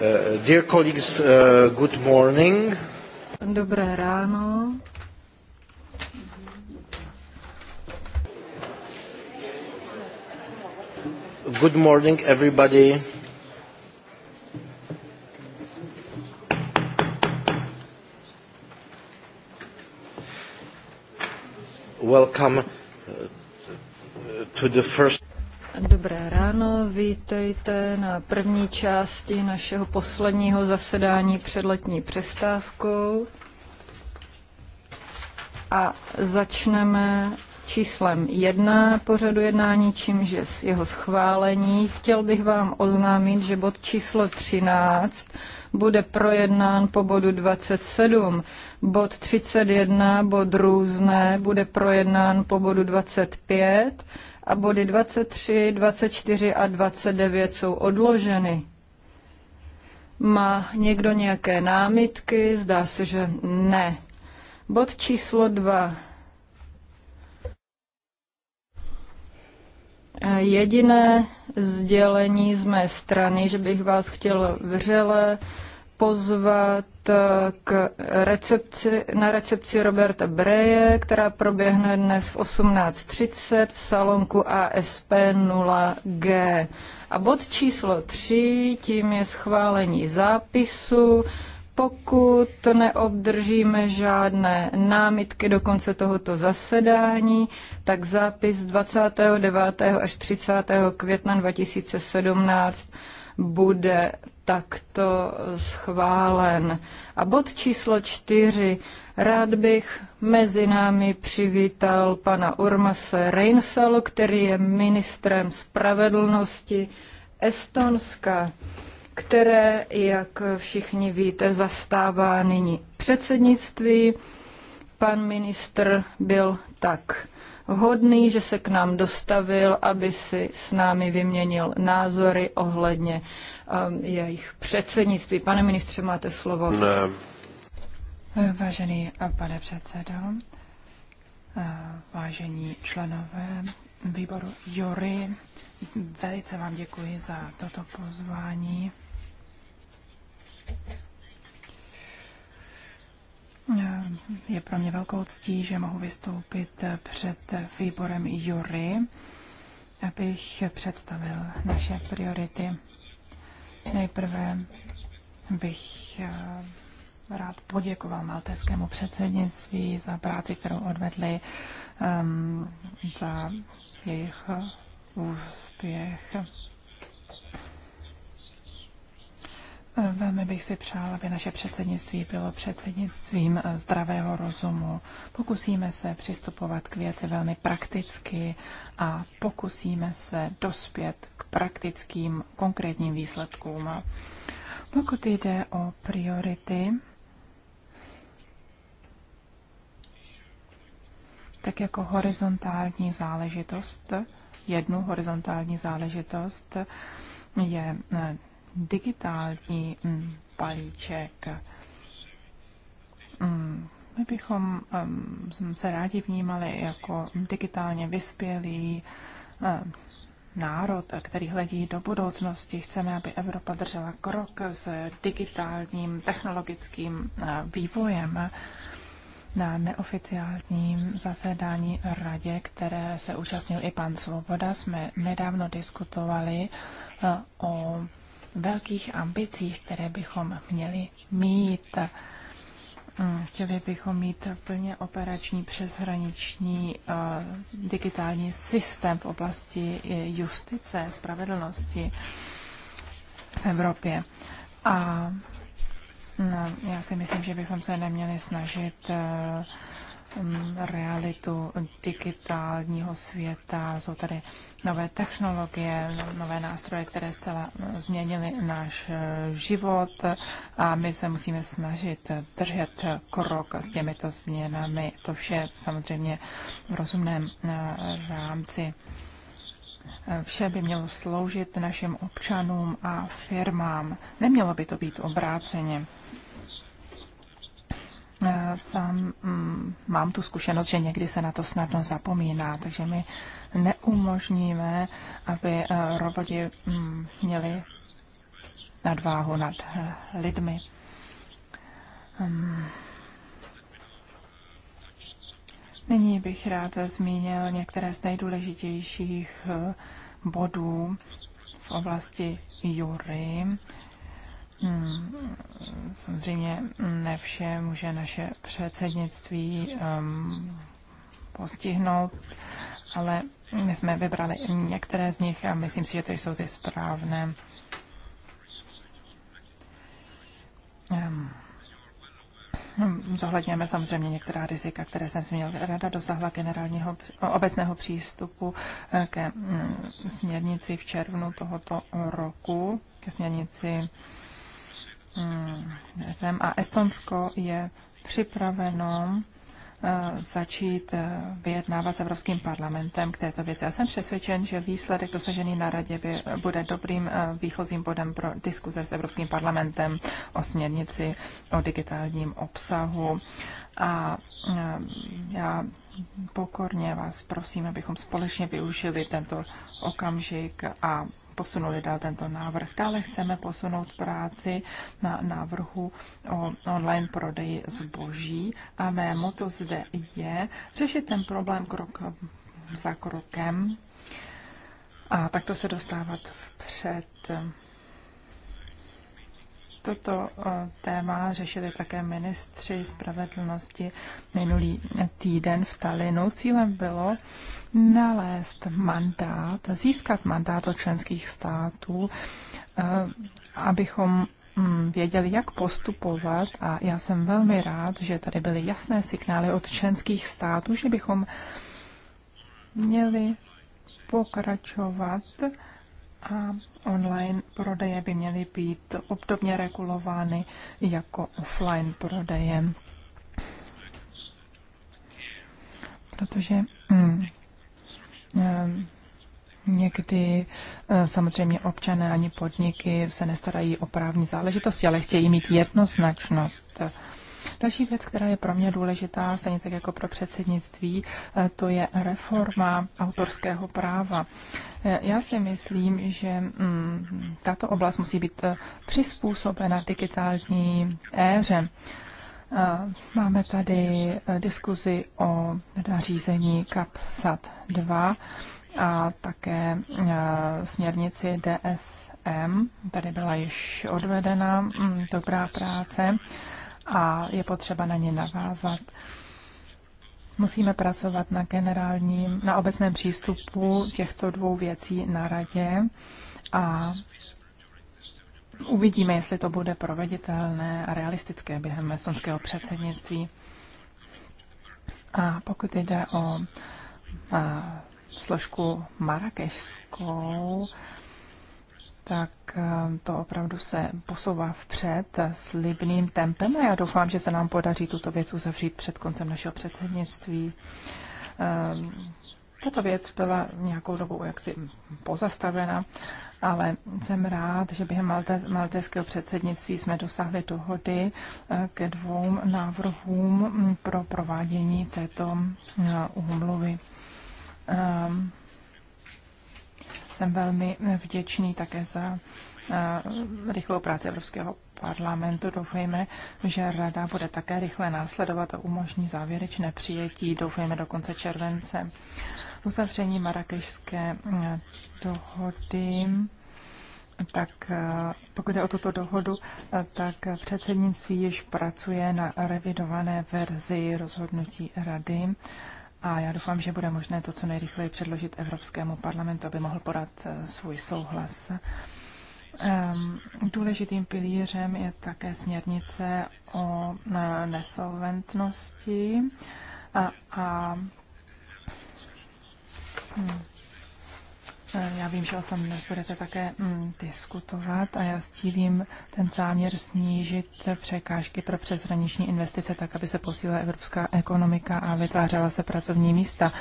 Uh, dear colleagues, uh, good morning. Dobré ráno. Good morning, everybody. Welcome to the first... Dobré ráno, vítejte na první části našeho posledního zasedání před letní přestávkou. A začneme číslem jedna pořadu jednání, čímž je z jeho schválení. Chtěl bych vám oznámit, že bod číslo 13 bude projednán po bodu 27. Bod 31, bod různé, bude projednán po bodu 25 a body 23, 24 a 29 jsou odloženy. Má někdo nějaké námitky? Zdá se, že ne. Bod číslo 2. Jediné sdělení z mé strany, že bych vás chtěl vřele pozvat eh, k recepci, na recepci Roberta Breje, která proběhne dnes v 18.30 v salonku ASP 0G. A bod číslo 3, tím je schválení zápisu. Pokud neobdržíme žádné námitky do konce tohoto zasedání, tak zápis 29. až 30. května 2017 bude takto schválen. A bod číslo čtyři. Rád bych mezi námi přivítal pana Urmase Reinsalu, který je ministrem spravedlnosti Estonska, které, jak všichni víte, zastává nyní předsednictví. Pan ministr byl tak hodný, že se k nám dostavil, aby si s námi vyměnil názory ohledně um, jejich předsednictví. Pane ministře, máte slovo. Ne. Vážený eh, pane předsedo, eh, vážení členové výboru Jory, velice vám děkuji za toto pozvání. Je pro mě velkou ctí, že mohu vystoupit před výborem Jury, abych představil naše priority. Nejprve bych eh, rád poděkoval malteskému předsednictví za práci, kterou odvedli, ehm, za jejich úspěch. Velmi bych si přál, aby naše předsednictví bylo předsednictvím zdravého rozumu. Pokusíme se přistupovat k věci velmi prakticky a pokusíme se dospět k praktickým konkrétním výsledkům. Pokud jde o priority, tak jako horizontální záležitost, jednu horizontální záležitost je digitální palíček. Mm, mm, my bychom mm, se rádi vnímali jako digitálně vyspělý národ, který hledí do budoucnosti. Chceme, aby Evropa držela krok s digitálním technologickým vývojem na neoficiálním zasedání radě, které se účastnil i pan Svoboda, jsme nedávno diskutovali o velkých ambicích, které bychom měli mít. Mm, chtěli bychom mít plně operační přeshraniční eh, digitální systém v oblasti eh, justice, spravedlnosti v Evropě. A no, já si myslím, že bychom se neměli snažit eh, mm, realitu digitálního světa. Jsou tady nové technologie, nové nástroje, které zcela změnily náš eh, život a my se musíme snažit držet krok s těmito změnami. To vše samozřejmě v rozumném eh, rámci. Eh, vše by mělo sloužit našim občanům a firmám. Nemělo by to být obráceně. Eh, sám mm, mám tu zkušenost, že někdy se na to snadno zapomíná, takže my neumožníme, aby eh, roboti mm, měli nadváhu nad eh, lidmi. Ehm. Nyní bych rád zmínil některé z nejdůležitějších bodů v oblasti jury Hmm. Samozřejmě ne vše může naše předsednictví um, postihnout, ale my jsme vybrali některé z nich a myslím si, že to jsou ty správné. Um, Zohledňujeme samozřejmě některá rizika, které jsem měl. Rada dosahla generálního obecného přístupu eh, ke mm, směrnici v červnu tohoto roku, ke směrnici Hmm, zem a Estonsko je připraveno eh, začít eh, vyjednávat s Evropským parlamentem k této věci. Já jsem přesvědčen, že výsledek dosažený na radě by, bude dobrým eh, výchozím bodem pro diskuze s Evropským parlamentem o směrnici o digitálním obsahu. A já pokorně vás prosím, abychom společně využili tento okamžik a posunuli dál tento návrh. Dále chceme posunout práci na návrhu o online prodeji zboží a mé moto zde je řešit ten problém krok za krokem a takto se dostávat vpřed. Toto eh, téma řešili také ministři spravedlnosti minulý týden v Talinu. Cílem bylo nalézt mandát, získat mandát od členských států, eh, abychom mm, věděli, jak postupovat a já jsem velmi rád, že tady byly jasné signály od členských států, že bychom měli pokračovat a online prodeje by měly být obdobně regulovány jako offline prodeje. Protože hmm, hmm Někdy eh, samozřejmě občané ani podniky se nestarají o právní záležitosti, ale chtějí mít jednoznačnost. Další věc, která je pro mě důležitá, stejně tak jako pro předsednictví, eh, to je reforma autorského práva. Eh, já si myslím, že mm, tato oblast musí být eh, přizpůsobena digitální éře. Máme tady diskuzi o nařízení CAPSAT 2 a také směrnici DSM. Tady byla již odvedena mm, dobrá práce a je potřeba na ně navázat. Musíme pracovat na generálním, na obecném přístupu těchto dvou věcí na radě a uvidíme, jestli to bude proveditelné a realistické během estonského předsednictví. A pokud jde o a, složku marakešskou, tak eh, to opravdu se posouvá vpřed s libným tempem a já doufám, že se nám podaří tuto věc uzavřít před koncem našeho předsednictví. Eh, tato věc byla nějakou dobu jaksi pozastavena, ale jsem rád, že během malte, malteského předsednictví jsme dosáhli dohody eh, ke dvou návrhům pro provádění této úmluvy. Jsem velmi vděčný také za eh, rychlou práci Evropského parlamentu. Doufejme, že rada bude také rychle následovat a umožní závěrečné přijetí, doufejme do konce července. Uzavření marakešské eh, dohody tak eh, pokud je o tuto dohodu, tak předsednictví již pracuje na revidované verzi rozhodnutí rady a já doufám, že bude možné to co nejrychleji předložit Evropskému parlamentu, aby mohl podat eh, svůj souhlas. Ehm, důležitým pilířem je také směrnice o nesolventnosti a, a hmm. Eh, já vím, že o tom dnes budete také mm, diskutovat a já stílím ten záměr snížit překážky pro přeshraniční investice tak, aby se posílila evropská ekonomika a vytvářela se pracovní místa.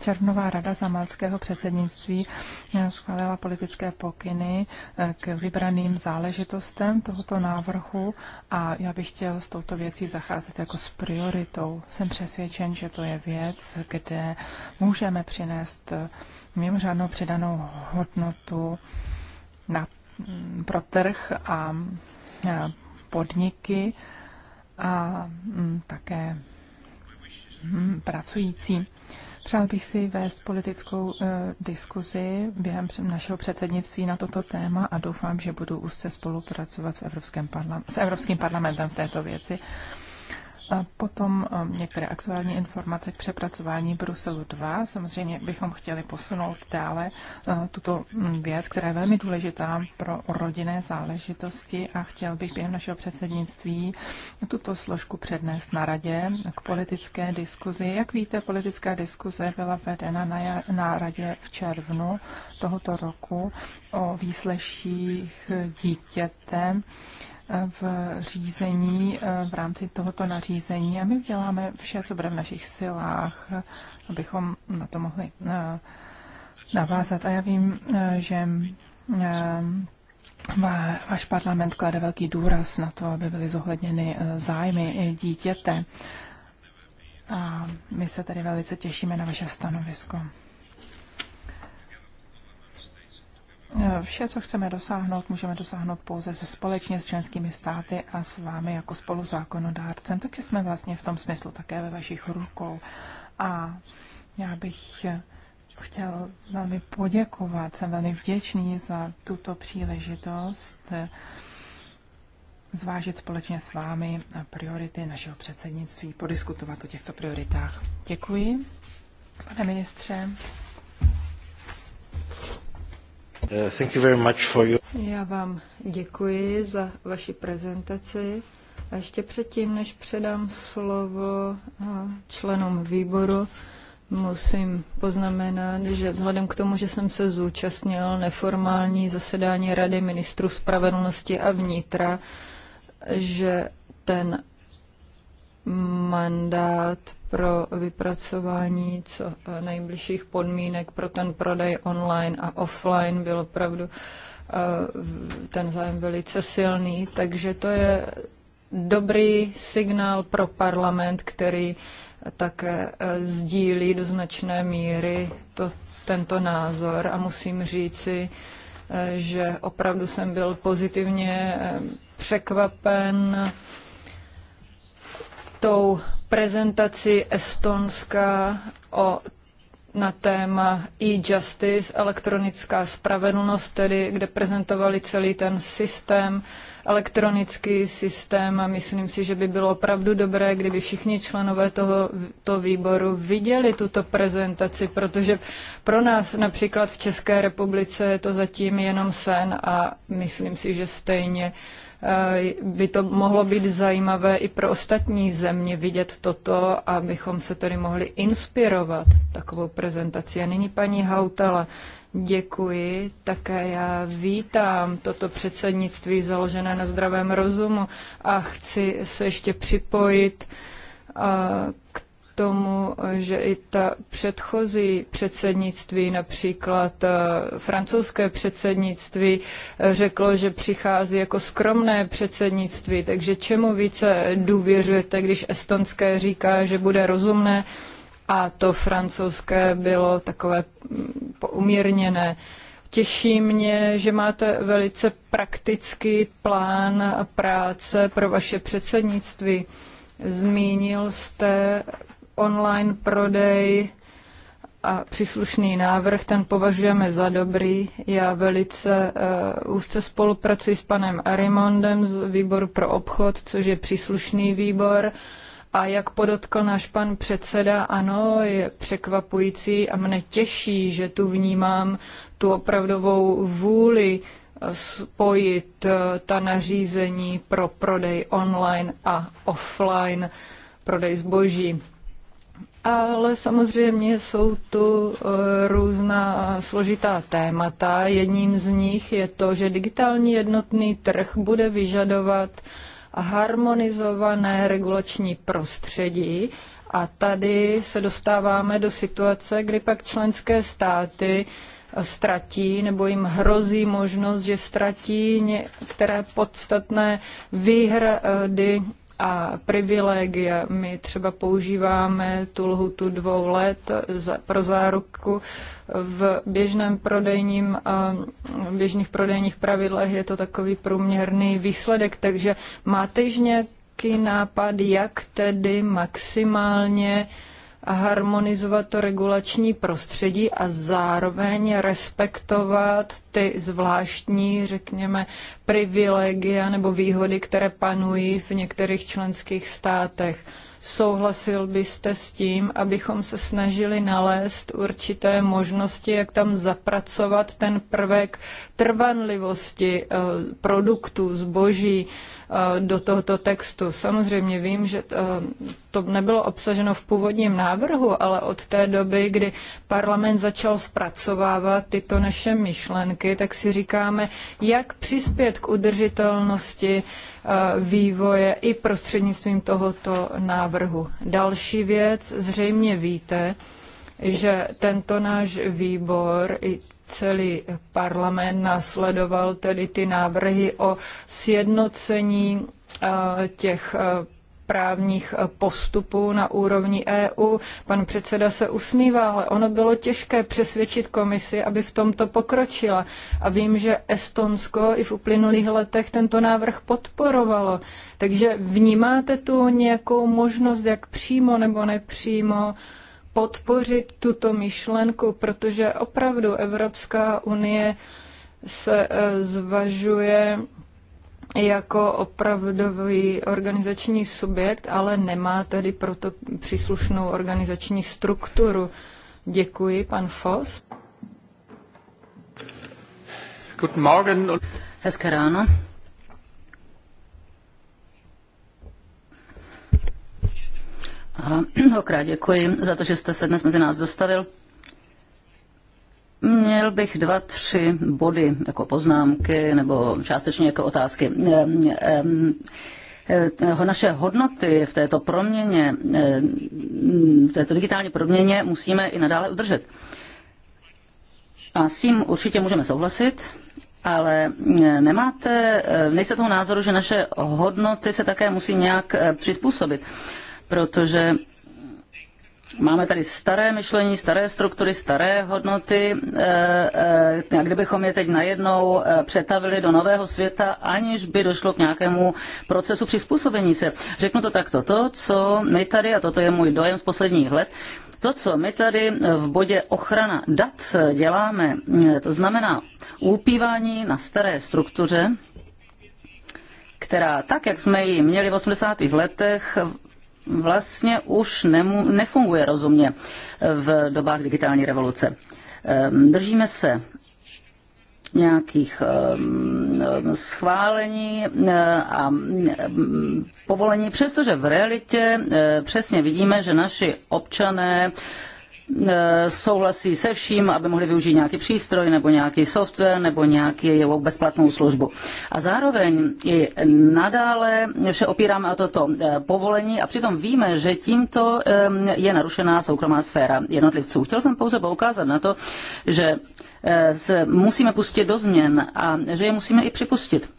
Červnová rada za malckého předsednictví eh, schválila politické pokyny eh, k vybraným záležitostem tohoto návrhu a já bych chtěl s touto věcí zacházet jako s prioritou. Jsem přesvědčen, že to je věc, kde můžeme přinést mimořádnou přidanou hodnotu na, pro trh a podniky a mm, také mm, pracující. Přál bych si vést politickou e, diskuzi během našeho předsednictví na toto téma a doufám, že budu úzce spolupracovat v Evropském parla- s Evropským parlamentem v této věci. Potom um, některé aktuální informace k přepracování Bruselu 2. Samozřejmě bychom chtěli posunout dále uh, tuto mm, věc, která je velmi důležitá pro rodinné záležitosti a chtěl bych během našeho předsednictví tuto složku přednést na radě k politické diskuzi. Jak víte, politická diskuze byla vedena na, na radě v červnu tohoto roku o výsleších dítěte v řízení v rámci tohoto nařízení a my uděláme vše, co bude v našich silách, abychom na to mohli eh, navázat. A já vím, eh, že eh, váš parlament klade velký důraz na to, aby byly zohledněny zájmy dítěte. A my se tady velice těšíme na vaše stanovisko. Eh, vše, co chceme dosáhnout, můžeme dosáhnout pouze se společně s členskými státy a s vámi jako spoluzákonodárcem, takže jsme vlastně v tom smyslu také ve vašich rukou. A já bych eh, chtěl velmi poděkovat, jsem velmi vděčný za tuto příležitost eh, zvážit společně s vámi priority našeho předsednictví, podiskutovat o těchto prioritách. Děkuji, pane ministře. Uh, thank you very much for you. Já vám děkuji za vaši prezentaci. A ještě předtím, než předám slovo eh, členům výboru, musím poznamenat, že vzhledem k tomu, že jsem se zúčastnil neformální zasedání Rady ministrů spravedlnosti a vnitra, že ten mandát pro vypracování co eh, nejbližších podmínek pro ten prodej online a offline byl opravdu eh, ten zájem velice silný, takže to je dobrý signál pro parlament, který také eh, sdílí do značné míry to, tento názor a musím říci, že opravdu jsem byl pozitivně překvapen tou prezentaci Estonska o na téma e-justice, elektronická spravedlnost, tedy kde prezentovali celý ten systém elektronický systém a myslím si, že by bylo opravdu dobré, kdyby všichni členové toho to výboru viděli tuto prezentaci, protože pro nás například v České republice je to zatím jenom sen a myslím si, že stejně eh, by to mohlo být zajímavé i pro ostatní země vidět toto, abychom se tedy mohli inspirovat takovou prezentaci. A nyní paní Hautala. Děkuji. Také já vítám toto předsednictví založené na zdravém rozumu a chci se ještě připojit k tomu, že i ta předchozí předsednictví, například francouzské předsednictví, řeklo, že přichází jako skromné předsednictví. Takže čemu více důvěřujete, když estonské říká, že bude rozumné a to francouzské bylo takové umírněné. Těší mě, že máte velice praktický plán práce pro vaše předsednictví. Zmínil jste online prodej a příslušný návrh, ten považujeme za dobrý. Já velice uh, úzce spolupracuji s panem Arimondem z výboru pro obchod, což je příslušný výbor. Uh, a jak podotkl náš pan předseda, ano, je překvapující a mne těší, že tu vnímám tu opravdovou vůli eh, spojit eh, ta nařízení pro prodej online a offline, prodej zboží. Ale samozřejmě jsou tu eh, různá složitá témata. Jedním z nich je to, že digitální jednotný trh bude vyžadovat harmonizované regulační prostředí. A tady se dostáváme do situace, kdy pak členské státy ztratí nebo jim hrozí možnost, že ztratí některé podstatné výhrady a privilegia. My třeba používáme tu lhutu dvou let za, pro záruku. V běžném prodejním, v běžných prodejních pravidlech je to takový průměrný výsledek, takže máte již nějaký nápad, jak tedy maximálně uh, a harmonizovat to regulační prostředí a zároveň respektovat ty zvláštní, řekněme, privilegia nebo výhody, které panují v některých členských státech. Souhlasil byste s tím, abychom se snažili nalézt určité možnosti, jak tam zapracovat ten prvek trvanlivosti eh, produktů, zboží, Eh, do tohoto textu. Samozřejmě vím, že eh, to nebylo obsaženo v původním návrhu, ale od té doby, kdy parlament začal zpracovávat tyto naše myšlenky, tak si říkáme, jak přispět k udržitelnosti eh, vývoje i prostřednictvím tohoto návrhu. Další věc, zřejmě víte, že tento náš výbor i celý parlament následoval tedy ty návrhy o sjednocení eh, těch eh, právních postupů na úrovni EU. Pan předseda se usmívá, ale ono bylo těžké přesvědčit komisi, aby v tomto pokročila. A vím, že Estonsko i v uplynulých letech tento návrh podporovalo. Takže vnímáte tu nějakou možnost, jak přímo nebo nepřímo uh, podpořit tuto myšlenku, protože opravdu Evropská unie se eh, zvažuje jako opravdový organizační subjekt, ale nemá tedy proto příslušnou organizační strukturu. Děkuji, pan Foss. Guten Morgen. Hezké ráno. A mnohokrát děkuji za to, že jste se dnes mezi nás dostavil. Měl bych dva, tři body jako poznámky nebo částečně jako otázky. Ehm, ehm, ehm, naše hodnoty v této proměně, v této digitální proměně musíme i nadále udržet. A s tím určitě můžeme souhlasit, ale nemáte, nejste toho názoru, že naše hodnoty se také musí nějak přizpůsobit protože Máme tady staré myšlení, staré struktury, staré hodnoty eh, eh, a kdybychom je teď najednou eh, přetavili do nového světa, aniž by došlo k nějakému procesu přizpůsobení se. Řeknu to takto, to, co my tady, a toto je můj dojem z posledních let, to, co my tady v bodě ochrana dat děláme, to znamená ulpívání na staré struktuře, která tak, jak jsme ji měli v 80. letech, vlastně už nemu, nefunguje rozumně v dobách digitální revoluce. Ehm, držíme se nějakých ehm, schválení eh, a ehm, povolení, přestože v realitě eh, přesně vidíme, že naši občané Eh, souhlasí se vším, aby mohli využít nějaký přístroj nebo nějaký software nebo nějaký bezplatnou službu. A zároveň i nadále vše opíráme o toto eh, povolení a přitom víme, že tímto eh, je narušená soukromá sféra jednotlivců. Chtěl jsem pouze poukázat na to, že se musíme pustit do změn a že je musíme i připustit.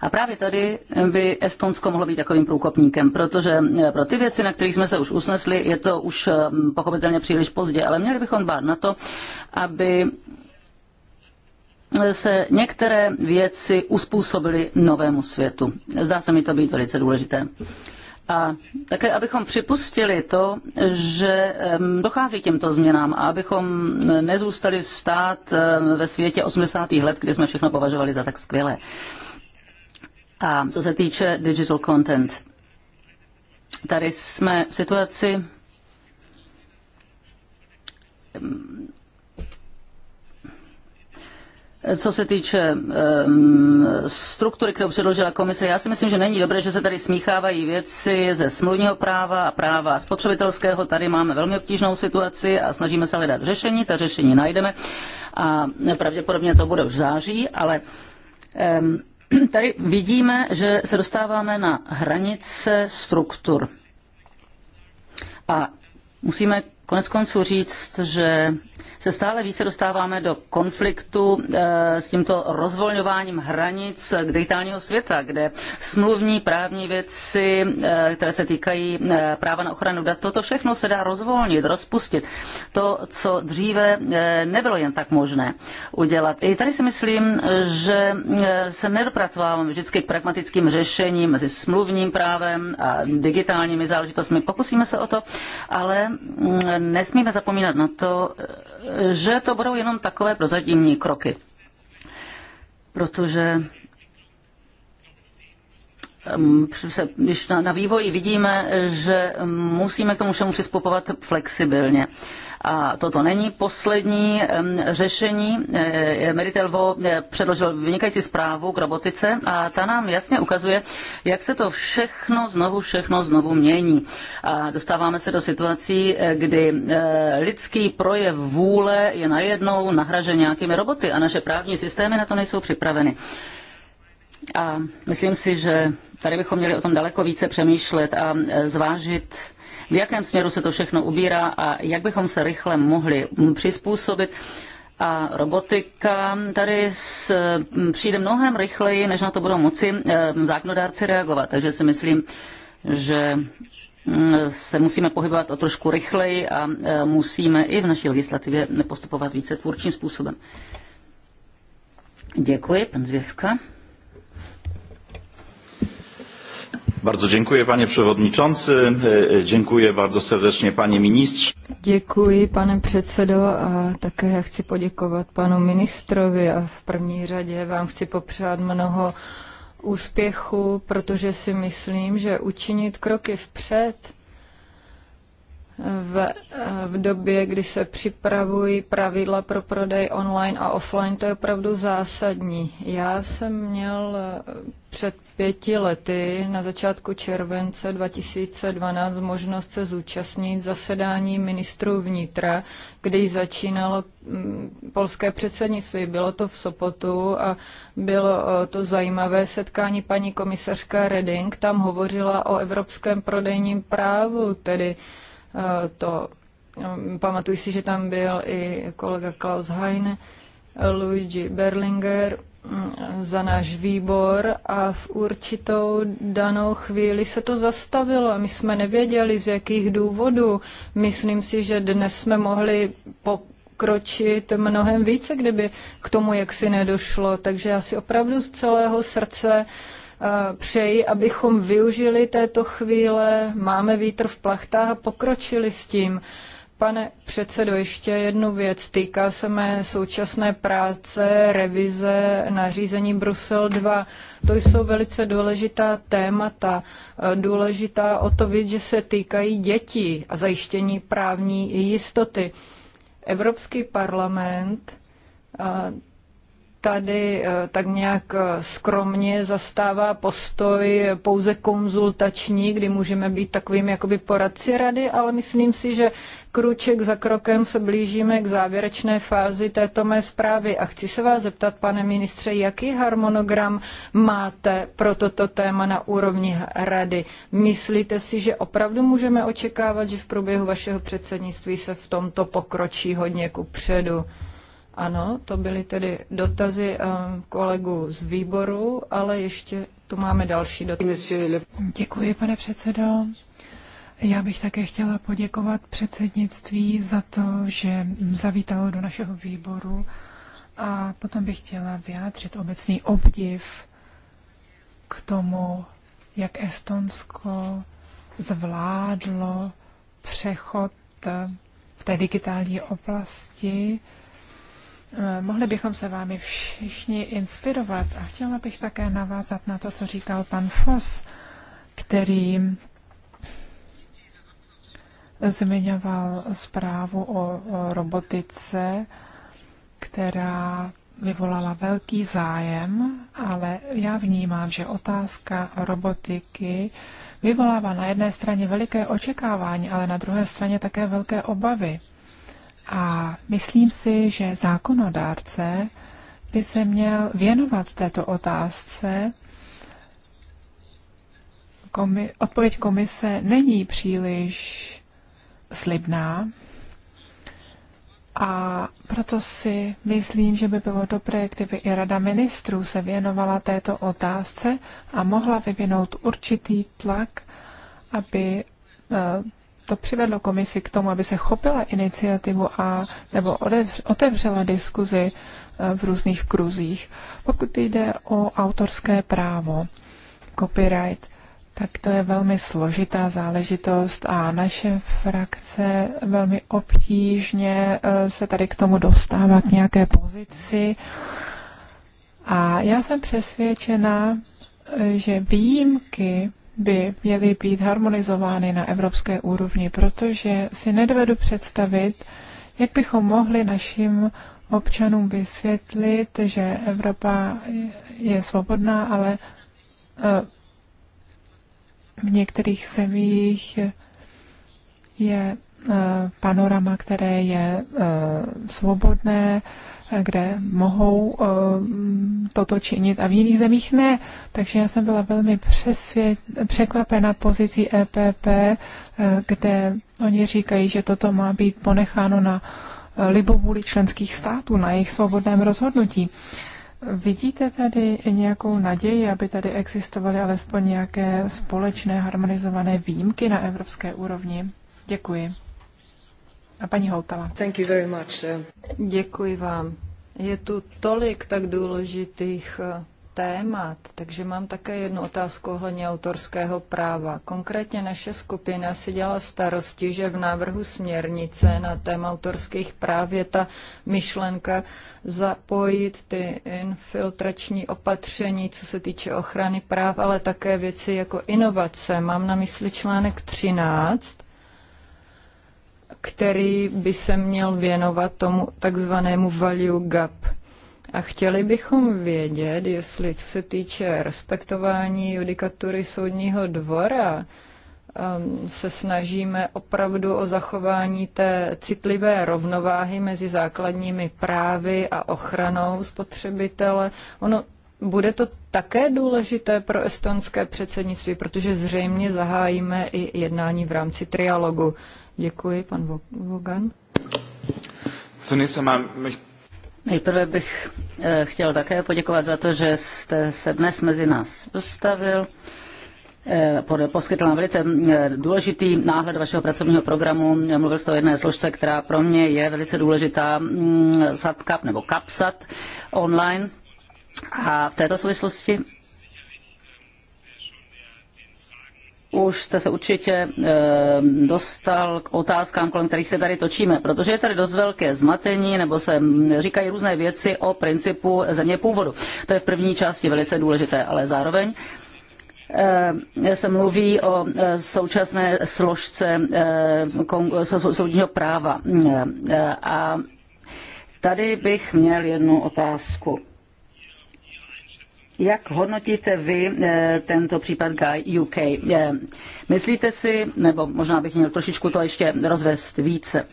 A právě tady by Estonsko mohlo být takovým průkopníkem, protože eh, pro ty věci, na kterých jsme se už usnesli, je to už eh, pochopitelně příliš pozdě, ale měli bychom dbát na to, aby se některé věci uspůsobily novému světu. Zdá se mi to být velice důležité. A také, abychom připustili to, že dochází k těmto změnám a abychom nezůstali stát ve světě 80. let, kdy jsme všechno považovali za tak skvělé. A co se týče digital content, tady jsme v situaci, co se týče um, struktury, kterou předložila komise, já si myslím, že není dobré, že se tady smíchávají věci ze smluvního práva a práva spotřebitelského. Tady máme velmi obtížnou situaci a snažíme se hledat řešení, ta řešení najdeme a pravděpodobně to bude už v září, ale um, tady vidíme, že se dostáváme na hranice struktur. A musíme konec konců říct, že se stále více dostáváme do konfliktu eh, s tímto rozvolňováním hranic digitálního světa, kde smluvní právní věci, eh, které se týkají eh, práva na ochranu dat, toto všechno se dá rozvolnit, rozpustit. To, co dříve nebylo jen tak možné udělat. I tady si myslím, že se nedopracováváme vždycky k pragmatickým řešením mezi smluvním právem a digitálními záležitostmi. Pokusíme se o to, ale mm, nesmíme zapomínat na to, že to budou jenom takové prozatímní kroky, protože Ehm, když na, na vývoji vidíme, že musíme k tomu všemu přistupovat flexibilně. A toto není poslední ehm, řešení. Eh, eh, Meritelvo eh, předložil vynikající zprávu k robotice a ta nám jasně ukazuje, jak se to všechno znovu, všechno znovu mění. A dostáváme se do situací, kdy lidský projev vůle je najednou nahražen nějakými roboty a naše právní systémy na to nejsou připraveny. A myslím si, že tady bychom měli o tom daleko více přemýšlet a e, zvážit, v jakém směru se to všechno ubírá a jak bychom se rychle mohli přizpůsobit. A robotika tady s, přijde mnohem rychleji, než na to budou moci e, zákonodárci reagovat. Takže si myslím, že se musíme pohybovat o trošku rychleji a e, musíme i v naší legislativě nepostupovat více tvůrčím způsobem. Děkuji, pan Zvěvka. Bardzo dziękuję panie przewodniczący, e, e, dziękuję bardzo serdecznie panie ministrze. Děkuji pane předsedo a také já chci poděkovat panu ministrovi a v první řadě vám chci popřát mnoho úspěchu, protože si myslím, že učinit kroky vpřed v, v době, kdy se připravují pravidla pro prodej online a offline, to je opravdu zásadní. Já jsem měl eh, před pěti lety na začátku července 2012 možnost se zúčastnit zasedání ministrů vnitra, kdy začínalo mm, polské předsednictví. Bylo to v Sopotu a bylo eh, to zajímavé setkání paní komisařka Reding. Tam hovořila o evropském prodejním právu, tedy to. Eh, Pamatuji si, že tam byl i kolega Klaus Heine, Luigi Berlinger mm, za náš výbor a v určitou danou chvíli se to zastavilo. My jsme nevěděli, z jakých důvodů. Myslím si, že dnes jsme mohli po kročit mnohem více, kdyby k tomu jaksi nedošlo. Takže já si opravdu z celého srdce uh, Eh, přeji, abychom využili této chvíle, máme vítr v plachtách a pokročili s tím. Pane předsedo, ještě jednu věc. Týká se mé současné práce, revize, nařízení Brusel 2. To jsou velice důležitá témata. Eh, důležitá o to víc, že se týkají dětí a zajištění právní jistoty. Evropský parlament eh, tady eh, tak nějak eh, skromně zastává postoj pouze konzultační, kdy můžeme být takovým jakoby poradci rady, ale myslím si, že kruček za krokem se blížíme k závěrečné fázi této mé zprávy a chci se vás zeptat, pane ministře, jaký harmonogram máte pro toto téma na úrovni rady? Myslíte si, že opravdu můžeme očekávat, že v průběhu vašeho předsednictví se v tomto pokročí hodně ku předu? Ano, to byly tedy dotazy eh, kolegů z výboru, ale ještě tu máme další dotazy. Děkuji, pane předsedo. Já bych také chtěla poděkovat předsednictví za to, že zavítalo do našeho výboru a potom bych chtěla vyjádřit obecný obdiv k tomu, jak Estonsko zvládlo přechod v té digitální oblasti Eh, mohli bychom se vámi všichni inspirovat a chtěla bych také navázat na to, co říkal pan Foss, který zmiňoval zprávu o robotice, která vyvolala velký zájem, ale já vnímám, že otázka robotiky vyvolává na jedné straně veliké očekávání, ale na druhé straně také velké obavy. A myslím si, že zákonodárce by se měl věnovat této otázce. Komi- odpověď komise není příliš slibná a proto si myslím, že by bylo dobré, kdyby i Rada ministrů se věnovala této otázce a mohla vyvinout určitý tlak, aby eh, to přivedlo komisi k tomu, aby se chopila iniciativu a nebo otevřela diskuzi eh, v různých kruzích. Pokud jde o autorské právo, copyright, tak to je velmi složitá záležitost a naše frakce velmi obtížně eh, se tady k tomu dostává k nějaké pozici. A já jsem přesvědčena, eh, že výjimky by měly být harmonizovány na evropské úrovni, protože si nedovedu představit, jak bychom mohli našim občanům vysvětlit, že Evropa je svobodná, ale eh, v některých zemích je Eh, panorama, které je eh, svobodné, eh, kde mohou toto činit a v jiných zemích ne. Takže já jsem byla velmi přesvěd, překvapena pozicí EPP, kde oni říkají, že toto má být ponecháno na libovůli členských států, na jejich svobodném rozhodnutí. Vidíte tady nějakou naději, aby tady existovaly alespoň nějaké společné harmonizované výjimky na evropské úrovni? Děkuji. A paní Thank you very much. Děkuji vám. Je tu tolik tak důležitých eh, témat, takže mám také jednu otázku ohledně autorského práva. Konkrétně naše skupina si dělala starosti, že v návrhu směrnice na téma autorských práv je ta myšlenka zapojit ty infiltrační opatření, co se týče ochrany práv, ale také věci jako inovace. Mám na mysli článek 13 který by se měl věnovat tomu takzvanému value gap. A chtěli bychom vědět, jestli co se týče respektování judikatury soudního dvora, um, se snažíme opravdu o zachování té citlivé rovnováhy mezi základními právy a ochranou spotřebitele. Ono bude to také důležité pro estonské předsednictví, protože zřejmě zahájíme i jednání v rámci trialogu. Děkuji, pan Vogan. Co nejsem, Nejprve bych eh, chtěl také poděkovat za to, že jste se dnes mezi nás dostavil eh, poskytl nám velice eh, důležitý náhled vašeho pracovního programu. Mluvil jste o jedné složce, která pro mě je velice důležitá, mm, SATCAP nebo CAPSAT online. A v této souvislosti už jste se určitě eh, dostal k otázkám, kolem kterých se tady točíme, protože je tady dost velké zmatení, nebo se mm, říkají různé věci o principu země původu. To je v první části velice důležité, ale zároveň eh, se mluví o eh, současné složce soudního práva. Mm, a tady bych měl jednu otázku. Jak hodnotíte vy eh, tento případ Guy UK? Eh, myslíte si, nebo možná bych měl trošičku to ještě rozvést více,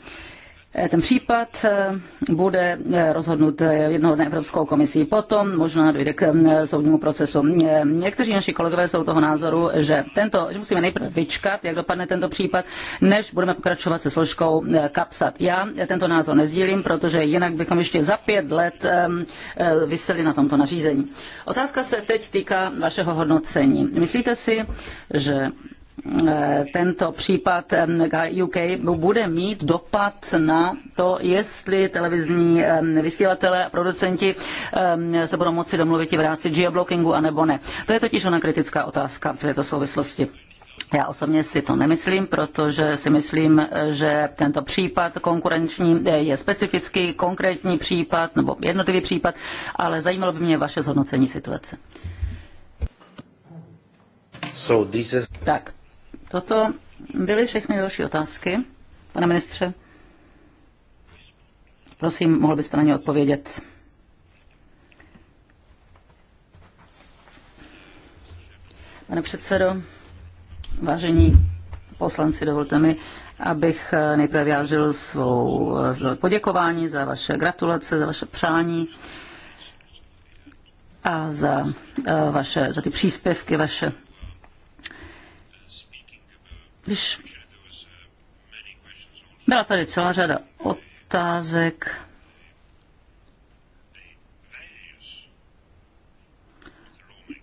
Eh, ten případ eh, bude eh, rozhodnut jednoho dne Evropskou komisí. Potom možná dojde k mm, soudnímu procesu. Někteří naši kolegové jsou toho názoru, že, tento, že musíme nejprve vyčkat, jak dopadne tento případ, než budeme pokračovat se složkou kapsat. Já tento názor nezdílím, protože jinak bychom ještě za pět let vyseli na tomto nařízení. Otázka se teď týká vašeho hodnocení. Myslíte si, že Eh, tento případ eh, UK bude mít dopad na to, jestli televizní eh, vysílatelé a producenti se budou moci domluvit i v rámci geoblockingu, anebo ne. To je totiž ona kritická otázka v této souvislosti. Já osobně si to nemyslím, protože si myslím, že tento případ konkurenční je specifický, konkrétní případ nebo jednotlivý případ, ale zajímalo by mě vaše zhodnocení situace. So is... Tak Toto byly všechny další otázky. Pane ministře, prosím, mohl byste na ně odpovědět. Pane předsedo, vážení poslanci, dovolte mi, abych nejprve vyjádřil svou poděkování za vaše gratulace, za vaše přání a za, eh, vaše, za ty příspěvky vaše když byla tady celá řada otázek,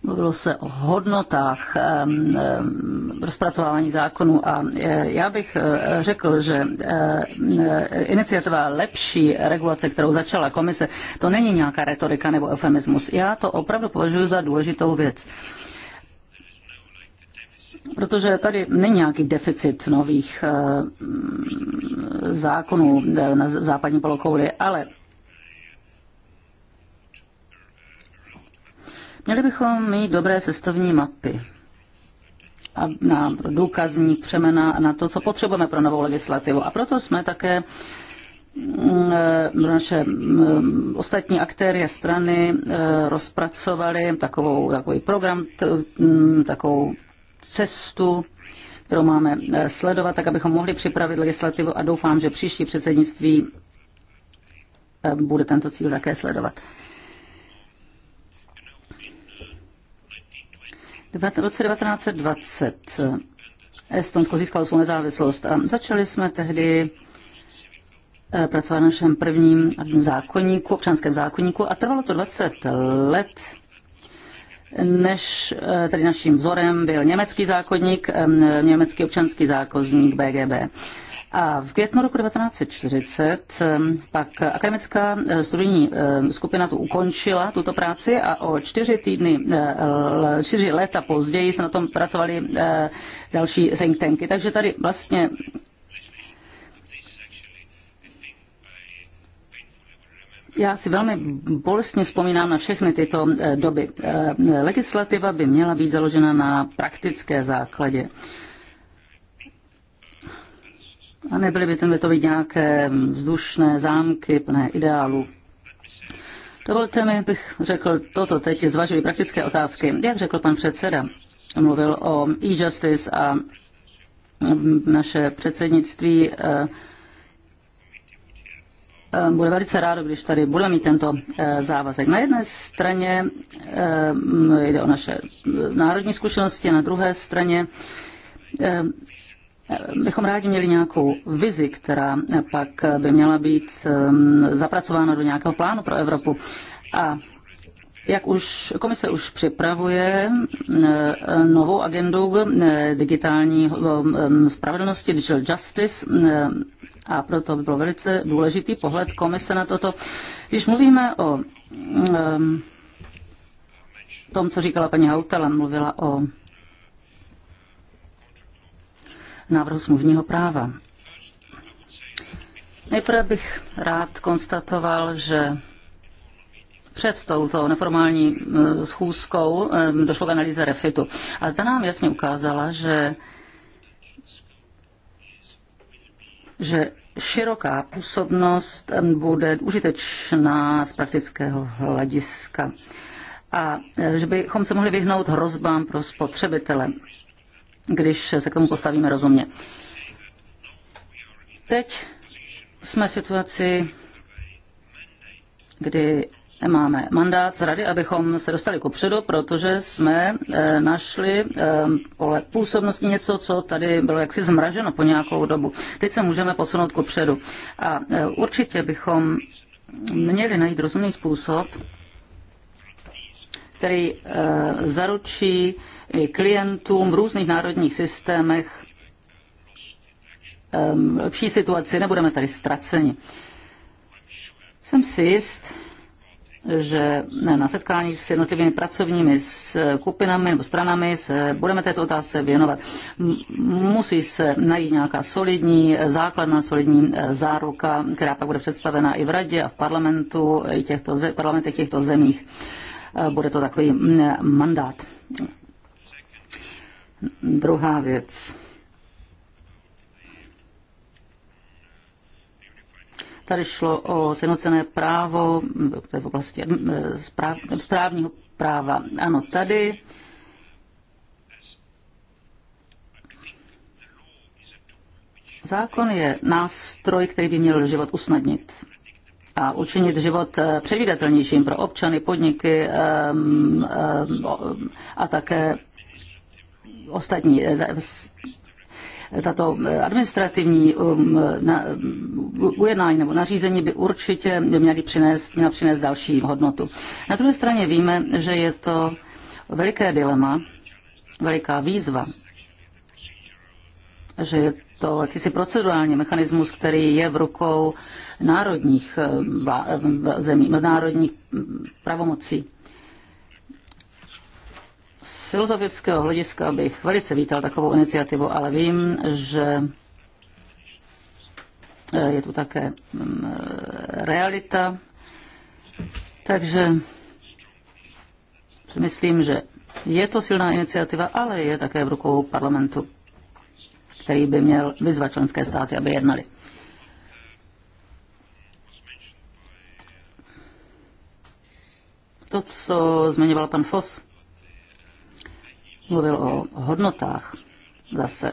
Mluvilo se o hodnotách um, um, rozpracování zákonů a e, já bych e, řekl, že e, iniciativa lepší regulace, kterou začala komise, to není nějaká retorika nebo eufemismus. Já to opravdu považuji za důležitou věc. Uh, protože tady není nějaký deficit nových eh, zákonů eh, na západní polokouli, ale měli bychom mít dobré cestovní mapy a na důkazní přemena na to, co potřebujeme pro novou legislativu. A proto jsme také mm, eh, naše mm, ostatní aktéry a strany rozpracovali takovou, takový program, mm, takovou cestu, kterou máme eh, sledovat, tak abychom mohli připravit legislativu a doufám, že příští předsednictví eh, bude tento cíl také sledovat. V roce 1920 eh, Estonsko získalo svou nezávislost a začali jsme tehdy pracovat na našem prvním zákonníku, občanském zákonníku a trvalo to 20 let, než eh, tedy naším vzorem byl německý zákonník, eh, německý občanský zákonník BGB. A v květnu roku 1940 eh, pak akademická studijní skupina tu ukončila tuto práci a o čtyři týdny, čtyři léta později se na tom pracovali další think tanky. Takže tady vlastně Já si velmi bolestně vzpomínám na všechny tyto eh, doby. Eh, legislativa by měla být založena na praktické základě. A nebyly by tam to být nějaké vzdušné zámky plné ideálu. Dovolte mi, bych řekl toto teď, zvažuji praktické otázky. Jak řekl pan předseda, mluvil o e-justice a naše předsednictví uh, Ehm, bude velice rádo, když tady bude mít tento eh, závazek. Na jedné straně ehm, jde o naše eh, národní zkušenosti, na druhé straně ehm, bychom rádi měli nějakou vizi, která pak by měla být zapracována do nějakého plánu pro Evropu. A jak už komise už připravuje eh, eh, novou agendu eh, digitální mm, spravedlnosti, digital justice, a proto by byl velice důležitý pohled komise na toto. Když mluvíme o mm, tom, co říkala paní Hautala, mluvila o návrhu smluvního práva. Nejprve bych rád konstatoval, že před touto neformální eh, schůzkou eh, došlo k analýze refitu. Ale ta nám jasně ukázala, že že široká působnost eh, bude užitečná z praktického hlediska a že bychom se mohli vyhnout hrozbám pro spotřebitele, když se k tomu postavíme rozumně. Teď jsme v situaci, kdy Máme mandát z rady, abychom se dostali předu, protože jsme eh, našli eh, pole působnosti něco, co tady bylo jaksi zmraženo po nějakou dobu. Teď se můžeme posunout předu. A eh, určitě bychom měli najít rozumný způsob, který zaručí klientům v různých národních systémech lepší situaci, nebudeme tady ztraceni. Jsem si jist, že na setkání s jednotlivými pracovními skupinami nebo stranami se budeme této otázce věnovat. Musí se najít nějaká solidní základna, solidní e, záruka, která pak bude představena i v radě a v parlamentu, i těchto, parlamentech těchto zemích. E, bude to takový mandát. Druhá věc Tady šlo o sjednocené právo v oblasti eh, správ, správního práva. Ano, tady Zákon je nástroj, který by měl život usnadnit a učinit život eh, předvídatelnějším pro občany, podniky ehm, ehm, a také ostatní tato eh, administrativní um, ujednání nebo nařízení by určitě měly přinést, měla přinést další hodnotu. Na druhé straně víme, že je to veliké dilema, veliká výzva, že je to jakýsi procedurální mechanismus, který je v rukou národních, eh, eh, zemí, národních hm, pravomocí. Z filozofického hlediska bych velice vítal takovou iniciativu, ale vím, že eh, je tu také mm, eh, realita. Takže si myslím, že je to silná iniciativa, ale je také v rukou parlamentu, který by měl vyzvat členské státy, aby jednali. To, co zmiňoval pan Foss, mluvil o hodnotách zase.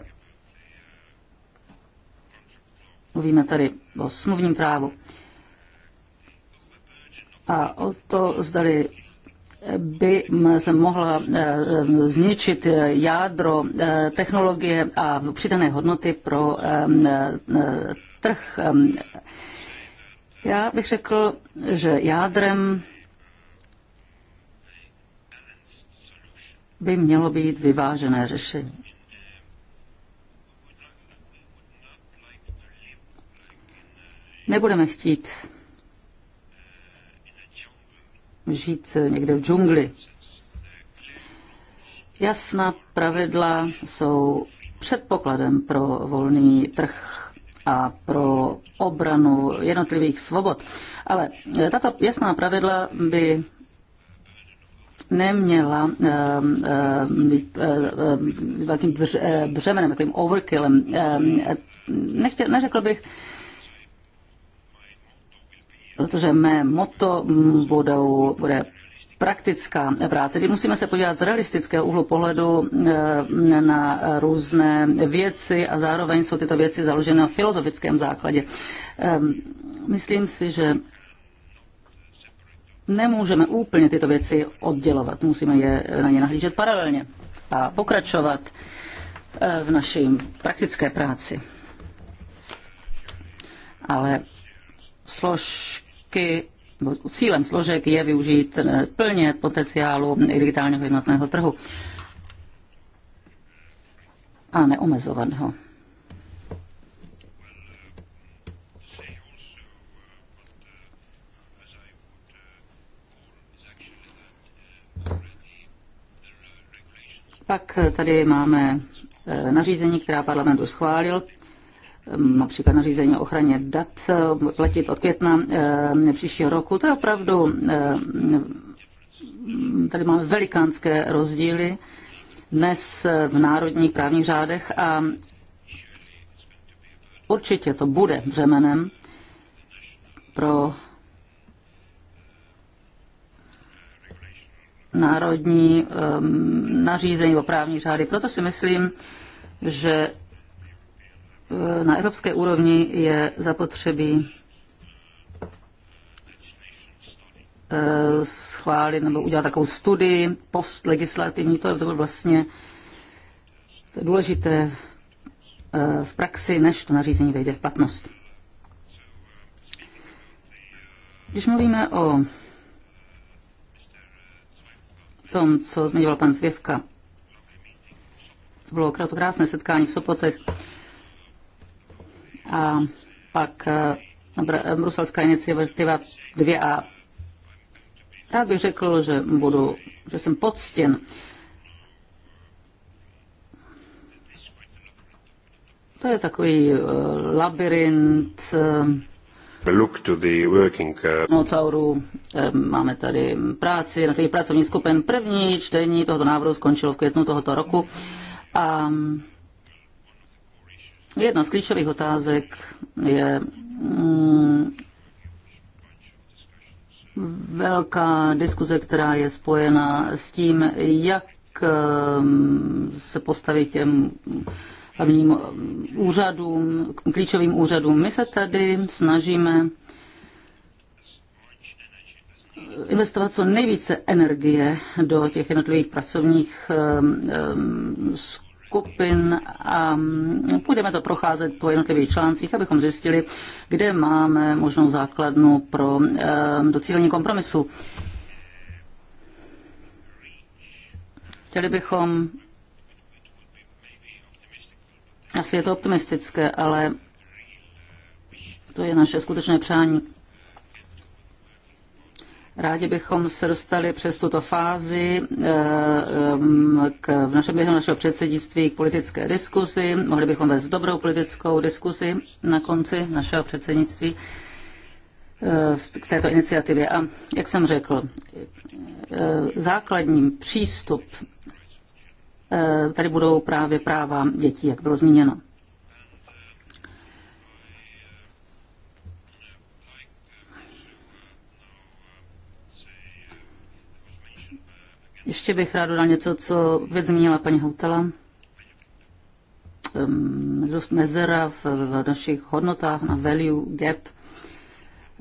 Mluvíme tady o smluvním právu. A o to, zdali by se mohla eh, zničit jádro eh, technologie a přidané hodnoty pro eh, trh. Já bych řekl, že jádrem by mělo být vyvážené řešení. Nebudeme chtít žít někde v džungli. Jasná pravidla jsou předpokladem pro volný trh a pro obranu jednotlivých svobod. Ale tato jasná pravidla by neměla eh, eh, být eh, velkým břemenem, takovým overkillem. Nechtěl, neřekl bych, protože mé moto budou, bude praktická práce, kdy musíme se podívat z realistického úhlu pohledu na různé věci a zároveň jsou tyto věci založeny na filozofickém základě. Myslím si, že nemůžeme úplně tyto věci oddělovat. Musíme je na ně nahlížet paralelně a pokračovat eh, v naší praktické práci. Ale složky cílem složek je využít eh, plně potenciálu digitálního jednotného trhu a neomezovat ho. Pak eh, tady máme eh, nařízení, která parlament už schválil, ehm, například nařízení o ochraně dat, eh, platit od května příštího roku. To je opravdu, tady máme velikánské rozdíly dnes v národních právních řádech a určitě to bude vřemenem pro národní nařízení o právní řády. Proto si myslím, že eh, na evropské úrovni je zapotřebí eh, schválit nebo udělat takovou studii postlegislativní. To, to bylo vlastně to je důležité eh, v praxi, než to nařízení vejde v platnost. Když mluvíme o tom, co zmiňoval pan Zvěvka. To bylo opravdu krásné setkání v Sopotech. A pak eh, bruselská iniciativa 2A. Rád bych řekl, že, budu, že jsem poctěn To je takový eh, labirint, eh, Look uh, no, tauru Notauru, eh, máme tady práci na těch pracovních skupin. První čtení tohoto návrhu skončilo v květnu tohoto roku a mm, jedna z klíčových otázek je mm, velká diskuze, která je spojena s tím, jak eh, se postavit těm hlavním úřadům, klíčovým úřadům. My se tady snažíme investovat co nejvíce energie do těch jednotlivých pracovních skupin a budeme to procházet po jednotlivých článcích, abychom zjistili, kde máme možnou základnu pro docílení kompromisu. Chtěli bychom asi je to optimistické, ale to je naše skutečné přání. Rádi bychom se dostali přes tuto fázi eh, eh, k, v našem během našeho předsednictví k politické diskuzi. Mohli bychom vést dobrou politickou diskuzi na konci našeho předsednictví k eh, této iniciativě. A jak jsem řekl, základním přístup Eh, tady budou právě práva dětí, jak bylo zmíněno. Ještě bych rád dodal něco, co věc zmínila paní Houtela. Ehm, mezera v, našich hodnotách na value gap.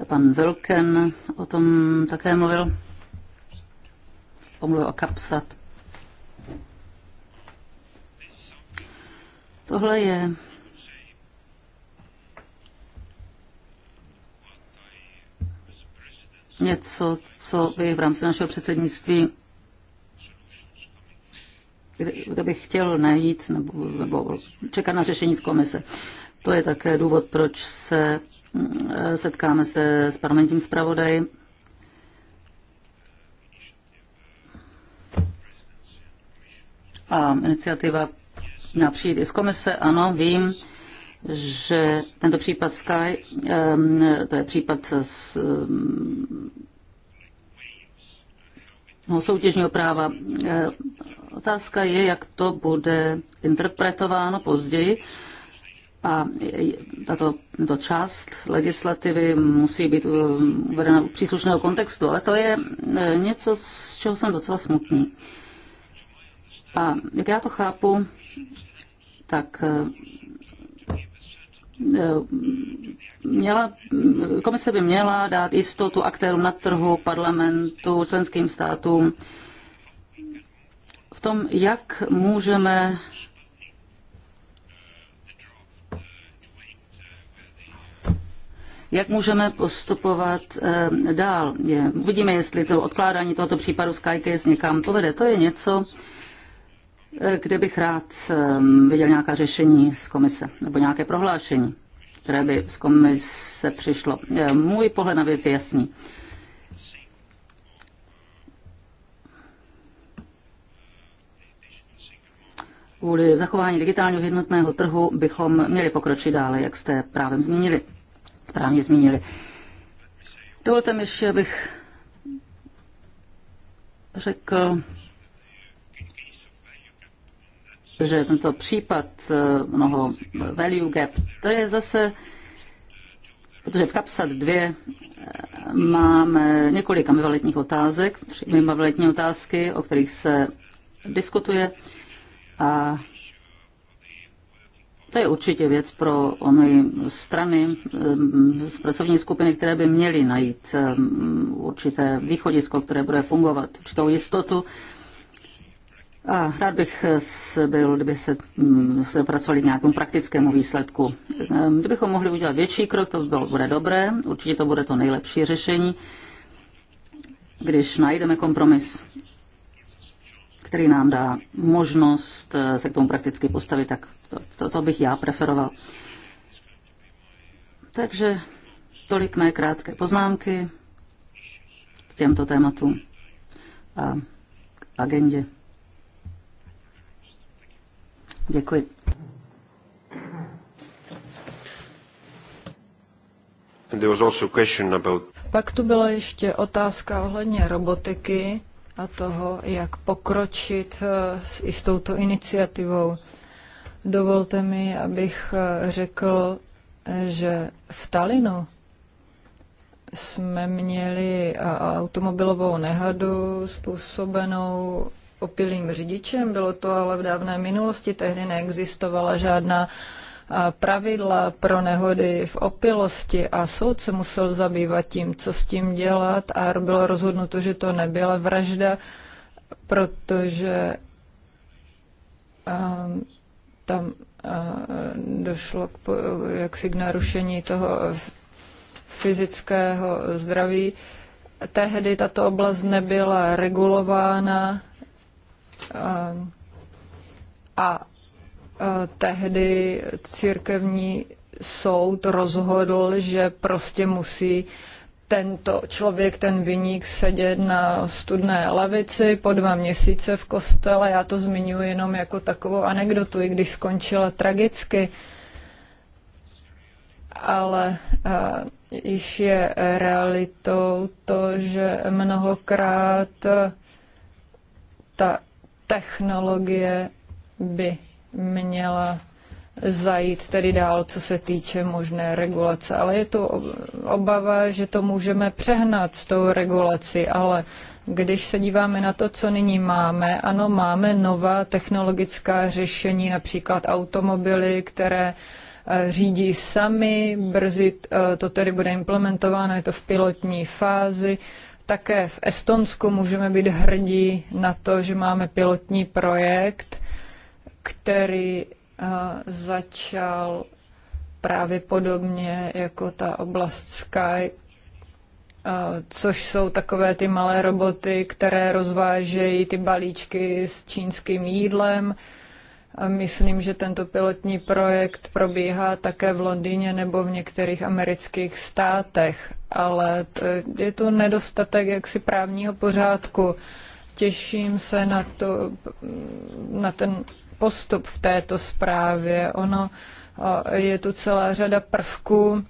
Pan Vilken o tom také mluvil. Omluvil o kapsat. Tohle je něco, co bych v rámci našeho předsednictví, kde, bych chtěl najít nebo, nebo čekat na řešení z komise. To je také důvod, proč se eh, setkáme se s parlamentním zpravodajem. A iniciativa na přijít i z komise. Ano, vím, že tento případ Sky, to je případ z no, soutěžního práva. E, otázka je, jak to bude interpretováno později. A tato, tato část legislativy musí být uvedena do příslušného kontextu, ale to je e, něco, z čeho jsem docela smutný. A jak já to chápu, tak eh, eh, měla, komise by měla dát jistotu aktérům na trhu, parlamentu, členským státům v tom, jak můžeme jak můžeme postupovat eh, dál. Je, uvidíme, jestli to odkládání tohoto případu Skycase někam povede. To je něco, kde bych rád ehm, viděl nějaká řešení z komise nebo nějaké prohlášení, které by z komise přišlo. Eh, můj pohled na věc je jasný. Kvůli zachování digitálního jednotného trhu bychom měli pokročit dále, jak jste právě zmínili. Správně zmínili. Dovolte mi ještě, abych řekl že tento případ eh, mnoho value gap, to je zase, protože v kapsat 2 eh, máme několik ambivalentních otázek, tři ambivalentní otázky, o kterých se diskutuje a to je určitě věc pro ony strany eh, z pracovní skupiny, které by měly najít určité východisko, které bude fungovat, určitou jistotu a rád bych byl, kdyby se, mm, se pracovali k nějakému praktickému výsledku. Ehm, kdybychom mohli udělat větší krok, to bylo, bude dobré, určitě to bude to nejlepší řešení, když najdeme kompromis, který nám dá možnost eh, se k tomu prakticky postavit, tak to, to, to bych já preferoval. Takže tolik mé krátké poznámky k těmto tématům a k agendě. Děkuji. There was also question about... Pak tu byla ještě otázka ohledně robotiky a toho, jak pokročit eh, s i s touto iniciativou. Dovolte mi, abych eh, řekl, eh, že v Talinu jsme měli automobilovou nehodu způsobenou opilým řidičem. Bylo to ale v dávné minulosti, tehdy neexistovala žádná pravidla pro nehody v opilosti a soud se musel zabývat tím, co s tím dělat a bylo rozhodnuto, že to nebyla vražda, protože tam došlo k, jaksi k narušení toho fyzického zdraví. Tehdy tato oblast nebyla regulována a tehdy církevní soud rozhodl, že prostě musí tento člověk, ten vyník, sedět na studné lavici po dva měsíce v kostele. Já to zmiňuji jenom jako takovou anekdotu, i když skončila tragicky. Ale a, již je realitou to, že mnohokrát ta technologie by měla zajít tedy dál, co se týče možné regulace. Ale je to obava, že to můžeme přehnat s tou regulací, ale když se díváme na to, co nyní máme, ano, máme nová technologická řešení, například automobily, které eh, řídí sami, brzy eh, to tedy bude implementováno, je to v pilotní fázi také v Estonsku můžeme být hrdí na to, že máme pilotní projekt, který eh, začal právě podobně jako ta oblast Sky, eh, což jsou takové ty malé roboty, které rozvážejí ty balíčky s čínským jídlem, Myslím, že tento pilotní projekt probíhá také v Londýně nebo v některých amerických státech, ale je to nedostatek jaksi právního pořádku. Těším se na, to, na ten postup v této zprávě. Ono je tu celá řada prvků,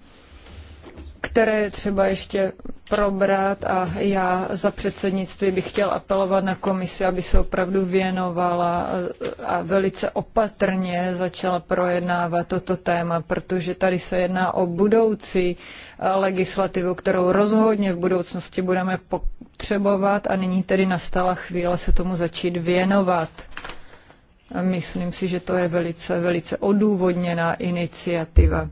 které je třeba ještě probrat a já za předsednictví bych chtěl apelovat na komisi, aby se opravdu věnovala a velice opatrně začala projednávat toto téma, protože tady se jedná o budoucí legislativu, kterou rozhodně v budoucnosti budeme potřebovat a nyní tedy nastala chvíle se tomu začít věnovat. Myslím si, že to je velice, velice odůvodněná iniciativa.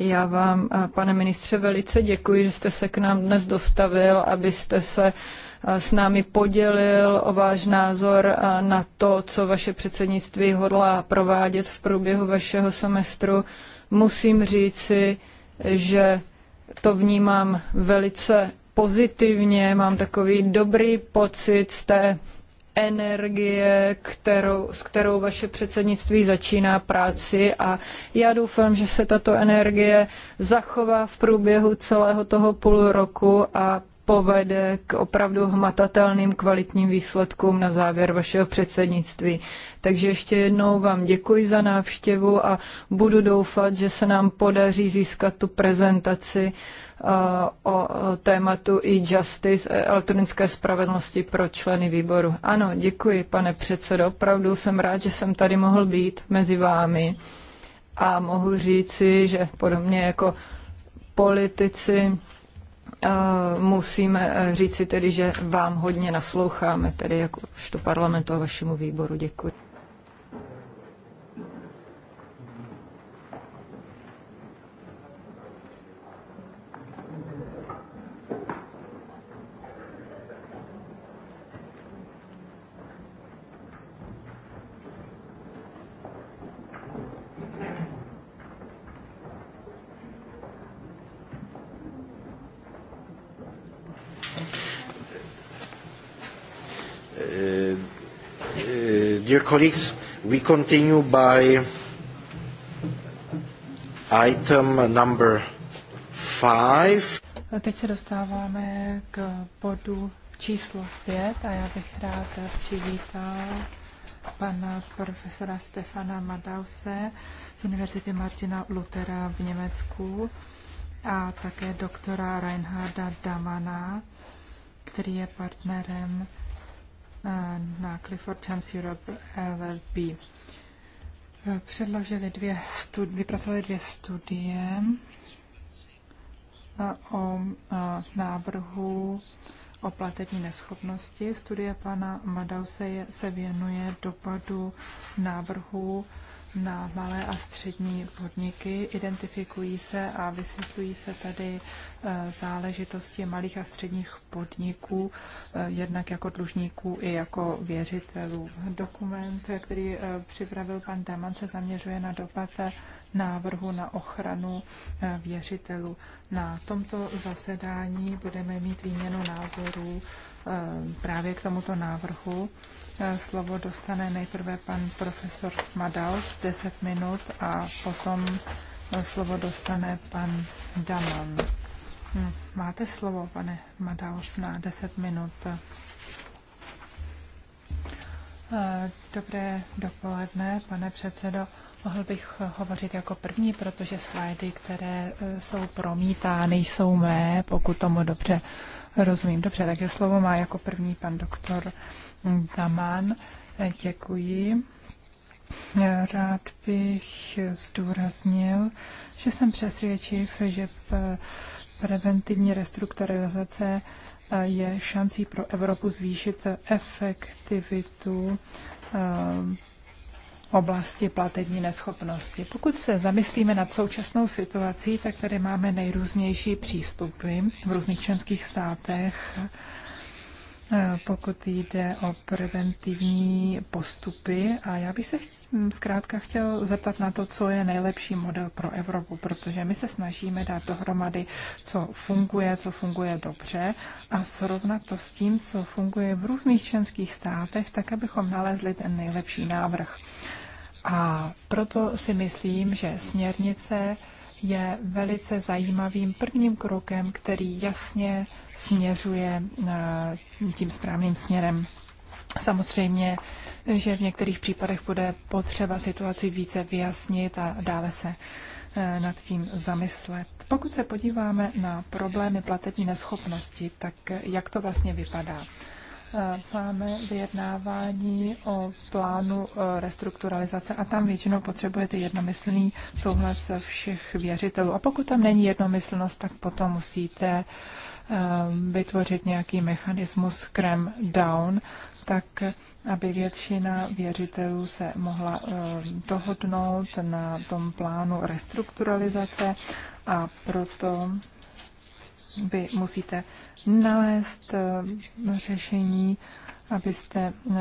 Já vám, pane ministře, velice děkuji, že jste se k nám dnes dostavil, abyste se s námi podělil o váš názor na to, co vaše předsednictví hodlá provádět v průběhu vašeho semestru. Musím říci, že to vnímám velice pozitivně, mám takový dobrý pocit z té energie, kterou, s kterou vaše předsednictví začíná práci a já doufám, že se tato energie zachová v průběhu celého toho půl roku a povede k opravdu hmatatelným kvalitním výsledkům na závěr vašeho předsednictví. Takže ještě jednou vám děkuji za návštěvu a budu doufat, že se nám podaří získat tu prezentaci Eh, o eh, tématu e-justice, eh, elektronické spravedlnosti pro členy výboru. Ano, děkuji, pane předsedo. Opravdu jsem rád, že jsem tady mohl být mezi vámi a mohu říci, že podobně jako politici musíme říci tedy, že vám hodně nasloucháme, tedy jakožto parlamentu a vašemu výboru. Děkuji. Uh, dear colleagues, we continue by item number five. teď se dostáváme k bodu číslo pět a já bych rád přivítal pana profesora Stefana Madause z Univerzity Martina Lutera v Německu a také doktora Reinharda Damana, který je partnerem na Clifford Chance Europe LLP. Předložili dvě studie, vypracovali dvě studie o návrhu o platební neschopnosti. Studie pana Madause se věnuje dopadu návrhu na malé a střední podniky. Identifikují se a vysvětlují se tady eh, záležitosti malých a středních podniků, eh, jednak jako dlužníků i jako věřitelů. Dokument, který eh, připravil pan Daman, se zaměřuje na dopad návrhu na ochranu věřitelů. Na tomto zasedání budeme mít výměnu názorů právě k tomuto návrhu Eh, slovo dostane nejprve pan profesor Madaus 10 minut a potom eh, slovo dostane pan Daman. Hm, máte slovo, pane Madaus, na 10 minut. Eh, dobré dopoledne, pane předsedo. Mohl bych hovořit jako první, protože slajdy, které jsou promítány, jsou mé, pokud tomu dobře rozumím. Dobře, takže slovo má jako první pan doktor Daman. Děkuji. Rád bych zdůraznil, že jsem přesvědčiv, že preventivní restrukturalizace je šancí pro Evropu zvýšit efektivitu eh, oblasti platební neschopnosti. Pokud se zamyslíme nad současnou situací, tak tady máme nejrůznější přístupy v různých členských státech Eh, pokud jde o preventivní postupy. A já bych se hm, zkrátka chtěl zeptat na to, co je nejlepší model pro Evropu, protože my se snažíme dát dohromady, co funguje, co funguje dobře a srovnat to s tím, co funguje v různých členských státech, tak abychom nalezli ten nejlepší návrh. A proto si myslím, že směrnice je velice zajímavým prvním krokem, který jasně směřuje eh, tím správným směrem. Samozřejmě, že v některých případech bude potřeba situaci více vyjasnit a dále se eh, nad tím zamyslet. Pokud se podíváme na problémy platební neschopnosti, tak jak to vlastně vypadá? máme vyjednávání o plánu eh, restrukturalizace a tam většinou potřebujete jednomyslný souhlas všech věřitelů. A pokud tam není jednomyslnost, tak potom musíte eh, vytvořit nějaký mechanismus krem down, tak aby většina věřitelů se mohla eh, dohodnout na tom plánu restrukturalizace a proto vy musíte nalézt eh, řešení, abyste eh,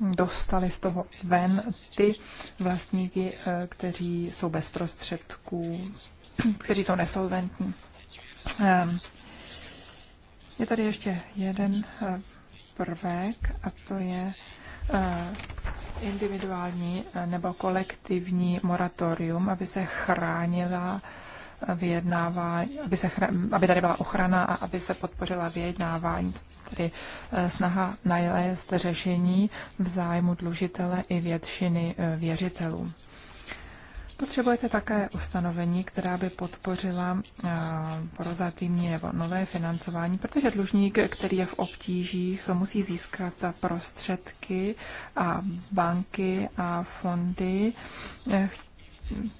dostali z toho ven ty vlastníky, eh, kteří jsou bez prostředků, kteří jsou nesolventní. Ehm, je tady ještě jeden prvek a to je individuální nebo kolektivní moratorium, aby se chránila vyjednávání, aby, se, aby tady byla ochrana a aby se podpořila vyjednávání, tedy eh, snaha najlézt řešení v zájmu dlužitele i většiny eh, věřitelů. Potřebujete také ustanovení, která by podpořila eh, prozatímní nebo nové financování, protože dlužník, který je v obtížích, musí získat prostředky a banky a fondy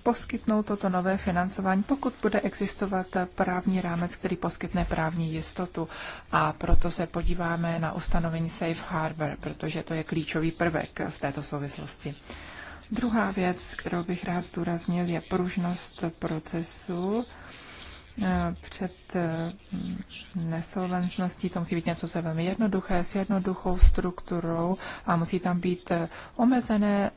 poskytnout toto nové financování, pokud bude existovat právní rámec, který poskytne právní jistotu. A proto se podíváme na ustanovení Safe Harbor, protože to je klíčový prvek v této souvislosti. Druhá věc, kterou bych rád zdůraznil, je pružnost procesu Eh, před eh, nesolvenčností, to musí být něco se velmi jednoduché, s jednoduchou strukturou a musí tam být eh, omezené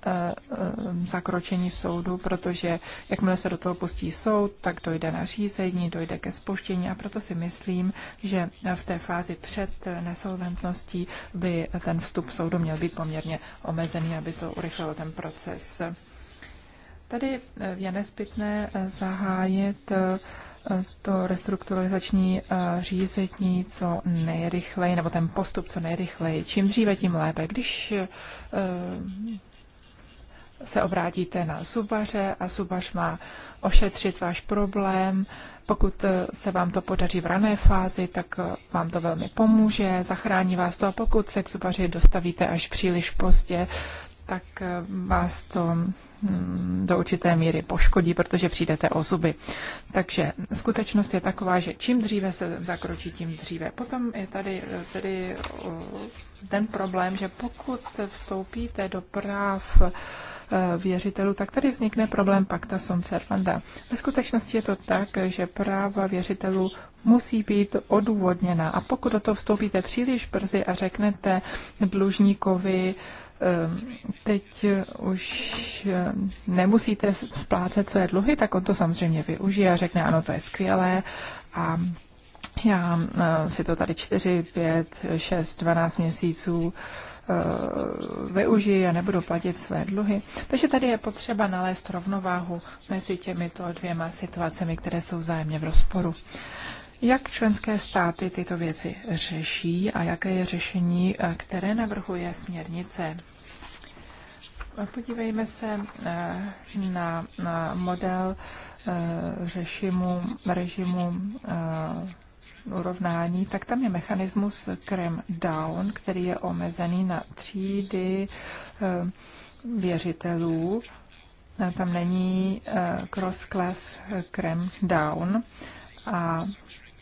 zakročení soudu, protože jakmile se do toho pustí soud, tak dojde na řízení, dojde ke spuštění a proto si myslím, že v té fázi před nesolventností by ten vstup soudu měl být poměrně omezený, aby to urychlilo ten proces. Tady je nespytné zahájit uh, to restrukturalizační eh, řízení co nejrychleji, nebo ten postup co nejrychleji. Čím dříve, tím lépe. Když eh, se obrátíte na zubaře a zubař má ošetřit váš problém, pokud eh, se vám to podaří v rané fázi, tak vám to velmi pomůže, zachrání vás to a pokud se k zubaři dostavíte až příliš pozdě, tak eh, vás to mm, do určité míry poškodí, protože přijdete o zuby. Takže skutečnost je taková, že čím dříve se zakročí, tím dříve. Potom je tady, eh, tady ten problém, že pokud vstoupíte do práv eh, věřitelů, tak tady vznikne problém pakta Sonservanda. Ve skutečnosti je to tak, že práva věřitelů musí být odůvodněna. A pokud do toho vstoupíte příliš brzy a řeknete dlužníkovi, Ehm, teď eh, už eh, nemusíte splácet své dluhy, tak on to samozřejmě využije a řekne, ano, to je skvělé a já eh, si to tady 4, 5, 6, 12 měsíců využiji a nebudu platit své dluhy. Takže tady je potřeba nalézt rovnováhu mezi těmito dvěma situacemi, které jsou vzájemně v rozporu. Jak členské státy tyto věci řeší a jaké je řešení, eh, které navrhuje směrnice? Podívejme se eh, na, na model řešimu, eh, režimu urovnání, tak tam je mechanismus krem down, který je omezený na třídy věřitelů. Tam není cross-class krem down a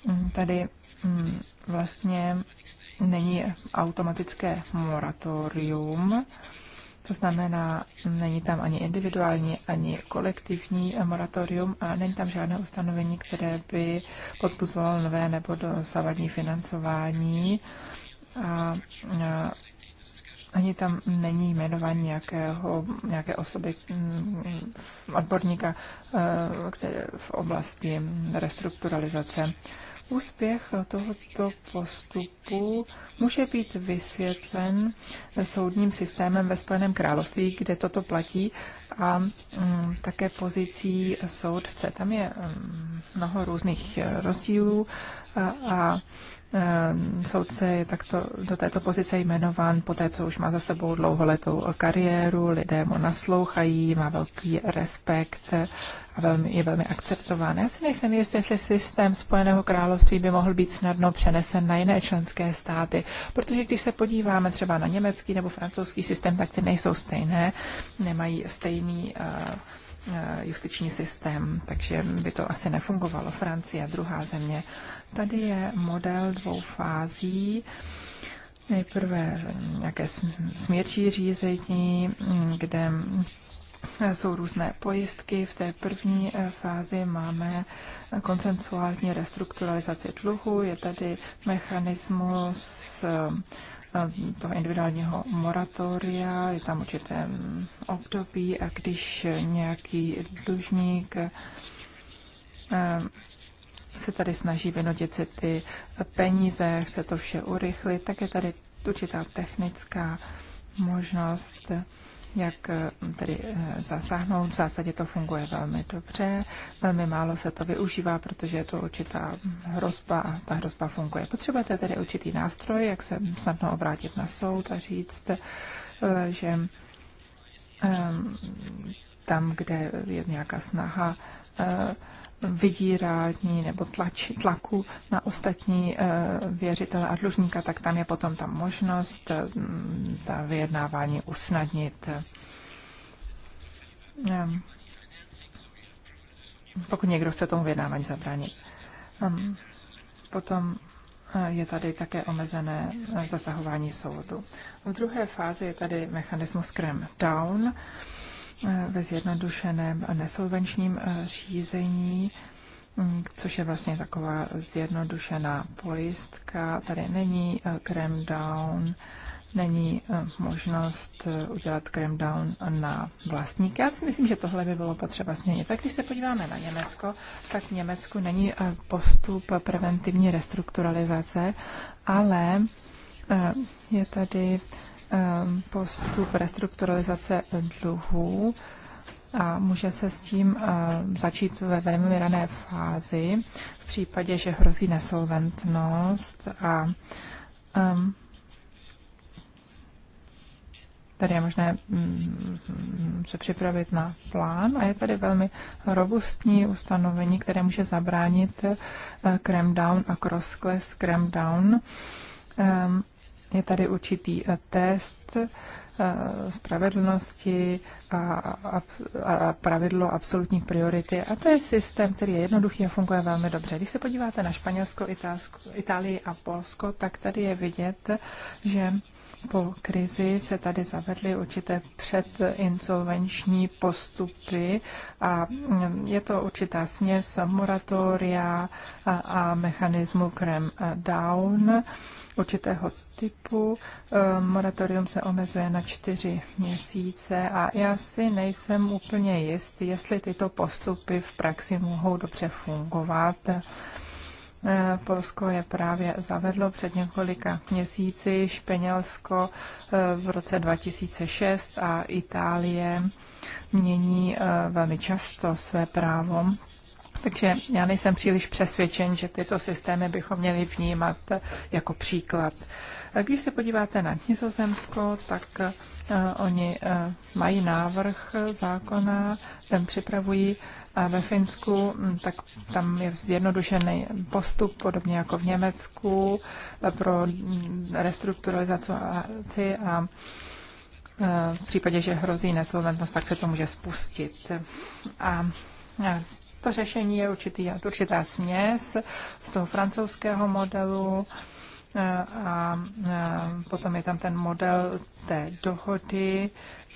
Mm, tady mm, vlastně není automatické moratorium, to znamená, není tam ani individuální, ani kolektivní moratorium a není tam žádné ustanovení, které by podpuzovalo nové nebo dosavadní financování. A, a ani tam není jmenování nějakého, nějaké osoby, mm, odborníka eh, které v oblasti restrukturalizace. Úspěch tohoto postupu může být vysvětlen soudním systémem ve Spojeném království, kde toto platí, a mm, také pozicí soudce. Tam je mm, mnoho různých eh, rozdílů eh, a, a Ehm, soudce je takto do této pozice jmenován po té, co už má za sebou dlouholetou kariéru, lidé mu naslouchají, má velký respekt a velmi, je velmi akceptován. Já si nejsem jistý, jestli systém Spojeného království by mohl být snadno přenesen na jiné členské státy, protože když se podíváme třeba na německý nebo francouzský systém, tak ty nejsou stejné, nemají stejný uh, Eh, justiční systém, takže by to asi nefungovalo. Francie, druhá země. Tady je model dvou fází. Nejprve nějaké smírčí řízení, mm, kde jsou různé pojistky. V té první eh, fázi máme konsensuální restrukturalizaci dluhu. Je tady mechanismus eh, toho individuálního moratoria, je tam určité mm, období a když nějaký dlužník e, se tady snaží vynodit si ty peníze, chce to vše urychlit, tak je tady určitá technická možnost jak eh, tedy eh, zasáhnout. V zásadě to funguje velmi dobře, velmi málo se to využívá, protože je to určitá hrozba a ta hrozba funguje. Potřebujete tedy určitý nástroj, jak se snadno obrátit na soud a říct, eh, že ehm, tam, kde je nějaká snaha vydírání nebo tlači, tlaku na ostatní eh, věřitele a dlužníka, tak tam je potom ta možnost eh, ta vyjednávání usnadnit. Ehm, pokud někdo chce tomu vyjednávání zabránit. Ehm, potom eh, je tady také omezené zasahování soudu. V druhé fázi je tady mechanismus krem down. Eh, ve zjednodušeném nesolvenčním eh, řízení, mm, což je vlastně taková zjednodušená pojistka. Tady není eh, cram down, není možnost udělat cram down na vlastníka. Já si myslím, že tohle by bylo potřeba změnit. Tak když se podíváme na Německo, tak v Německu není postup preventivní restrukturalizace, ale je tady Ehm, postup restrukturalizace dluhů a může se s tím ehm, začít ve velmi rané fázi v případě, že hrozí nesolventnost a ehm, tady je možné mm, se připravit na plán a je tady velmi robustní ustanovení, které může zabránit eh, cram down a cross class cram down je tady určitý eh, test eh, spravedlnosti a, a pravidlo absolutní priority. A to je systém, který je jednoduchý a funguje velmi dobře. Když se podíváte na Španělsko, Itálsko, Itálii a Polsko, tak tady je vidět, že po krizi se tady zavedly určité předinsolvenční postupy a mm, je to určitá směs moratoria a, mechanismu krem down určitého typu. Ehm, moratorium se omezuje na čtyři měsíce a já si nejsem úplně jist, jestli tyto postupy v praxi mohou dobře fungovat Eh, Polsko je právě zavedlo před několika měsíci, Španělsko eh, v roce 2006 a Itálie mění eh, velmi často své právo. Takže já nejsem příliš přesvědčen, že tyto systémy bychom měli vnímat jako příklad. Když se podíváte na Nizozemsko, tak oni mají návrh zákona, ten připravují ve Finsku, mm, tak tam je zjednodušený postup, podobně jako v Německu, pro mm, restrukturalizaci a e, v případě, že hrozí nesolventnost, tak se to může spustit. A e, to řešení je určitý, určitá směs z toho francouzského modelu e, a potom je tam ten model té dohody,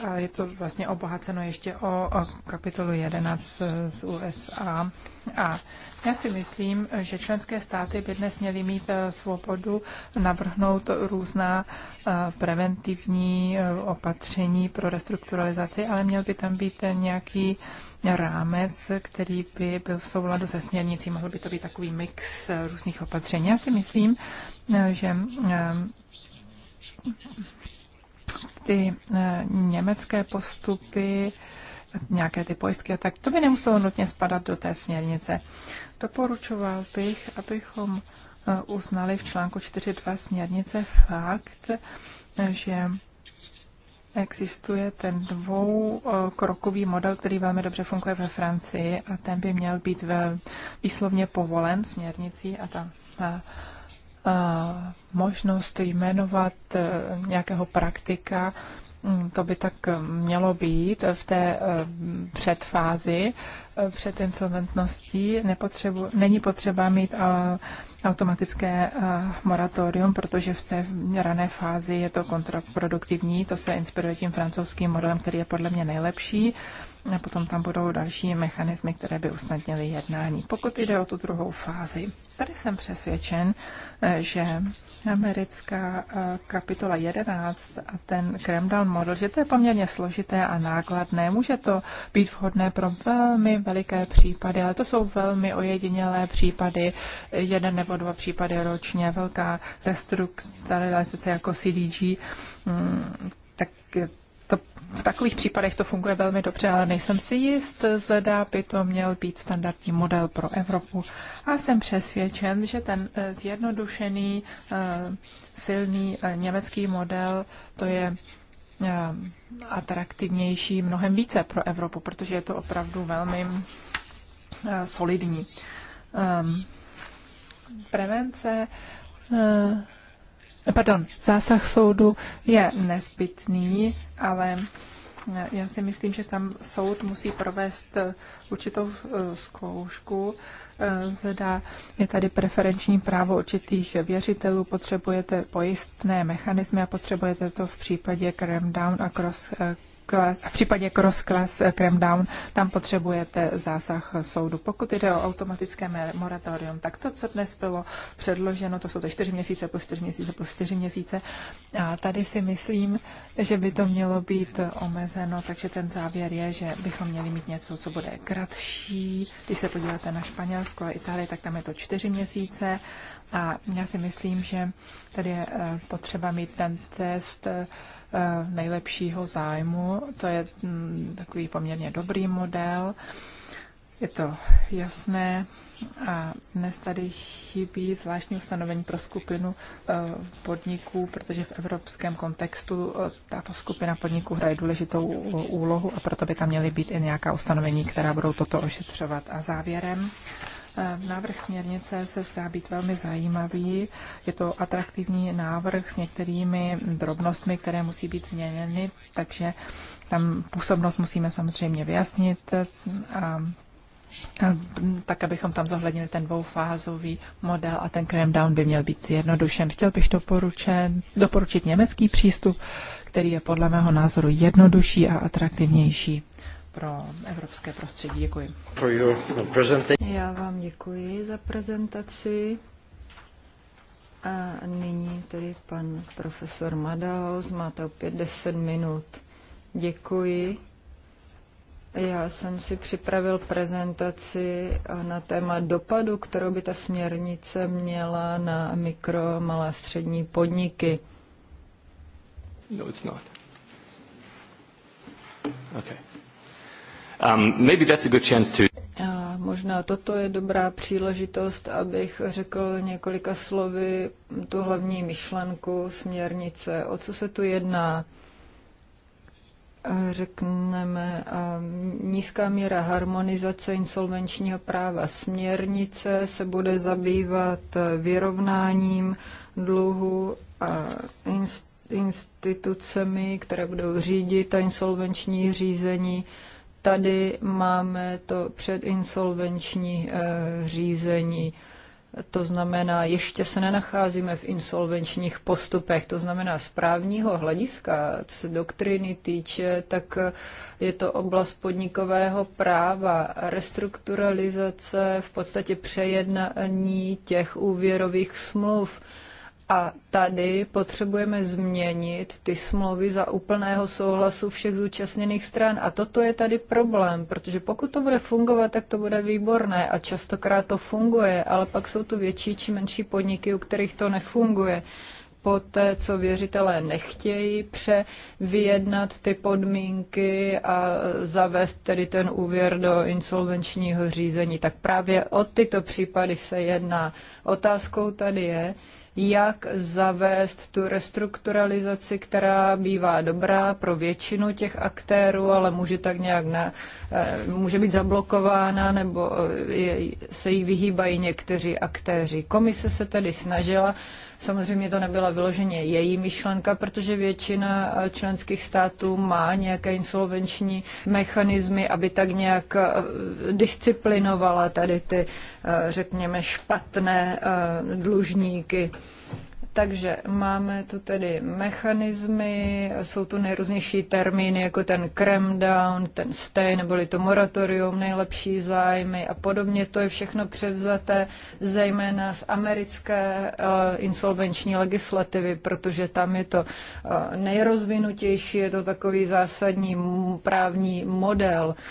a je to vlastně obohaceno ještě o, o kapitolu 11 z USA. A já si myslím, že členské státy by dnes měly mít eh, svobodu navrhnout různá eh, preventivní eh, opatření pro restrukturalizaci, ale měl by tam být nějaký rámec, který by byl v souladu se směrnicí. Mohl by to být takový mix různých opatření. Já si myslím, že ty eh, německé postupy, nějaké ty pojistky a tak, to by nemuselo nutně spadat do té směrnice. Doporučoval bych, abychom eh, uznali v článku 4.2 směrnice fakt, že existuje ten dvoukrokový eh, model, který velmi dobře funguje ve Francii a ten by měl být ve, výslovně povolen směrnicí a ta možnost jmenovat e, nějakého praktika, mm, to by tak e, mělo být v té e, předfázi před insolventností. Nepotřebu, není potřeba mít automatické moratorium, protože v té rané fázi je to kontraproduktivní. To se inspiruje tím francouzským modelem, který je podle mě nejlepší a potom tam budou další mechanismy, které by usnadnily jednání. Pokud jde o tu druhou fázi, tady jsem přesvědčen, eh, že americká eh, kapitola 11 a ten Kremdal model, že to je poměrně složité a nákladné. Může to být vhodné pro velmi veliké případy, ale to jsou velmi ojedinělé případy, jeden nebo dva případy ročně, velká restrukturalizace jako CDG, mm, tak to, v takových případech to funguje velmi dobře, ale nejsem si jist, zda by to měl být standardní model pro Evropu. A jsem přesvědčen, že ten eh, zjednodušený, eh, silný eh, německý model, to je atraktivnější mnohem více pro Evropu, protože je to opravdu velmi solidní. Ehm, prevence pardon, zásah soudu je nezbytný, ale eh, já si myslím, že tam soud musí provést eh, určitou eh, zkoušku, zda je tady preferenční právo určitých věřitelů, potřebujete pojistné mechanismy a potřebujete to v případě cram down a cross v případě cross-class eh, cram-down, tam potřebujete zásah soudu. Pokud jde o automatické moratorium, tak to, co dnes bylo předloženo, to jsou to čtyři měsíce plus čtyři měsíce plus čtyři měsíce. A tady si myslím, že by to mělo být omezeno, takže ten závěr je, že bychom měli mít něco, co bude kratší. Když se podíváte na Španělsko a Itálii, tak tam je to čtyři měsíce a já si myslím, že tady je eh, potřeba mít ten test eh, nejlepšího zájmu. To je mm, takový poměrně dobrý model. Je to jasné. A dnes tady chybí zvláštní ustanovení pro skupinu eh, podniků, protože v evropském kontextu tato skupina podniků hraje důležitou úlohu a proto by tam měly být i nějaká ustanovení, která budou toto ošetřovat. A závěrem E, návrh směrnice se zdá být velmi zajímavý. Je to atraktivní návrh s některými drobnostmi, které musí být změněny, takže tam působnost musíme samozřejmě vyjasnit e, a tak abychom tam zohlednili ten dvoufázový model a ten cram down by měl být zjednodušen. Chtěl bych doporučen, doporučit německý přístup, který je podle mého názoru jednodušší a atraktivnější pro evropské prostředí. Děkuji. Já vám děkuji za prezentaci. A nyní tedy pan profesor Madaus, máte opět 10 minut. Děkuji. Já jsem si připravil prezentaci na téma dopadu, kterou by ta směrnice měla na mikro, malé střední podniky. No, it's not. Okay. Um, maybe that's a good chance to... možná toto je dobrá příležitost, abych řekl několika slovy tu hlavní myšlenku směrnice. O co se tu jedná? řekneme, um, nízká míra harmonizace insolvenčního práva. Směrnice se bude zabývat vyrovnáním dluhu a institucemi, které budou řídit ta insolvenční řízení Tady máme to předinsolvenční eh, řízení. To znamená, ještě se nenacházíme v insolvenčních postupech. To znamená, z právního hlediska, co se doktriny týče, tak eh, je to oblast podnikového práva, restrukturalizace, v podstatě přejednání těch úvěrových smluv. A tady potřebujeme změnit ty smlouvy za úplného souhlasu všech zúčastněných stran. A toto je tady problém, protože pokud to bude fungovat, tak to bude výborné a častokrát to funguje, ale pak jsou tu větší či menší podniky, u kterých to nefunguje. té, co věřitelé nechtějí převyjednat ty podmínky a zavést tedy ten úvěr do insolvenčního řízení, tak právě o tyto případy se jedná. Otázkou tady je, jak zavést tu restrukturalizaci, která bývá dobrá pro většinu těch aktérů, ale může tak nějak na, eh, může být zablokována nebo eh, se jí vyhýbají někteří aktéři. Komise se tedy snažila Samozřejmě to nebyla vyloženě její myšlenka, protože většina eh, členských států má nějaké insolvenční mechanismy, aby tak nějak eh, disciplinovala tady ty, eh, řekněme, špatné dlužníky. Takže máme tu tedy mechanismy, jsou tu nejrůznější termíny, jako ten cram down, ten stay, neboli to moratorium, nejlepší zájmy a podobně. To je všechno převzaté zejména z americké uh, insolvenční legislativy, protože tam je to uh, nejrozvinutější, je to takový zásadní právní model. Uh,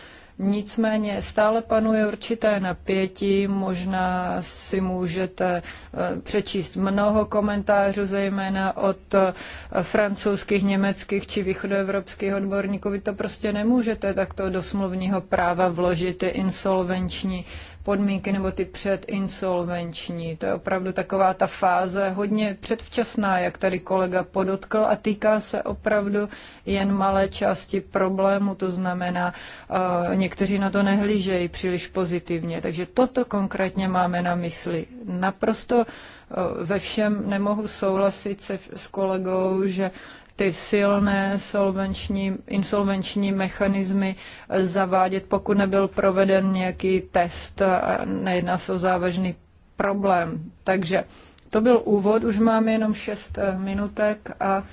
Nicméně stále panuje určité napětí, možná si můžete eh, přečíst mnoho komentářů, zejména od eh, francouzských, německých či východoevropských odborníků. Vy to prostě nemůžete takto do smluvního práva vložit ty insolvenční podmínky nebo ty předinsolvenční. To je opravdu taková ta fáze hodně předvčasná, jak tady kolega podotkl a týká se opravdu jen malé části problému, to znamená, uh, někteří na to nehlížejí příliš pozitivně. Takže toto konkrétně máme na mysli. Naprosto eh, ve všem nemohu souhlasit se, s kolegou, že ty silné solvenční, insolvenční mechanismy zavádět, pokud nebyl proveden nějaký test a nejedná se o závažný problém. Takže to byl úvod, už máme jenom 6 eh, minutek a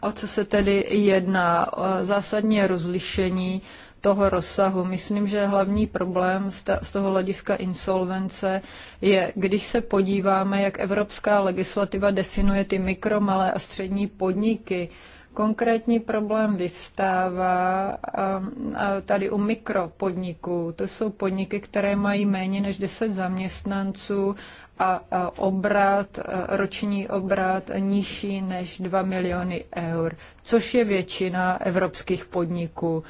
o co se tedy jedná? Zásadní rozlišení toho rozsahu. Myslím, že hlavní problém z toho hlediska insolvence je, když se podíváme, jak evropská legislativa definuje ty mikro, malé a střední podniky, konkrétní problém vyvstává um, tady u mikropodniků. To jsou podniky, které mají méně než 10 zaměstnanců a obrat, roční obrat nižší než 2 miliony eur, což je většina evropských podniků.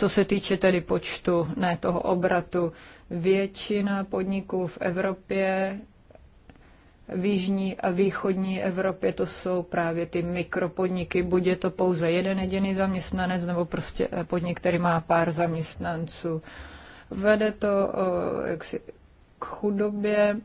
Co se týče tedy počtu, ne toho obratu, většina podniků v Evropě, v jižní a východní Evropě, to jsou právě ty mikropodniky. Buď je to pouze jeden jediný zaměstnanec, nebo prostě podnik, který má pár zaměstnanců. Vede to eh, jaksi, k chudobě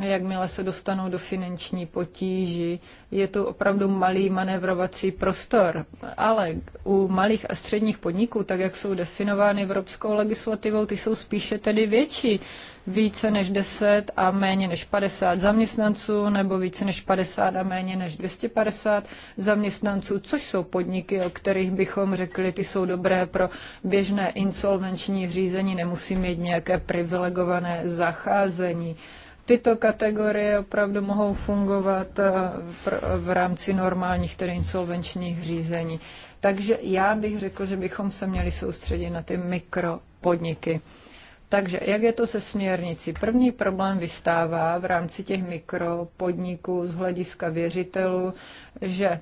jakmile se dostanou do finanční potíži, je to opravdu malý manevrovací prostor. Ale u malých a středních podniků, tak jak jsou definovány evropskou legislativou, ty jsou spíše tedy větší. Více než 10 a méně než 50 zaměstnanců, nebo více než 50 a méně než 250 zaměstnanců, což jsou podniky, o kterých bychom řekli, ty jsou dobré pro běžné insolvenční řízení, nemusí mít nějaké privilegované zacházení tyto kategorie opravdu mohou fungovat eh, v rámci normálních tedy insolvenčních řízení. Takže já bych řekl, že bychom se měli soustředit na ty mikropodniky. Takže jak je to se směrnicí? První problém vystává v rámci těch mikropodniků z hlediska věřitelů, že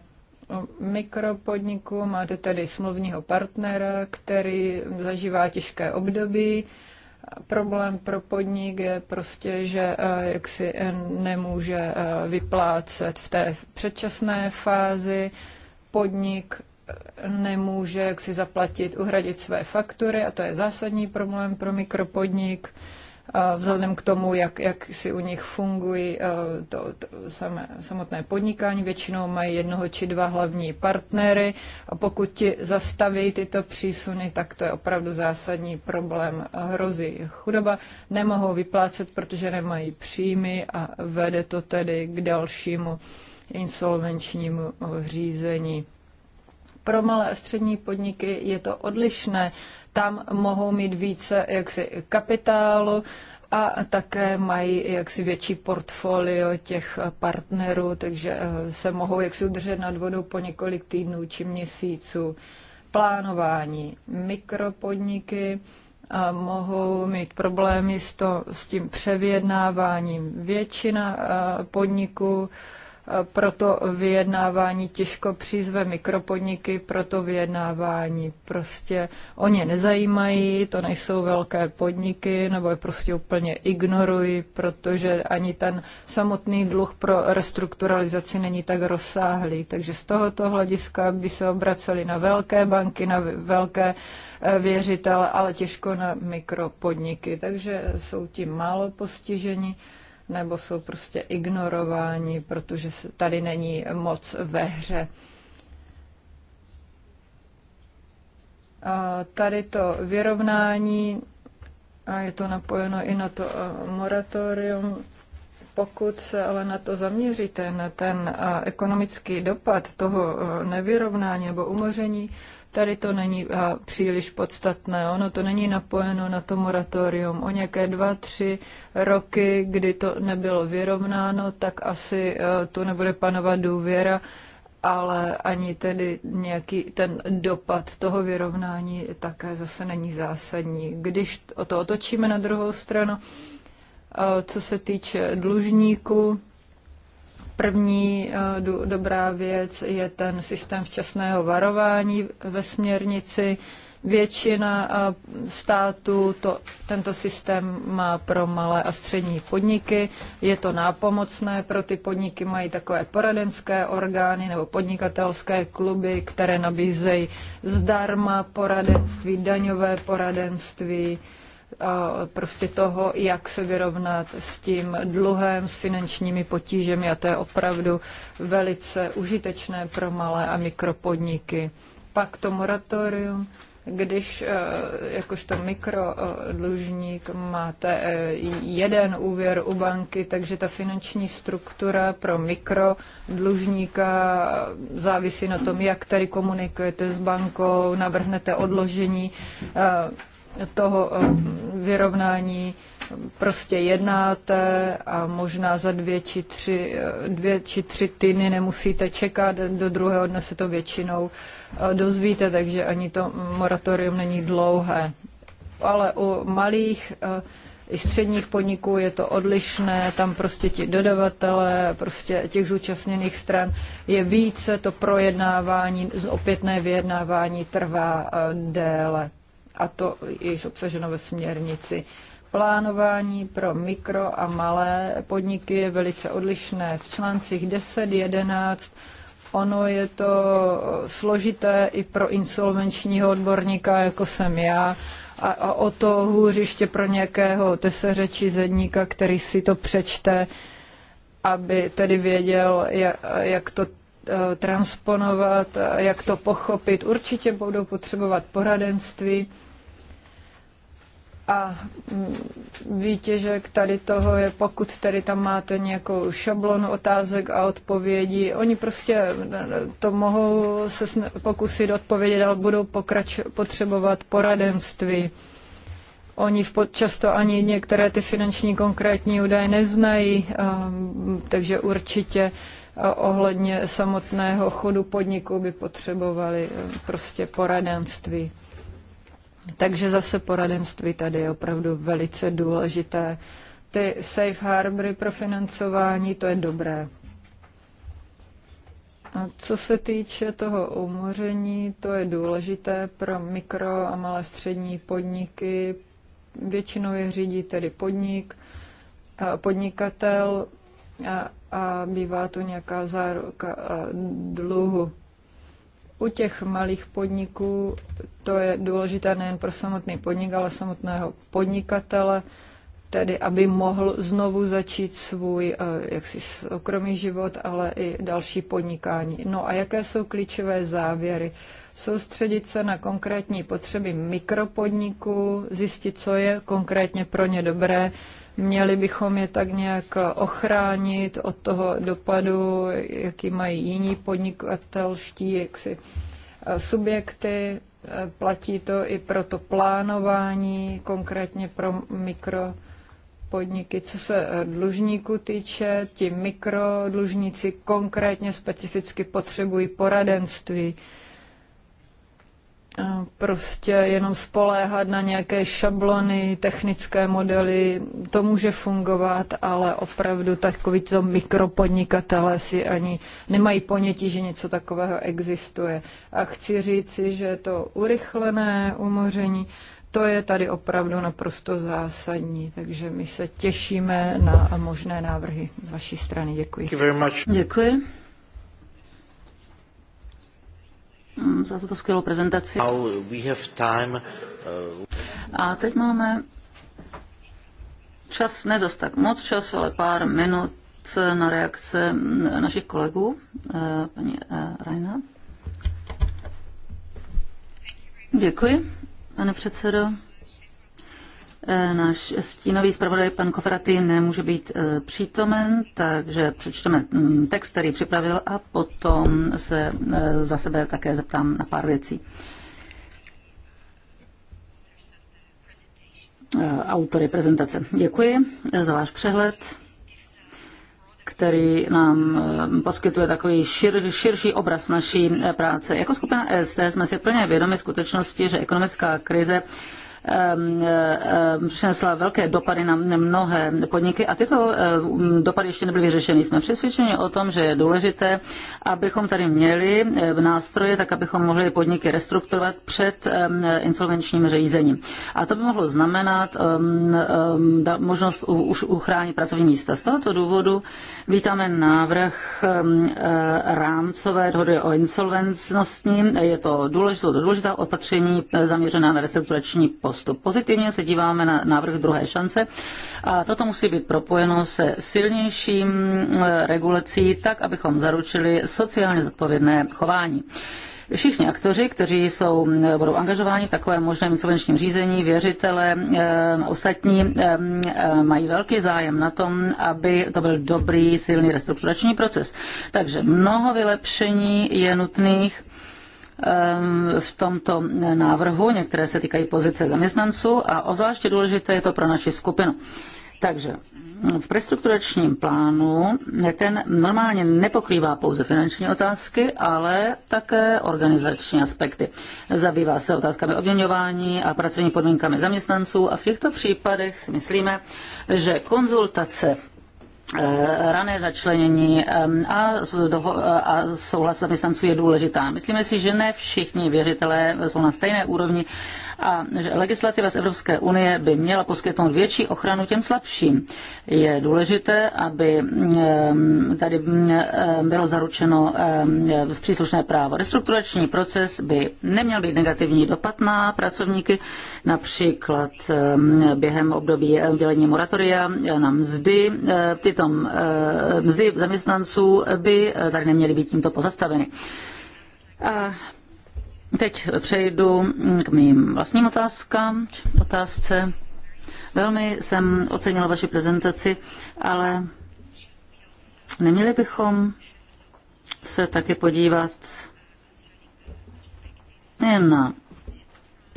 mikropodniku máte tedy smluvního partnera, který zažívá těžké období, problém pro podnik je prostě, že eh, jak si eh, nemůže eh, vyplácet v té předčasné fázi, podnik nemůže jak si zaplatit, uhradit své faktury a to je zásadní problém pro mikropodnik vzhledem k tomu, jak, jak si u nich fungují eh, to, to samé, samotné podnikání. Většinou mají jednoho či dva hlavní partnery a pokud ti zastaví tyto přísuny, tak to je opravdu zásadní problém. Hrozí chudoba, nemohou vyplácet, protože nemají příjmy a vede to tedy k dalšímu insolvenčnímu řízení. Pro malé a střední podniky je to odlišné tam mohou mít více jaksi kapitálu a také mají jaksi větší portfolio těch partnerů, takže eh, se mohou jaksi udržet nad vodou po několik týdnů či měsíců. Plánování mikropodniky, a eh, mohou mít problémy s, to, s tím převědnáváním. Většina eh, podniků proto vyjednávání těžko přizve mikropodniky, proto vyjednávání prostě o ně nezajímají, to nejsou velké podniky, nebo je prostě úplně ignorují, protože ani ten samotný dluh pro restrukturalizaci není tak rozsáhlý. Takže z tohoto hlediska by se obraceli na velké banky, na velké eh, věřitele, ale těžko na mikropodniky. Takže jsou tím málo postiženi nebo jsou prostě ignorováni, protože tady není moc ve hře. A tady to vyrovnání, a je to napojeno i na to moratorium, pokud se ale na to zaměříte, na ten ekonomický dopad toho nevyrovnání nebo umoření, Tady to není příliš podstatné, ono to není napojeno na to moratorium. O nějaké dva, tři roky, kdy to nebylo vyrovnáno, tak asi e, tu nebude panovat důvěra, ale ani tedy nějaký ten dopad toho vyrovnání také zase není zásadní. Když o to otočíme na druhou stranu, e, co se týče dlužníků, První eh, dobrá věc je ten systém včasného varování ve směrnici. Většina eh, států to, tento systém má pro malé a střední podniky. Je to nápomocné pro ty podniky, mají takové poradenské orgány nebo podnikatelské kluby, které nabízejí zdarma poradenství, daňové poradenství prostě toho, jak se vyrovnat s tím dluhem, s finančními potížemi a to je opravdu velice užitečné pro malé a mikropodniky. Pak to moratorium, když e, jakožto mikrodlužník máte e, jeden úvěr u banky, takže ta finanční struktura pro mikrodlužníka závisí na tom, jak tady komunikujete s bankou, navrhnete odložení e, toho eh, vyrovnání prostě jednáte a možná za dvě či tři, eh, dvě či tři týdny nemusíte čekat, do druhého dne se to většinou eh, dozvíte, takže ani to moratorium není dlouhé. Ale u malých i středních podniků je to odlišné, tam prostě ti dodavatele, prostě těch zúčastněných stran je více, to projednávání, opětné vyjednávání trvá déle a to je již obsaženo ve směrnici. Plánování pro mikro a malé podniky je velice odlišné. V článcích 10, 11 ono je to složité i pro insolvenčního odborníka, jako jsem já, a, a o to hůř ještě pro nějakého teseře či zedníka, který si to přečte, aby tedy věděl, jak, jak to eh, transponovat, jak to pochopit. Určitě budou potřebovat poradenství a výtěžek tady toho je, pokud tady tam máte nějakou šablonu otázek a odpovědí, oni prostě to mohou se pokusit odpovědět, ale budou pokrač- potřebovat poradenství. Oni v často ani některé ty finanční konkrétní údaje neznají, ehm, takže určitě e, ohledně samotného chodu podniku by potřebovali e, prostě poradenství. Takže zase poradenství tady je opravdu velice důležité. Ty safe harbory pro financování, to je dobré. A co se týče toho umoření, to je důležité pro mikro a malé střední podniky. Většinou je řídí tedy podnik, podnikatel a, a bývá to nějaká záruka dluhu. U těch malých podniků to je důležité nejen pro samotný podnik, ale samotného podnikatele, tedy aby mohl znovu začít svůj eh, jaksi soukromý život, ale i další podnikání. No a jaké jsou klíčové závěry? Soustředit se na konkrétní potřeby mikropodniku, zjistit, co je konkrétně pro ně dobré, Měli bychom je tak nějak ochránit od toho dopadu, jaký mají jiní podnikatelští jaksi, eh, subjekty. Eh, platí to i pro to plánování, konkrétně pro mikropodniky. Co se eh, dlužníků týče, ti mikrodlužníci konkrétně specificky potřebují poradenství prostě jenom spoléhat na nějaké šablony, technické modely, to může fungovat, ale opravdu takovýto mikropodnikatelé si ani nemají ponětí, že něco takového existuje. A chci říci, že to urychlené umoření, to je tady opravdu naprosto zásadní, takže my se těšíme na možné návrhy z vaší strany. Děkuji. Děkuji. Mm, za tuto skvělou prezentaci. Uh, A teď máme čas, ne zas tak moc čas, ale pár minut na reakce našich kolegů, eh, paní eh, Rajna. Děkuji, pane předsedo. Eh, náš stínový zpravodaj pan Kofraty nemůže být eh, přítomen, takže přečteme mm, text, který připravil a potom se eh, za sebe také zeptám na pár věcí. Autory prezentace. Děkuji za váš přehled který nám poskytuje takový šir, širší obraz naší práce. Jako skupina EST jsme si plně vědomi skutečnosti, že ekonomická krize Ehm, ehm, přinesla velké dopady na mnohé podniky a tyto ehm, dopady ještě nebyly vyřešeny. Jsme přesvědčeni o tom, že je důležité, abychom tady měli v nástroje, tak abychom mohli podniky restrukturovat před insolvenčním řízením. A to by mohlo znamenat možnost už uchránit pracovní místa. Z tohoto důvodu vítáme návrh eh, rámcové dohody o insolvencnosti. Je to důležité, důležité opatření eh, zaměřená na restrukturační postup příležitost. Pozitivně se díváme na návrh druhé šance a toto musí být propojeno se silnějším eh, regulací, tak abychom zaručili sociálně zodpovědné chování. Všichni aktoři, kteří jsou, eh, budou angažováni v takovém možném insolvenčním řízení, věřitele, eh, ostatní mají velký zájem na tom, aby to byl dobrý, silný restrukturační proces. Takže mnoho vylepšení je nutných v tomto návrhu. Některé se týkají pozice zaměstnanců a obzvláště důležité je to pro naši skupinu. Takže v prestrukturačním plánu ten normálně nepokrývá pouze finanční otázky, ale také organizační aspekty. Zabývá se otázkami obměňování a pracovní podmínkami zaměstnanců a v těchto případech si myslíme, že konzultace Eh, rané začlenění a, eh, a souhlas zaměstnanců je důležitá. Myslíme si, že ne všichni věřitelé jsou na stejné úrovni a že legislativa z Evropské unie by měla poskytnout větší ochranu těm slabším. Je důležité, aby tady bylo zaručeno příslušné právo. Restrukturační proces by neměl být negativní dopad na pracovníky, například během období dělení moratoria na mzdy. Tyto přitom eh, mzdy zaměstnanců by eh, tady neměly být tímto pozastaveny. A teď přejdu mm, k mým vlastním otázkám, otázce. Velmi jsem ocenila vaši prezentaci, ale neměli bychom se taky podívat nejen na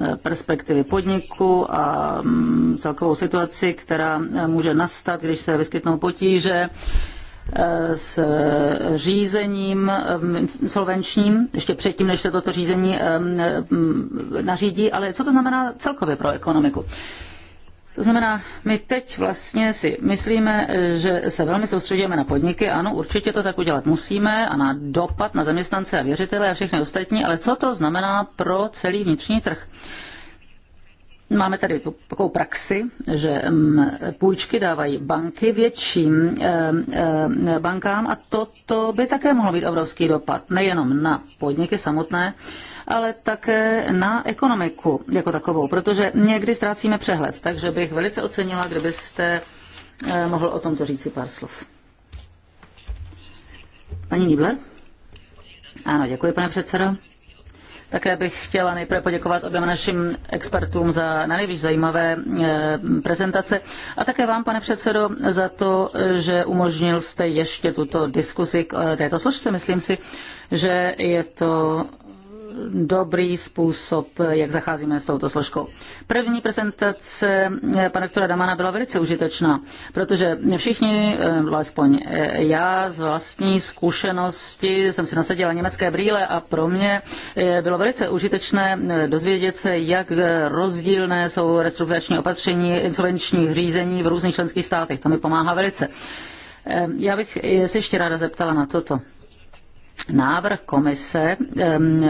Eh, perspektivy podniku a mm, celkovou situaci, která eh, může nastat, když se vyskytnou potíže eh, s řízením mm, insolvenčním, ještě předtím, než se toto řízení mm, nařídí, ale co to znamená celkově pro ekonomiku. To znamená, my teď vlastně si myslíme, eh, že se velmi soustředíme na podniky, ano, určitě to tak udělat musíme a na dopad na zaměstnance a věřitele a všechny ostatní, ale co to znamená pro celý vnitřní trh? Máme tady takovou praxi, že mm, půjčky dávají banky větším eh, eh, bankám a toto by také mohlo být obrovský dopad, nejenom na podniky samotné, ale také na ekonomiku jako takovou, protože někdy ztrácíme přehled, takže bych velice ocenila, kdybyste eh, mohl o tomto říci pár slov. Paní Nibler? Ano, děkuji, pane předsedo. Také bych chtěla nejprve poděkovat oběma našim expertům za na nejvíc zajímavé eh, prezentace a také vám, pane předsedo, za to, že umožnil jste ještě tuto diskusi k eh, této složce. Myslím si, že je to dobrý způsob, jak zacházíme s touto složkou. První prezentace eh, pana doktora Damana byla velice užitečná, protože všichni, eh, alespoň eh, já z vlastní zkušenosti, jsem si nasadila německé brýle a pro mě bylo velice užitečné dozvědět se, jak rozdílné jsou restrukturační opatření insolvenčních řízení v různých členských státech. To mi pomáhá velice. Já bych se ještě ráda zeptala na toto. Návrh komise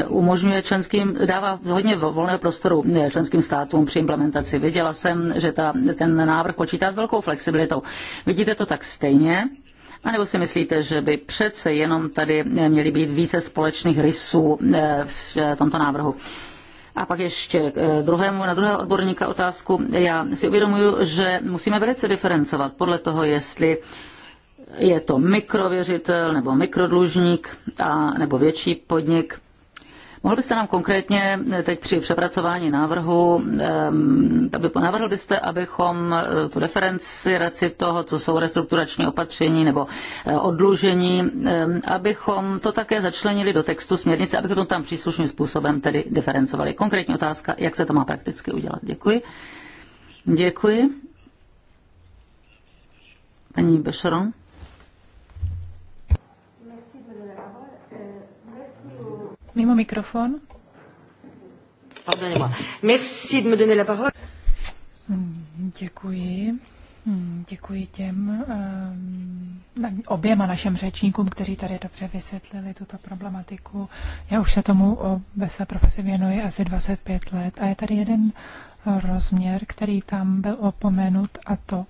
umožňuje členským, dává hodně volného prostoru eh, členským státům při implementaci. Věděla jsem, že ta, ten návrh počítá s velkou flexibilitou. Vidíte to tak stejně? A nebo si myslíte, že by přece jenom tady měly být více společných rysů eh, v eh, tomto návrhu? A pak ještě druhému, na druhého odborníka otázku. Já si uvědomuji, že musíme velice diferencovat podle toho, jestli je to mikrověřitel nebo mikrodlužník a, nebo větší podnik. Mohl byste nám konkrétně teď při přepracování návrhu, aby navrhl byste, abychom eh, tu referenciaci toho, co jsou restrukturační opatření nebo eh, odlužení, abychom to také začlenili do textu směrnice, abychom to tam příslušným způsobem tedy diferencovali. Konkrétní otázka, jak se to má prakticky udělat. Děkuji. Děkuji. Paní Bešeron. Mimo mikrofon. Merci de me donner la parole. Hmm, děkuji. Hmm, děkuji těm um, oběma našem řečníkům, kteří tady dobře vysvětlili tuto problematiku. Já už se tomu o, ve své profesi věnuji asi 25 let a je tady jeden rozměr, který tam byl opomenut a to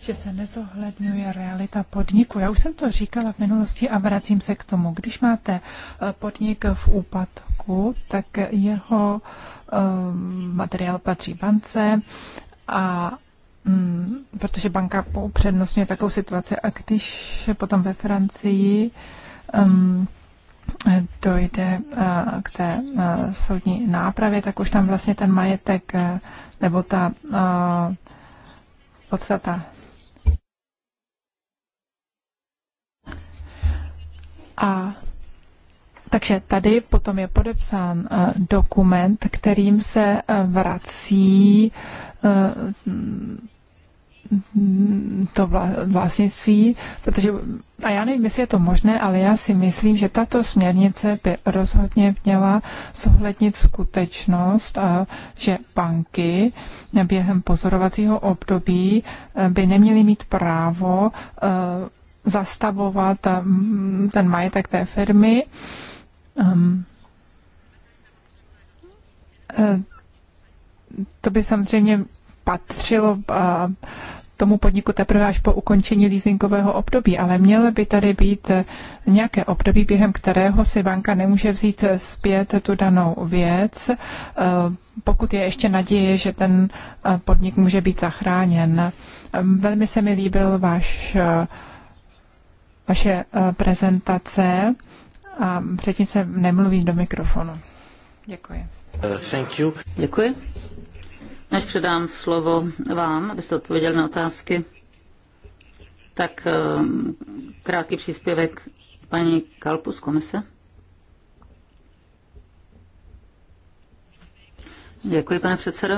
že se nezohledňuje realita podniku. Já už jsem to říkala v minulosti a vracím se k tomu. Když máte eh, podnik v úpadku, tak jeho um, materiál patří bance a um, protože banka upřednostňuje takovou situaci a když potom ve Francii um, dojde eh, k té soudní nápravě, tak už tam vlastně ten majetek nebo ta podstata A takže tady potom je podepsán eh, dokument, kterým se eh, vrací eh, to vlastnictví, protože, a já nevím, jestli je to možné, ale já si myslím, že tato směrnice by rozhodně měla zohlednit skutečnost, že banky během pozorovacího období by neměly mít právo zastavovat um, ten majetek té firmy. Um, eh, to by samozřejmě patřilo uh, tomu podniku teprve až po ukončení leasingového období, ale mělo by tady být eh, nějaké období, během kterého si banka nemůže vzít zpět tu danou věc, eh, pokud je ještě naděje, že ten podnik může být zachráněn. Ehm, velmi se mi líbil váš vaše eh, prezentace a předtím nemluví do mikrofonu. Děkuji. Uh, thank you. Děkuji. Než předám slovo vám, abyste odpověděli na otázky, tak eh, krátký příspěvek paní Kalpu z komise. Děkuji, pane předsedo.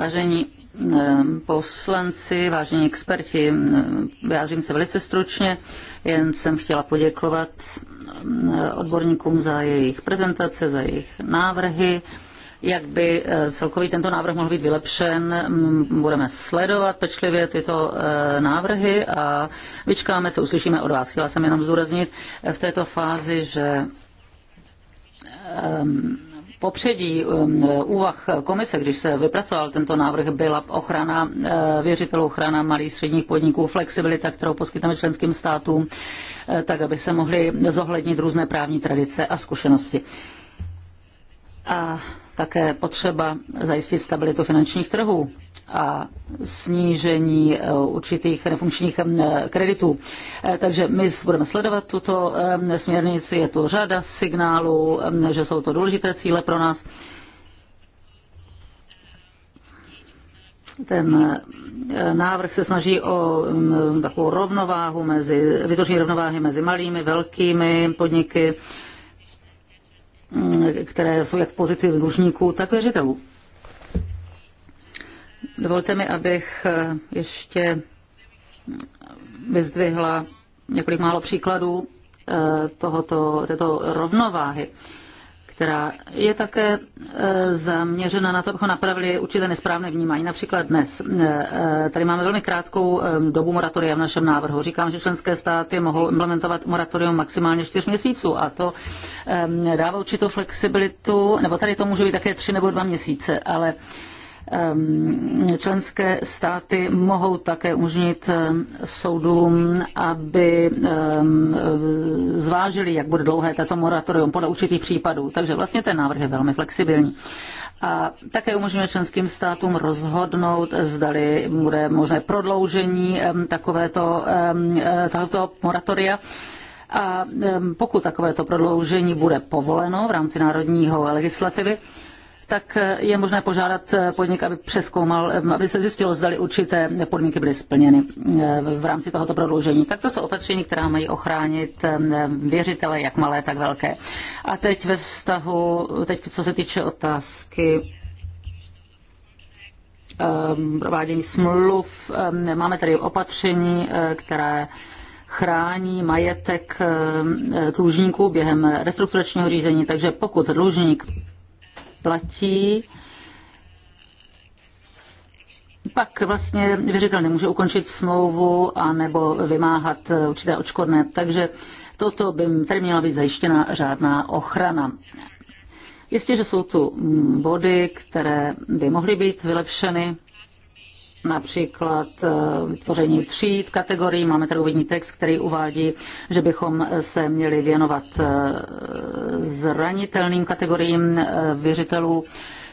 Vážení eh, poslanci, vážení experti, eh, vyjádřím se velice stručně, jen jsem chtěla poděkovat eh, odborníkům za jejich prezentace, za jejich návrhy jak by celkový tento návrh mohl být vylepšen. Mm, budeme sledovat pečlivě tyto návrhy a vyčkáme, co uslyšíme od vás. Chtěla jsem jenom zúraznit v této fázi, že um, popředí um, úvah komise, když se vypracoval tento návrh, byla ochrana eh, věřitelů, ochrana malých středních podniků, flexibilita, kterou poskytneme členským státům, eh, tak aby se mohly zohlednit různé právní tradice a zkušenosti. A také potřeba zajistit stabilitu finančních trhů a snížení eh, určitých nefunkčních eh, kreditů. Eh, takže my budeme sledovat tuto směrnici, je tu řada signálů, že jsou to důležité cíle pro nás. ten návrh se snaží o mm, takovou rovnováhu mezi, vytvoření rovnováhy mezi malými, velkými podniky, Mm, které jsou jak v pozici dlužníků, tak věřitelů. Dovolte mi, abych eh, ještě vyzdvihla několik málo příkladů eh, tohoto, této rovnováhy která je také e, zaměřena na to, abychom napravili určité nesprávné vnímání. Například dnes. E, e, tady máme velmi krátkou dobu moratoria v našem návrhu. Říkám, že členské státy mohou implementovat moratorium maximálně 4 měsíců a to dává určitou flexibilitu, nebo tady to může být také 3 nebo 2 měsíce, ale Ehm, členské státy mohou také umožnit ehm, soudům, aby ehm, zvážili, jak bude dlouhé tato moratorium podle určitých případů. Takže vlastně ten návrh je velmi flexibilní a také umožňuje členským státům rozhodnout, zdali bude možné prodloužení takovéto, eh, tohoto moratoria. A pokud takovéto prodloužení bude povoleno v rámci národního legislativy, tak eh, je možné požádat eh, podnik, aby přeskoumal, eh, aby se zjistilo, zdali určité podmínky byly splněny v rámci tohoto prodloužení. Tak to jsou opatření, která mají ochránit věřitele, jak malé, tak velké. A teď ve vztahu, teď co se týče otázky provádění smluv, máme tady opatření, které chrání majetek dlužníků během restrukturačního řízení, takže pokud dlužník platí, pak vlastně věřitel nemůže ukončit smlouvu a nebo vymáhat eh, určité očkodné. Takže toto by tady měla být zajištěna řádná ochrana. Jistě, že jsou tu mm, body, které by mohly být vylepšeny, například eh, vytvoření tříd kategorií. Máme tady úvodní text, který uvádí, že bychom se měli věnovat eh, zranitelným kategoriím eh, věřitelů.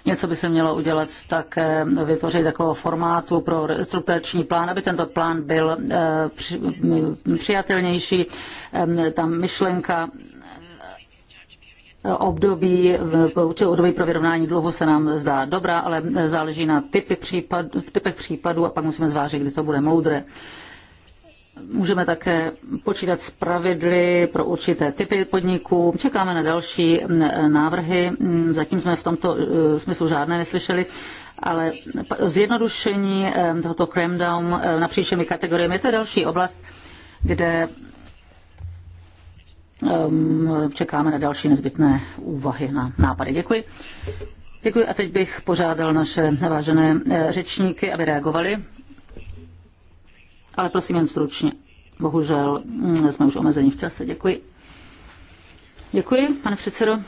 Něco by se mělo udělat také, vytvořit takového formátu pro restrukturační plán, aby tento plán byl přijatelnější. Tam myšlenka období, určitě období pro vyrovnání dluhu se nám zdá dobrá, ale záleží na typy případ, typech případů a pak musíme zvážit, kdy to bude moudré. Můžeme také počítat z pravidly pro určité typy podniků. Čekáme na další návrhy. Zatím jsme v tomto eh, smyslu žádné neslyšeli, ale zjednodušení eh, tohoto cramdown eh, napříč všemi kategoriemi, to je další oblast, kde Ehm, čekáme na další nezbytné úvahy na nápady. Děkuji. Děkuji a teď bych požádal naše vážené eh, řečníky, aby reagovali. Ale prosím jen stručně. Bohužel hm, jsme už omezeni v čase. Děkuji. Děkuji, pane předsedo.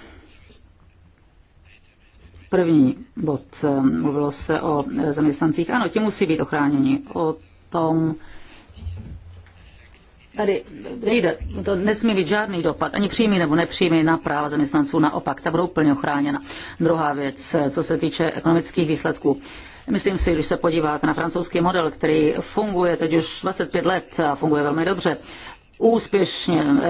První bod. Hm, mluvilo se o eh, zaměstnancích. Ano, ti musí být ochráněni. O tom Tady nejde, to nesmí být žádný dopad, ani přímý nebo nepřímý na práva zaměstnanců, naopak, ta budou plně ochráněna. Druhá věc, co se týče ekonomických výsledků. Myslím si, když se podíváte na francouzský model, který funguje teď už 25 let a funguje velmi dobře, úspěšně eh,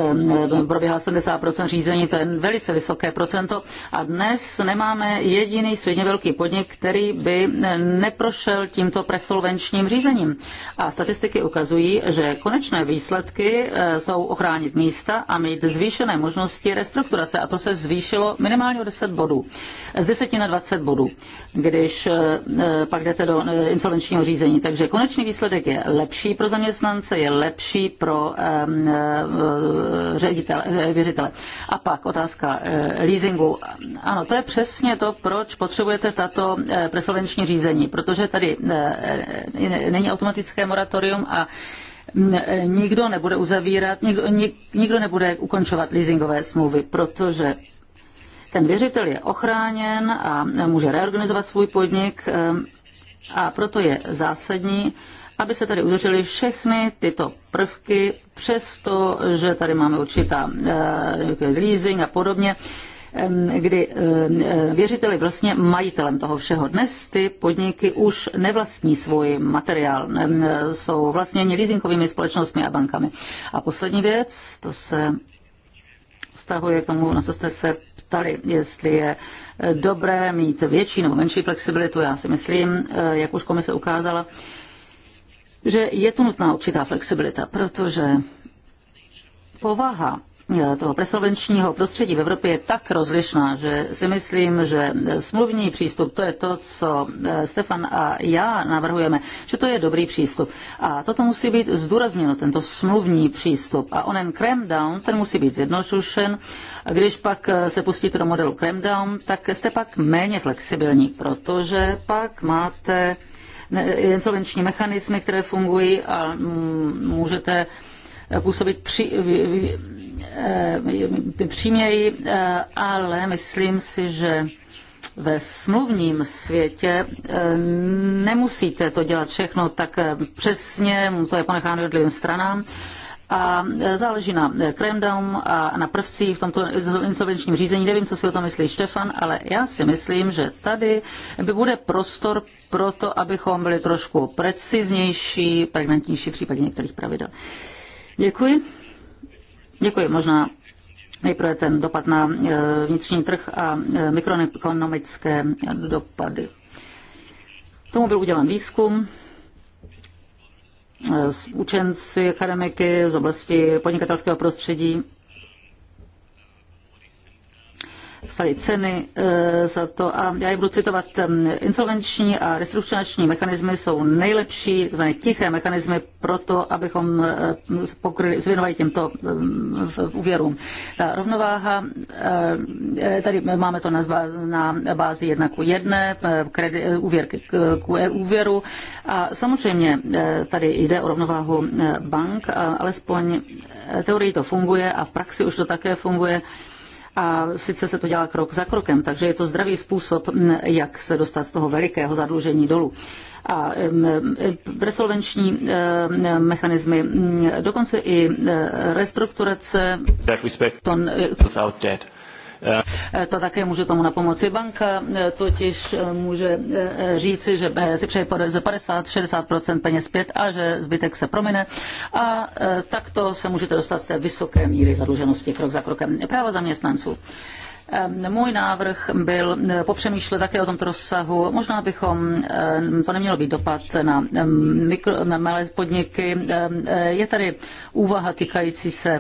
eh, proběhla 70% řízení, to je velice vysoké procento a dnes nemáme jediný středně velký podnik, který by eh, neprošel tímto presolvenčním řízením. A statistiky ukazují, že konečné výsledky jsou ochránit místa a mít zvýšené možnosti restrukturace a to se zvýšilo minimálně o 10 bodů, z 10 na 20 bodů, když pak jdete do insolvenčního řízení. Takže konečný výsledek je lepší pro zaměstnance, je lepší pro Eh, ředitele, eh, věřitele. A pak otázka eh, leasingu. Ano, to je přesně to, proč potřebujete tato presolvenční řízení, protože tady není automatické moratorium a mm, nikdo nebude uzavírat, nikdo, nikdo nebude ukončovat leasingové smlouvy, protože ten věřitel je ochráněn a může reorganizovat svůj podnik a proto je zásadní, aby se tady udržely všechny tyto prvky přesto, že tady máme určitá eh, leasing a podobně, kdy eh, věřiteli vlastně majitelem toho všeho. Dnes ty podniky už nevlastní svůj materiál, jsou vlastněni leasingovými společnostmi a bankami. A poslední věc, to se vztahuje k tomu, na co jste se ptali, jestli je eh, dobré mít větší nebo menší flexibilitu. Já si myslím, jak už komise ukázala, že je tu nutná určitá flexibilita, protože povaha eh, toho presolvenčního prostředí v Evropě je tak rozlišná, že si myslím, že eh, smluvní přístup, to je to, co eh, Stefan a já navrhujeme, že to je dobrý přístup. A toto musí být zdůrazněno, tento smluvní přístup. A onen cram down, ten musí být zjednodušen. Když pak se pustíte do modelu cram down, tak jste pak méně flexibilní, protože pak máte insolvenční mechanismy, které fungují a mm, můžete eh, působit při, eh, příměji, eh, ale myslím si, že ve smluvním světě nemusíte to dělat všechno tak přesně, to je ponecháno jednotlivým stranám a záleží na krendom a na prvcích v tomto insolvenčním řízení. Nevím, co si o tom myslí Štefan, ale já si myslím, že tady by bude prostor pro to, abychom byli trošku preciznější, pregnantnější v případě některých pravidel. Děkuji. Děkuji. Možná nejprve ten dopad na e, vnitřní trh a e, mikroekonomické dopady. K tomu byl udělan výzkum učenci, akademiky z oblasti podnikatelského prostředí staly ceny eh, za to a já je budu citovat, insolvenční a restrukturální mechanismy jsou nejlepší, takzvané tiché mechanismy pro to, abychom eh, pokryli, zvěnovali těmto úvěrům. Ta rovnováha, eh, tady máme to na, na bázi jedna ku jedné, kredi, úvěr k, e-, úvěru a samozřejmě tady jde o rovnováhu bank, alespoň teorii to funguje a v praxi už to také funguje a sice se to dělá krok za krokem, takže je to zdravý způsob, jak se dostat z toho velikého zadlužení dolů a resolvenční e, mechanismy, dokonce i e, restrukturace. To, e, Eh, to také může tomu na pomoci banka, eh, totiž eh, může říci, že si přeje 50-60% peněz zpět a že zbytek se promine a takto se můžete dostat z té vysoké míry zadluženosti krok za krokem. Práva zaměstnanců. Můj návrh byl popřemýšlet také o tomto rozsahu. Možná bychom, to nemělo být dopad na, mikro, na malé podniky. Je tady úvaha týkající se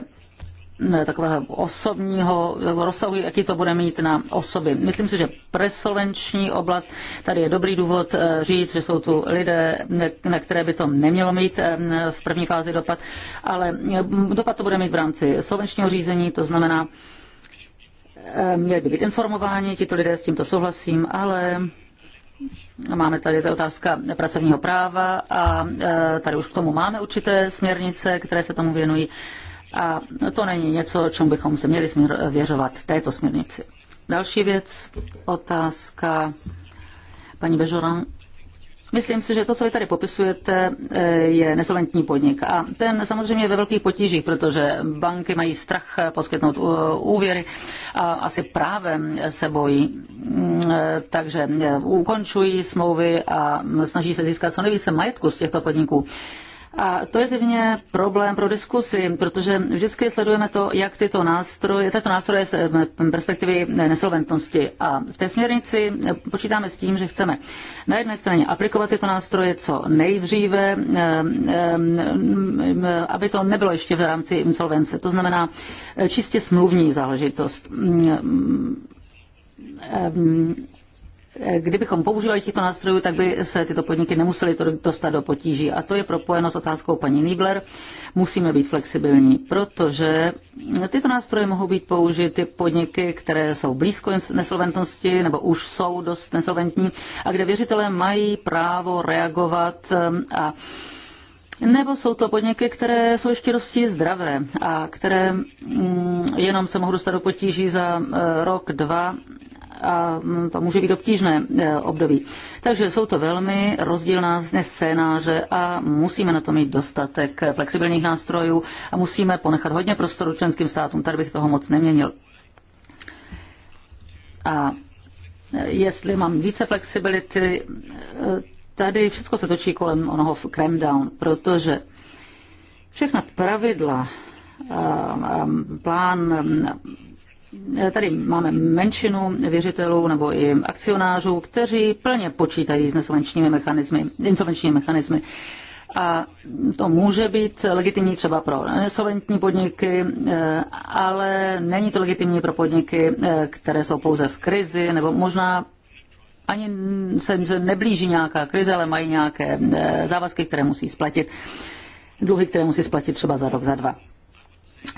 takového osobního rozsahu, jaký to bude mít na osoby. Myslím si, že presolvenční oblast, tady je dobrý důvod eh, říct, že jsou tu lidé, na které by to nemělo mít eh, v první fázi dopad, ale eh, dopad to bude mít v rámci solvenčního řízení, to znamená, měli by být informováni tito lidé, s tímto souhlasím, ale Máme tady ta otázka pracovního práva a tady už k tomu máme určité směrnice, které se tomu věnují. A to není něco, čemu bychom se měli směr, věřovat této směrnici. Další věc, otázka paní Bežoran. Myslím si, že to, co vy tady popisujete, eh, je nesolventní podnik. A ten samozřejmě je ve velkých potížích, protože banky mají strach poskytnout eh, úvěry a asi právem se bojí. Mm, eh, takže ukončují smlouvy a snaží se získat co nejvíce majetku z těchto podniků. A to je zjevně problém pro diskusi, protože vždycky sledujeme to, jak tyto nástroje, tyto nástroje z perspektivy nesolventnosti. A v té směrnici počítáme s tím, že chceme na jedné straně aplikovat tyto nástroje co nejdříve, e, e, aby to nebylo ještě v rámci insolvence. To znamená e, čistě smluvní záležitost Kdybychom používali těchto nástrojů, tak by se tyto podniky nemusely dostat do potíží. A to je propojeno s otázkou paní Niebler. Musíme být flexibilní, protože tyto nástroje mohou být použity podniky, které jsou blízko nesolventnosti nebo už jsou dost nesolventní a kde věřitelé mají právo reagovat um, a nebo jsou to podniky, které jsou ještě dosti zdravé a které mm, jenom se mohou dostat do potíží za uh, rok, dva a mm, to může být obtížné e, období. Takže jsou to velmi rozdílná scénáře a musíme na to mít dostatek flexibilních nástrojů a musíme ponechat hodně prostoru členským státům. Tady bych toho moc neměnil. A jestli mám více flexibility, e, tady všechno se točí kolem onoho cramdown, protože všechna pravidla, plán Eh, tady máme menšinu věřitelů nebo i akcionářů, kteří plně počítají s nesolvenčními mechanismy, insolvenčními mechanismy. A to může být legitimní třeba pro nesolventní podniky, eh, ale není to legitimní pro podniky, eh, které jsou pouze v krizi, nebo možná ani se neblíží nějaká krize, ale mají nějaké závazky, které musí splatit, dluhy, které musí splatit třeba za rok, za dva.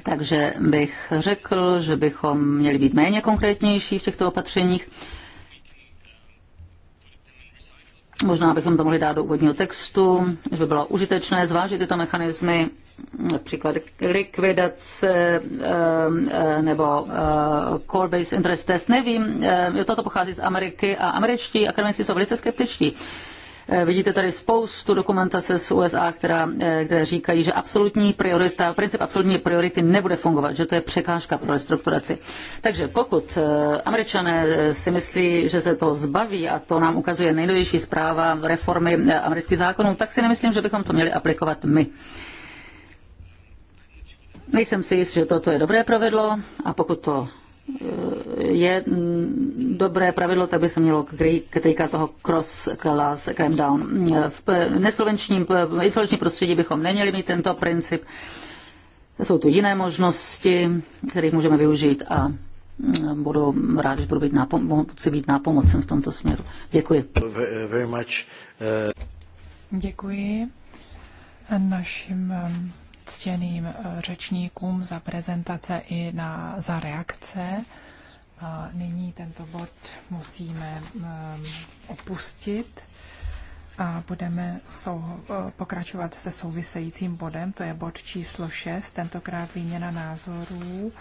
Takže bych řekl, že bychom měli být méně konkrétnější v těchto opatřeních. Možná bychom to mohli dát do úvodního textu, že by bylo užitečné zvážit tyto mechanismy, například likvidace ehm, ehm, nebo ehm, core-based interest test. Nevím, toto pochází z Ameriky a američtí akademici jsou velice skeptičtí Eh, vidíte tady spoustu dokumentace z USA, která, eh, které říkají, že absolutní priorita, princip absolutní priority nebude fungovat, že to je překážka pro restrukturaci. Takže pokud eh, američané si myslí, že se to zbaví a to nám ukazuje nejnovější zpráva reformy amerických zákonů, tak si nemyslím, že bychom to měli aplikovat my. Nejsem si jist, že toto je dobré provedlo. a pokud to je dobré pravidlo, tak by se mělo týkat toho cross-class cram down. V nesolvenčním, insolvenčním prostředí bychom neměli mít tento princip. Jsou tu jiné možnosti, kterých můžeme využít a mm, budu rád, že budu být nápom- být nápomocen v tomto směru. Děkuji. Very much. Eh, Děkuji. Naším ctěným eh, řečníkům za prezentace i na, za reakce. A nyní tento bod musíme ehm, opustit a budeme sou, eh, pokračovat se souvisejícím bodem, to je bod číslo 6, tentokrát výměna názorů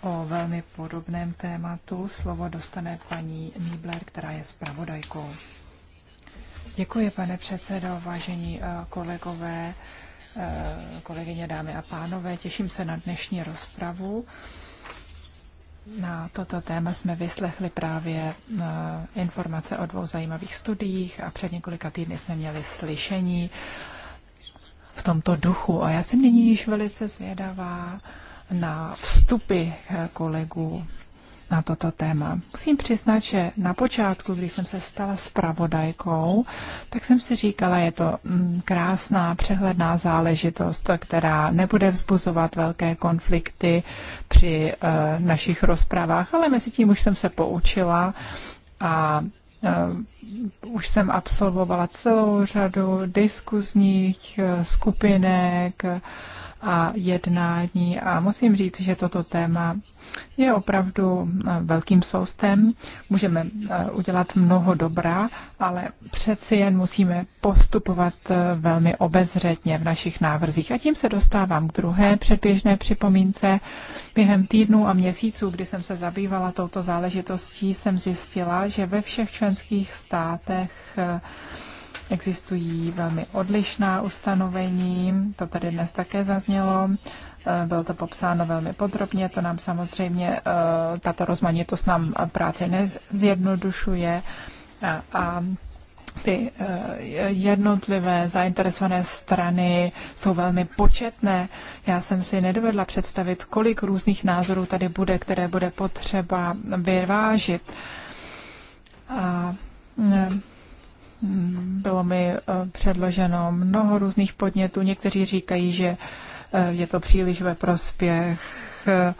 o velmi podobném tématu. Slovo dostane paní Niebler, která je zpravodajkou. Děkuji, pane předsedo, vážení eh, kolegové. Eh, kolegyně, dámy a pánové. Těším se na dnešní rozpravu. Na toto téma jsme vyslechli právě eh, informace o dvou zajímavých studiích a před několika týdny jsme měli slyšení v tomto duchu. A já jsem nyní již velice zvědavá na vstupy eh, kolegů na toto téma. Musím přiznat, že na počátku, když jsem se stala spravodajkou, tak jsem si říkala, je to mm, krásná, přehledná záležitost, která nebude vzbuzovat velké konflikty při eh, našich rozpravách, ale mezi tím už jsem se poučila a Uh, už jsem absolvovala celou řadu diskuzních eh, skupinek a jednání a musím říct, že toto téma je opravdu eh, velkým soustem. Můžeme eh, udělat mnoho dobrá, ale přeci jen musíme postupovat eh, velmi obezřetně v našich návrzích. A tím se dostávám k druhé předběžné připomínce. Během týdnů a měsíců, kdy jsem se zabývala touto záležitostí, jsem zjistila, že ve všech členských státech Existují velmi odlišná ustanovení, to tady dnes také zaznělo, eh, bylo to popsáno velmi podrobně, to nám samozřejmě, eh, tato rozmanitost nám eh, práci nezjednodušuje a, a ty jednotlivé zainteresované strany jsou velmi početné. Já jsem si nedovedla představit, kolik různých názorů tady bude, které bude potřeba vyvážit. A, bylo mi eh, předloženo mnoho různých podnětů. Někteří říkají, že eh, je to příliš ve prospěch eh,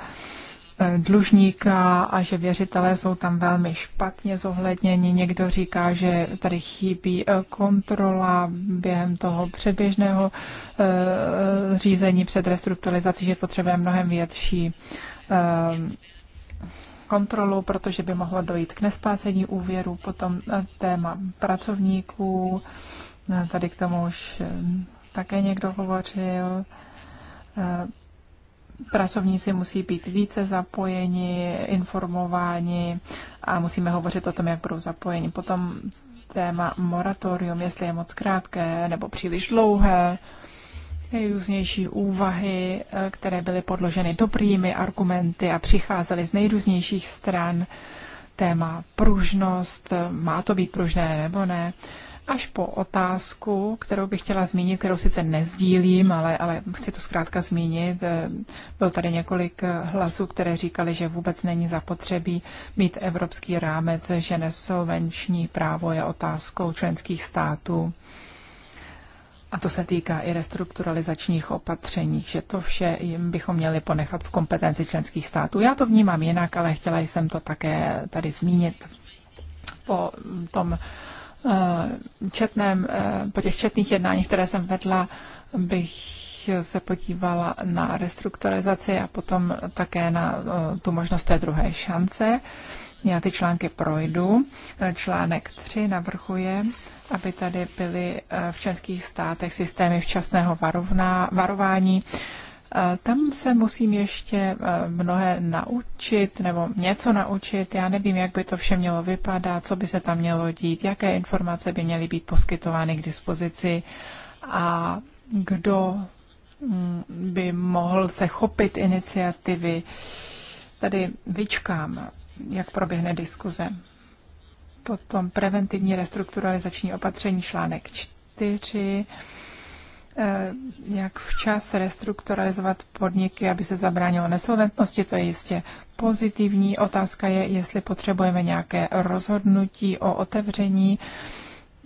dlužníka a že věřitelé jsou tam velmi špatně zohledněni. Někdo říká, že tady chybí kontrola během toho předběžného řízení před restrukturalizací, že potřebuje mnohem větší kontrolu, protože by mohlo dojít k nespásení úvěru, potom eh, téma pracovníků, eh, tady k tomu už eh, také někdo hovořil, pracovníci musí být více zapojeni, informováni a musíme hovořit o tom, jak budou zapojeni. Potom téma moratorium, jestli je moc krátké nebo příliš dlouhé nejrůznější úvahy, eh, které byly podloženy dobrými argumenty a přicházely z nejrůznějších stran. Téma pružnost, eh, má to být pružné nebo ne. Až po otázku, kterou bych chtěla zmínit, kterou sice nezdílím, ale, ale chci to zkrátka zmínit. Eh, Bylo tady několik hlasů, které říkali, že vůbec není zapotřebí mít evropský rámec, že nesolvenční právo je otázkou členských států a to se týká i restrukturalizačních opatření, že to vše jim bychom měli ponechat v kompetenci členských států. Já to vnímám jinak, ale chtěla jsem to také tady zmínit po tom eh, četném, eh, po těch četných jednáních, které jsem vedla, bych se podívala na restrukturalizaci a potom také na eh, tu možnost té druhé šance. Já ty články projdu. Článek 3 navrhuje, aby tady byly eh, v členských státech systémy včasného varovná, varování. Eh, tam se musím ještě eh, mnohé naučit nebo něco naučit. Já nevím, jak by to vše mělo vypadat, co by se tam mělo dít, jaké informace by měly být poskytovány k dispozici a kdo mm, by mohl se chopit iniciativy. Tady vyčkám, jak proběhne diskuze. Potom preventivní restrukturalizační opatření článek 4. Eh, jak včas restrukturalizovat podniky, aby se zabránilo nesolventnosti, to je jistě pozitivní. Otázka je, jestli potřebujeme nějaké rozhodnutí o otevření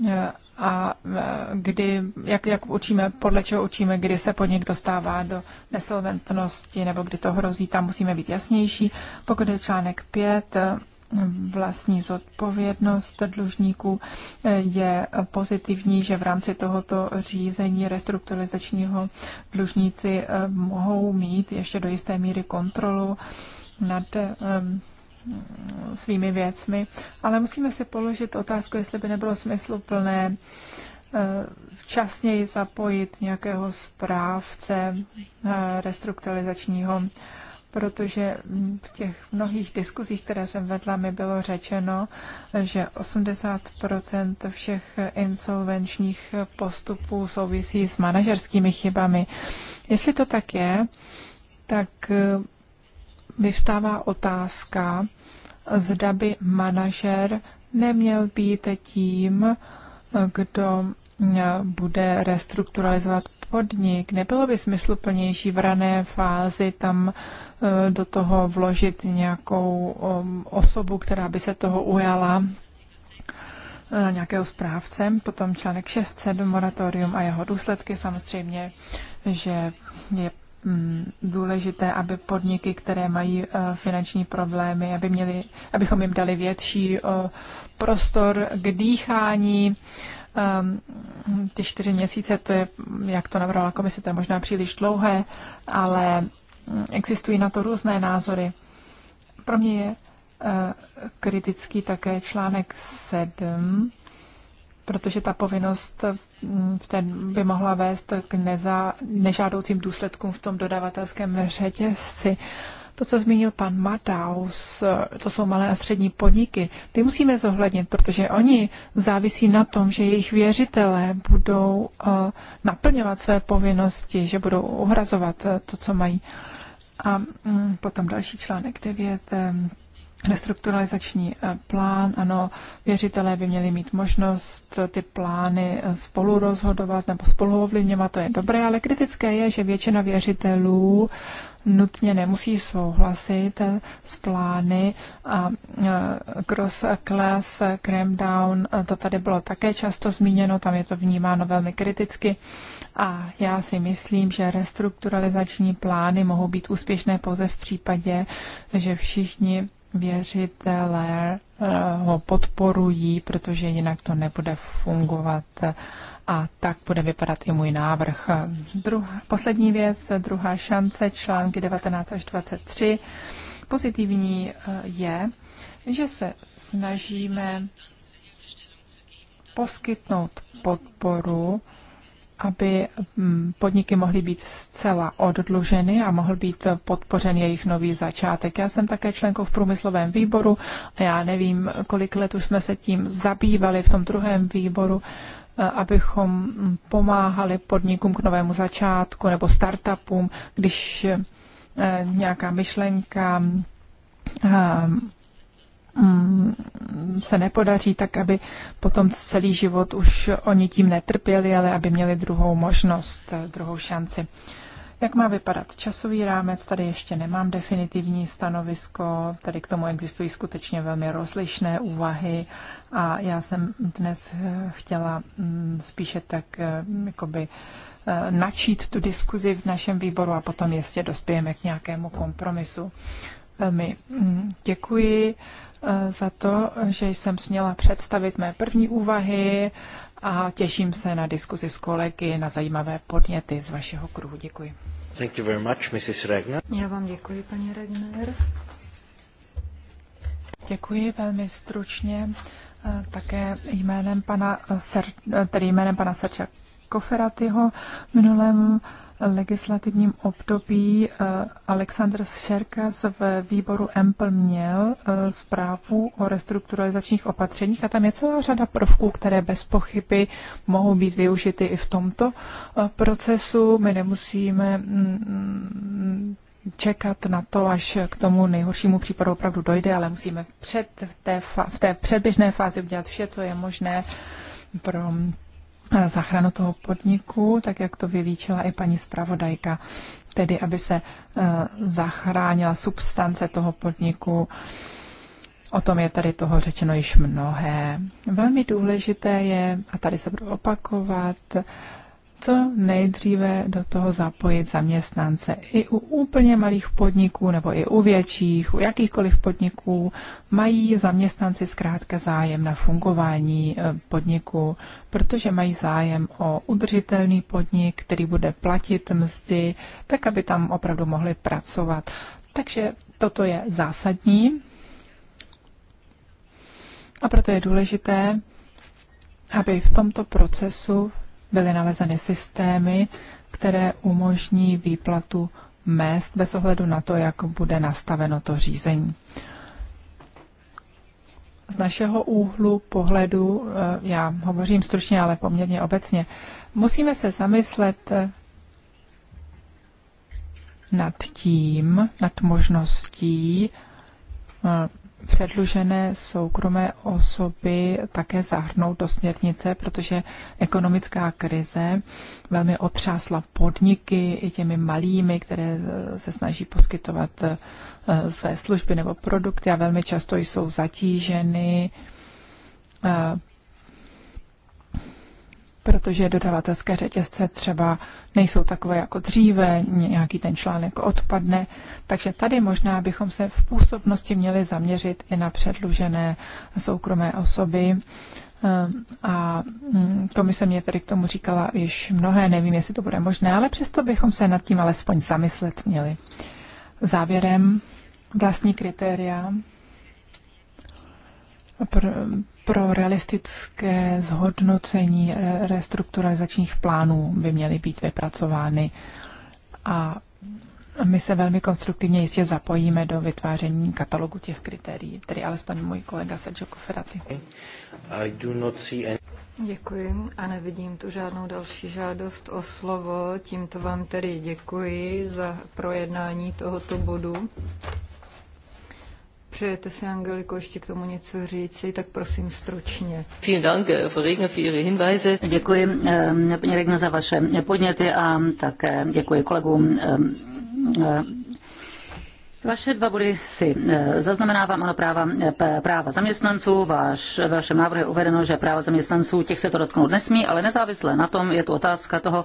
eh, a eh, kdy, jak, jak učíme, podle čeho učíme, kdy se podnik dostává do nesolventnosti nebo kdy to hrozí, tam musíme být jasnější. Pokud je článek 5, vlastní zodpovědnost dlužníků. Je pozitivní, že v rámci tohoto řízení restrukturalizačního dlužníci eh, mohou mít ještě do jisté míry kontrolu nad eh, svými věcmi, ale musíme si položit otázku, jestli by nebylo smysluplné eh, včasněji zapojit nějakého správce restrukturalizačního protože v těch mnohých diskuzích, které jsem vedla, mi bylo řečeno, že 80 všech insolvenčních postupů souvisí s manažerskými chybami. Jestli to tak je, tak eh, vyvstává otázka, zda by manažer neměl být tím, eh, kdo eh, bude restrukturalizovat podnik. Nebylo by smysluplnější v rané fázi tam e, do toho vložit nějakou um, osobu, která by se toho ujala, e, nějakého správce, potom článek 7, moratorium a jeho důsledky samozřejmě, že je mm, důležité, aby podniky, které mají e, finanční problémy, aby měli, abychom jim dali větší prostor k dýchání, Ehm, ty čtyři měsíce, to je, jak to navrhla komise, to je možná příliš dlouhé, ale existují na to různé názory. Pro mě je eh, kritický také článek 7, protože ta povinnost hm, ten by mohla vést k neza, nežádoucím důsledkům v tom dodavatelském řetězci. Uh, to, co zmínil pan Mataus, to jsou malé a střední podniky. Ty musíme zohlednit, protože oni závisí na tom, že jejich věřitelé budou eh, naplňovat své povinnosti, že budou uhrazovat eh, to, co mají. A mm, potom další článek 9 eh, restrukturalizační plán. Ano, věřitelé by měli mít možnost ty plány spolu rozhodovat nebo spolu ovlivňovat, to je dobré, ale kritické je, že většina věřitelů nutně nemusí souhlasit s plány a cross class, cram down, to tady bylo také často zmíněno, tam je to vnímáno velmi kriticky a já si myslím, že restrukturalizační plány mohou být úspěšné pouze v případě, že všichni věřitelé eh, ho podporují, protože jinak to nebude fungovat a tak bude vypadat i můj návrh. Druhá, poslední věc, druhá šance, články 19 až 23. Pozitivní eh, je, že se snažíme poskytnout podporu, aby mm, podniky mohly být zcela oddluženy a mohl být podpořen jejich nový začátek. Já jsem také členkou v průmyslovém výboru a já nevím, kolik let už jsme se tím zabývali v tom druhém výboru, abychom pomáhali podnikům k novému začátku nebo startupům, když eh, nějaká myšlenka eh, mm, se nepodaří, tak aby potom celý život už oni tím netrpěli, ale aby měli druhou možnost, eh, druhou šanci. Jak má vypadat časový rámec? Tady ještě nemám definitivní stanovisko, tady k tomu existují skutečně velmi rozlišné úvahy a já jsem dnes eh, chtěla mm, spíše tak eh, jakoby eh, načít tu diskuzi v našem výboru a potom jistě dospějeme k nějakému kompromisu. Velmi mm, děkuji za to, že jsem směla představit mé první úvahy a těším se na diskuzi s kolegy, na zajímavé podněty z vašeho kruhu. Děkuji. Thank you very much, Mrs. Regner. Já vám děkuji, paní Regner. Děkuji velmi stručně. Eh, také jménem pana, Ser, eh, tedy jménem pana Serča Koferatyho v minulém legislativním období eh, Aleksandr Šerkas v výboru EMPL měl zprávu o restrukturalizačních opatřeních a tam je celá řada prvků, které bez pochyby mohou být využity i v tomto procesu. My nemusíme mm, mm, čekat na to, až k tomu nejhoršímu případu opravdu dojde, ale musíme před, v, té v té předběžné fázi udělat vše, co je možné pro eh, záchranu toho podniku, tak jak to vyvíčila i paní zpravodajka, tedy aby se eh, zachránila substance toho podniku. O tom je tady toho řečeno již mnohé. Velmi důležité je, a tady se budu opakovat, co nejdříve do toho zapojit zaměstnance. I u úplně malých podniků nebo i u větších, u jakýchkoliv podniků mají zaměstnanci zkrátka zájem na fungování eh, podniku, protože mají zájem o udržitelný podnik, který bude platit mzdy, tak aby tam opravdu mohli pracovat. Takže toto je zásadní a proto je důležité, aby v tomto procesu byly nalezeny systémy, které umožní výplatu mest bez ohledu na to, jak bude nastaveno to řízení. Z našeho úhlu pohledu, eh, já hovořím stručně, ale poměrně obecně, musíme se zamyslet eh, nad tím, nad možností eh, předlužené soukromé osoby také zahrnout do směrnice, protože ekonomická krize velmi otřásla podniky i těmi malými, které eh, se snaží poskytovat eh, své služby nebo produkty a velmi často jsou zatíženy eh, protože dodavatelské řetězce třeba nejsou takové jako dříve, nějaký ten článek odpadne. Takže tady možná bychom se v působnosti měli zaměřit i na předlužené soukromé osoby. Eh, a hm, komise mě tedy k tomu říkala již mnohé, nevím, jestli to bude možné, ale přesto bychom se nad tím alespoň zamyslet měli. Závěrem vlastní kritéria pro realistické zhodnocení restrukturalizačních plánů by měly být vypracovány a my se velmi konstruktivně jistě zapojíme do vytváření katalogu těch kritérií, tedy alespoň můj kolega Sergio Koferati. Any... Děkuji a nevidím tu žádnou další žádost o slovo. Tímto vám tedy děkuji za projednání tohoto bodu. Přejete si, Angeliko, ještě k tomu něco říci, tak prosím stručně. Äh, děkuji, ehm, paní Regno, za vaše podněty a také děkuji kolegům ehm, ehm, vaše dva body si eh, zaznamenávám, ano, práva, eh, práva zaměstnanců. Váš, vaše vašem je uvedeno, že práva zaměstnanců těch se to dotknout nesmí, ale nezávisle na tom je tu otázka toho,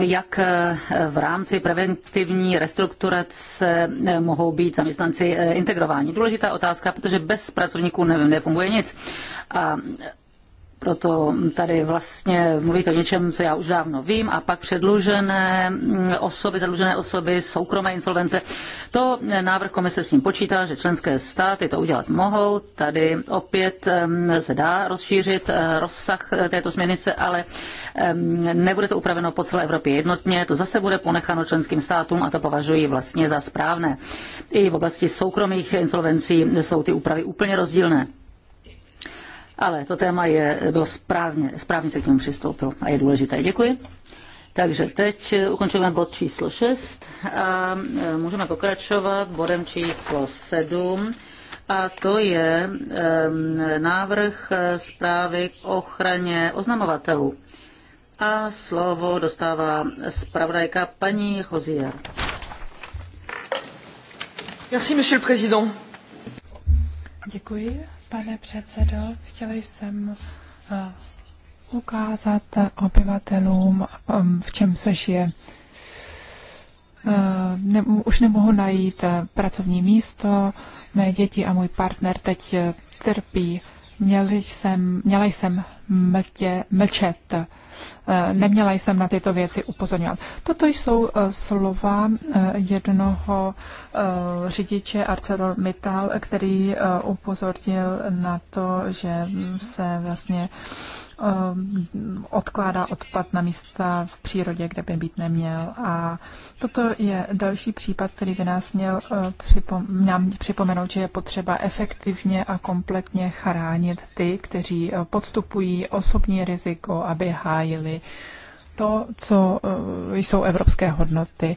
jak eh, v rámci preventivní restrukturace eh, mohou být zaměstnanci eh, integrováni. Důležitá otázka, protože bez pracovníků nefunguje nic. A proto tady vlastně mluvíte o něčem, co já už dávno vím, a pak předlužené mm, osoby, zadlužené osoby, soukromé insolvence. To návrh komise s ním počítá, že členské státy to udělat mohou. Tady opět se dá rozšířit eh, rozsah eh, této směrnice, ale nebude to upraveno po celé Evropě jednotně. To zase bude ponecháno členským státům a to považuji vlastně za správné. I v oblasti soukromých insolvencí jsou ty úpravy úplně rozdílné ale to téma je, bylo správně, správně se k tomu přistoupilo a je důležité. Děkuji. Takže teď ukončujeme bod číslo 6 a e, můžeme pokračovat bodem číslo 7 a to je e, návrh e, zprávy k ochraně oznamovatelů. A slovo dostává zpravodajka paní Hozier. Merci, monsieur le président. Děkuji, Pane předsedo, chtěla jsem eh, ukázat obyvatelům, eh, v čem se žije. Eh, ne, už nemohu najít pracovní místo, mé děti a můj partner teď trpí. Měl jsem, měla jsem mlčet Eh, neměla jsem na tyto věci upozorňovat. Toto jsou eh, slova eh, jednoho řidiče ArcelorMittal, který upozornil na to, že mm, se vlastně Um, odkládá odpad na místa v přírodě, kde by být neměl. A toto je další případ, který by nás měl uh, připom- připomenout, že je potřeba efektivně a kompletně chránit ty, kteří uh, podstupují osobní riziko, aby hájili to, co uh, jsou evropské hodnoty.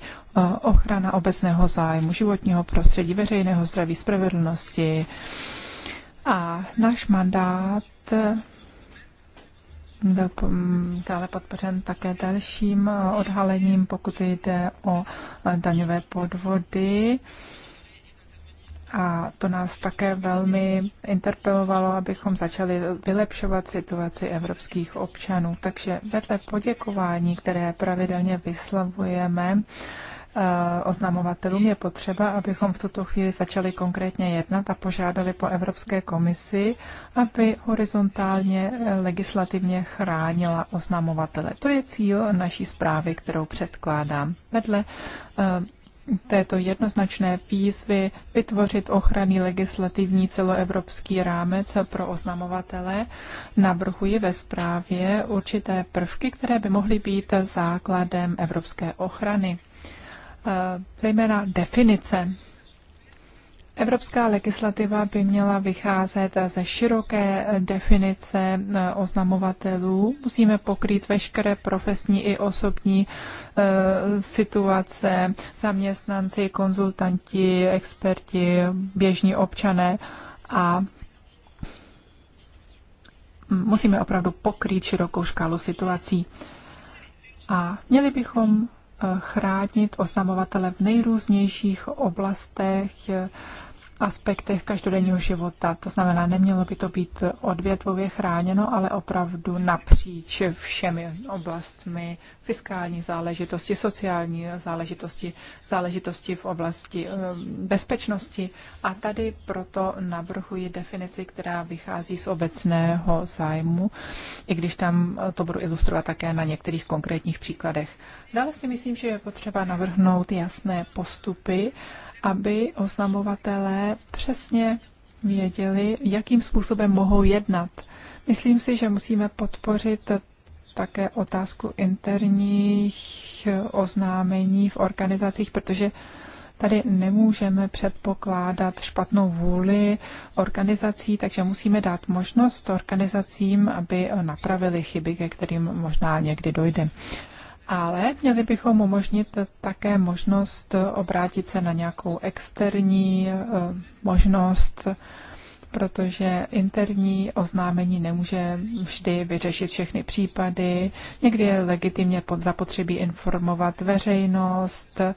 Ochrana obecného zájmu, životního prostředí, veřejného zdraví, spravedlnosti. A náš mandát byl dále podpořen také dalším eh, odhalením, pokud jde o eh, daňové podvody. A to nás také velmi interpelovalo, abychom začali vylepšovat situaci evropských občanů. Takže vedle poděkování, které pravidelně vyslavujeme, Eh, oznamovatelům, je potřeba, abychom v tuto chvíli začali konkrétně jednat a požádali po Evropské komisi, aby horizontálně eh, legislativně chránila oznamovatele. To je cíl naší zprávy, kterou předkládám. Vedle eh, této jednoznačné výzvy vytvořit ochranný legislativní celoevropský rámec pro oznamovatele, navrhuji ve zprávě určité prvky, které by mohly být základem evropské ochrany. Eh, zejména definice. Evropská legislativa by měla vycházet ze široké definice eh, oznamovatelů. Musíme pokrýt veškeré profesní i osobní eh, situace, zaměstnanci, konzultanti, experti, běžní občané a musíme opravdu pokrýt širokou škálu situací. A měli bychom chránit oznamovatele v nejrůznějších oblastech aspektech každodenního života. To znamená, nemělo by to být odvětvově chráněno, ale opravdu napříč všemi oblastmi fiskální záležitosti, sociální záležitosti, záležitosti v oblasti eh, bezpečnosti. A tady proto navrhuji definici, která vychází z obecného zájmu, i když tam eh, to budu ilustrovat také na některých konkrétních příkladech. Dále si myslím, že je potřeba navrhnout jasné postupy aby oznamovatelé přesně věděli, jakým způsobem mohou jednat. Myslím si, že musíme podpořit také otázku interních oznámení v organizacích, protože tady nemůžeme předpokládat špatnou vůli organizací, takže musíme dát možnost organizacím, aby napravili chyby, ke kterým možná někdy dojde ale měli bychom umožnit také možnost obrátit se na nějakou externí eh, možnost, protože interní oznámení nemůže vždy vyřešit všechny případy. Někdy je legitimně pod zapotřebí informovat veřejnost, eh,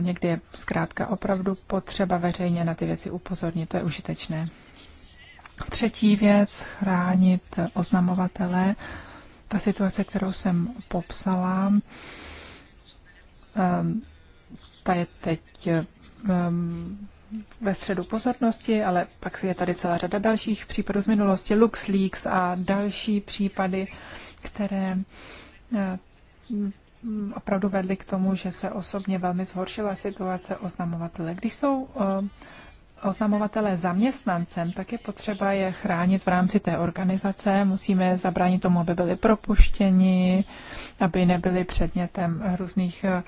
někdy je zkrátka opravdu potřeba veřejně na ty věci upozornit, to je užitečné. Třetí věc, chránit oznamovatele ta situace, kterou jsem popsala, ehm, ta je teď ehm, ve středu pozornosti, ale pak je tady celá řada dalších případů z minulosti, LuxLeaks a další případy, které ehm, opravdu vedly k tomu, že se osobně velmi zhoršila situace oznamovatele. Když jsou oznamovatele zaměstnancem, tak je potřeba je chránit v rámci té organizace. Musíme zabránit tomu, aby byli propuštěni, aby nebyli předmětem různých, eh,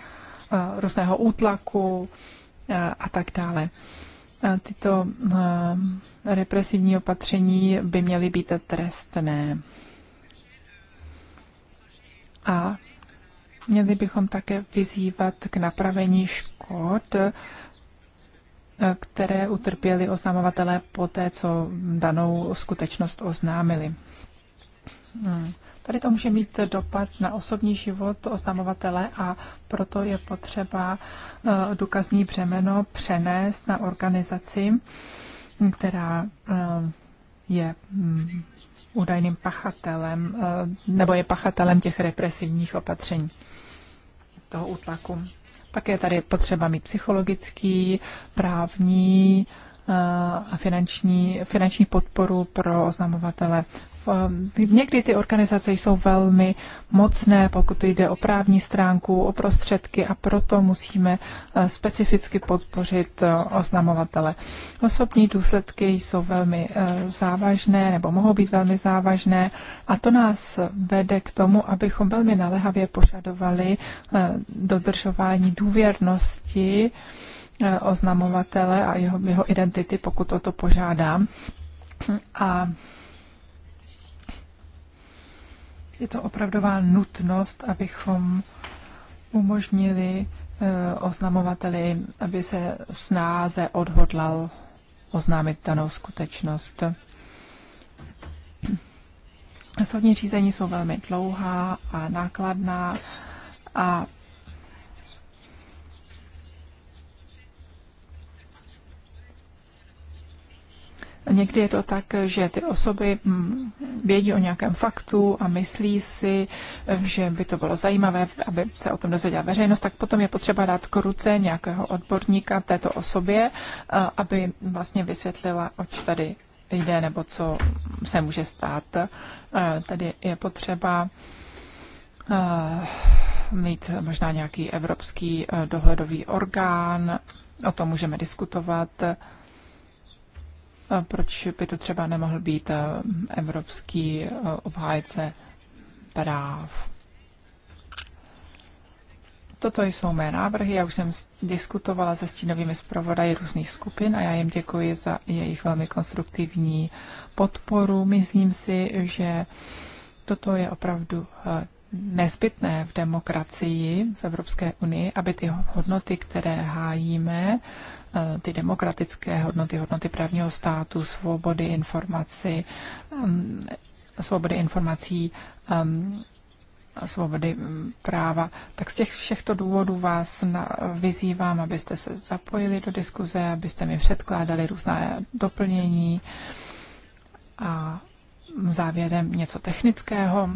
různého útlaku eh, a tak dále. Tyto eh, represivní opatření by měly být trestné. A měli bychom také vyzývat k napravení škod, které utrpěli oznamovatelé po té, co danou skutečnost oznámili. Hmm. Tady to může mít dopad na osobní život oznamovatele a proto je potřeba eh, důkazní břemeno přenést na organizaci, která eh, je hmm, údajným pachatelem eh, nebo je pachatelem těch represivních opatření toho útlaku. Pak je tady potřeba mít psychologický, právní eh, a finanční, finanční podporu pro oznamovatele někdy ty organizace jsou velmi mocné, pokud jde o právní stránku, o prostředky a proto musíme eh, specificky podpořit eh, oznamovatele. Osobní důsledky jsou velmi eh, závažné nebo mohou být velmi závažné a to nás vede k tomu, abychom velmi naléhavě požadovali dodržování důvěrnosti oznamovatele a jeho, jeho identity, pokud o to požádám. A je to opravdová nutnost, abychom umožnili eh, oznamovateli, aby se snáze odhodlal oznámit danou skutečnost. Soudní řízení jsou velmi dlouhá a nákladná a Někdy je to tak, že ty osoby mm, vědí o nějakém faktu a myslí si, že by to bylo zajímavé, aby se o tom dozvěděla veřejnost, tak potom je potřeba dát k ruce nějakého odborníka této osobě, aby vlastně vysvětlila, oč tady jde nebo co se může stát. Tady je potřeba mít možná nějaký evropský dohledový orgán, o tom můžeme diskutovat proč by to třeba nemohl být eh, evropský eh, obhájce práv. Toto jsou mé návrhy. Já už jsem diskutovala se stínovými zpravodaji různých skupin a já jim děkuji za jejich velmi konstruktivní podporu. Myslím si, že toto je opravdu eh, nezbytné v demokracii v Evropské unii, aby ty hodnoty, které hájíme, Eh, ty demokratické hodnoty, hodnoty právního státu, svobody informací, mm, svobody informací, mm, svobody mm, práva. Tak z těch všechto důvodů vás na, vyzývám, abyste se zapojili do diskuze, abyste mi předkládali různá doplnění a závěrem něco technického.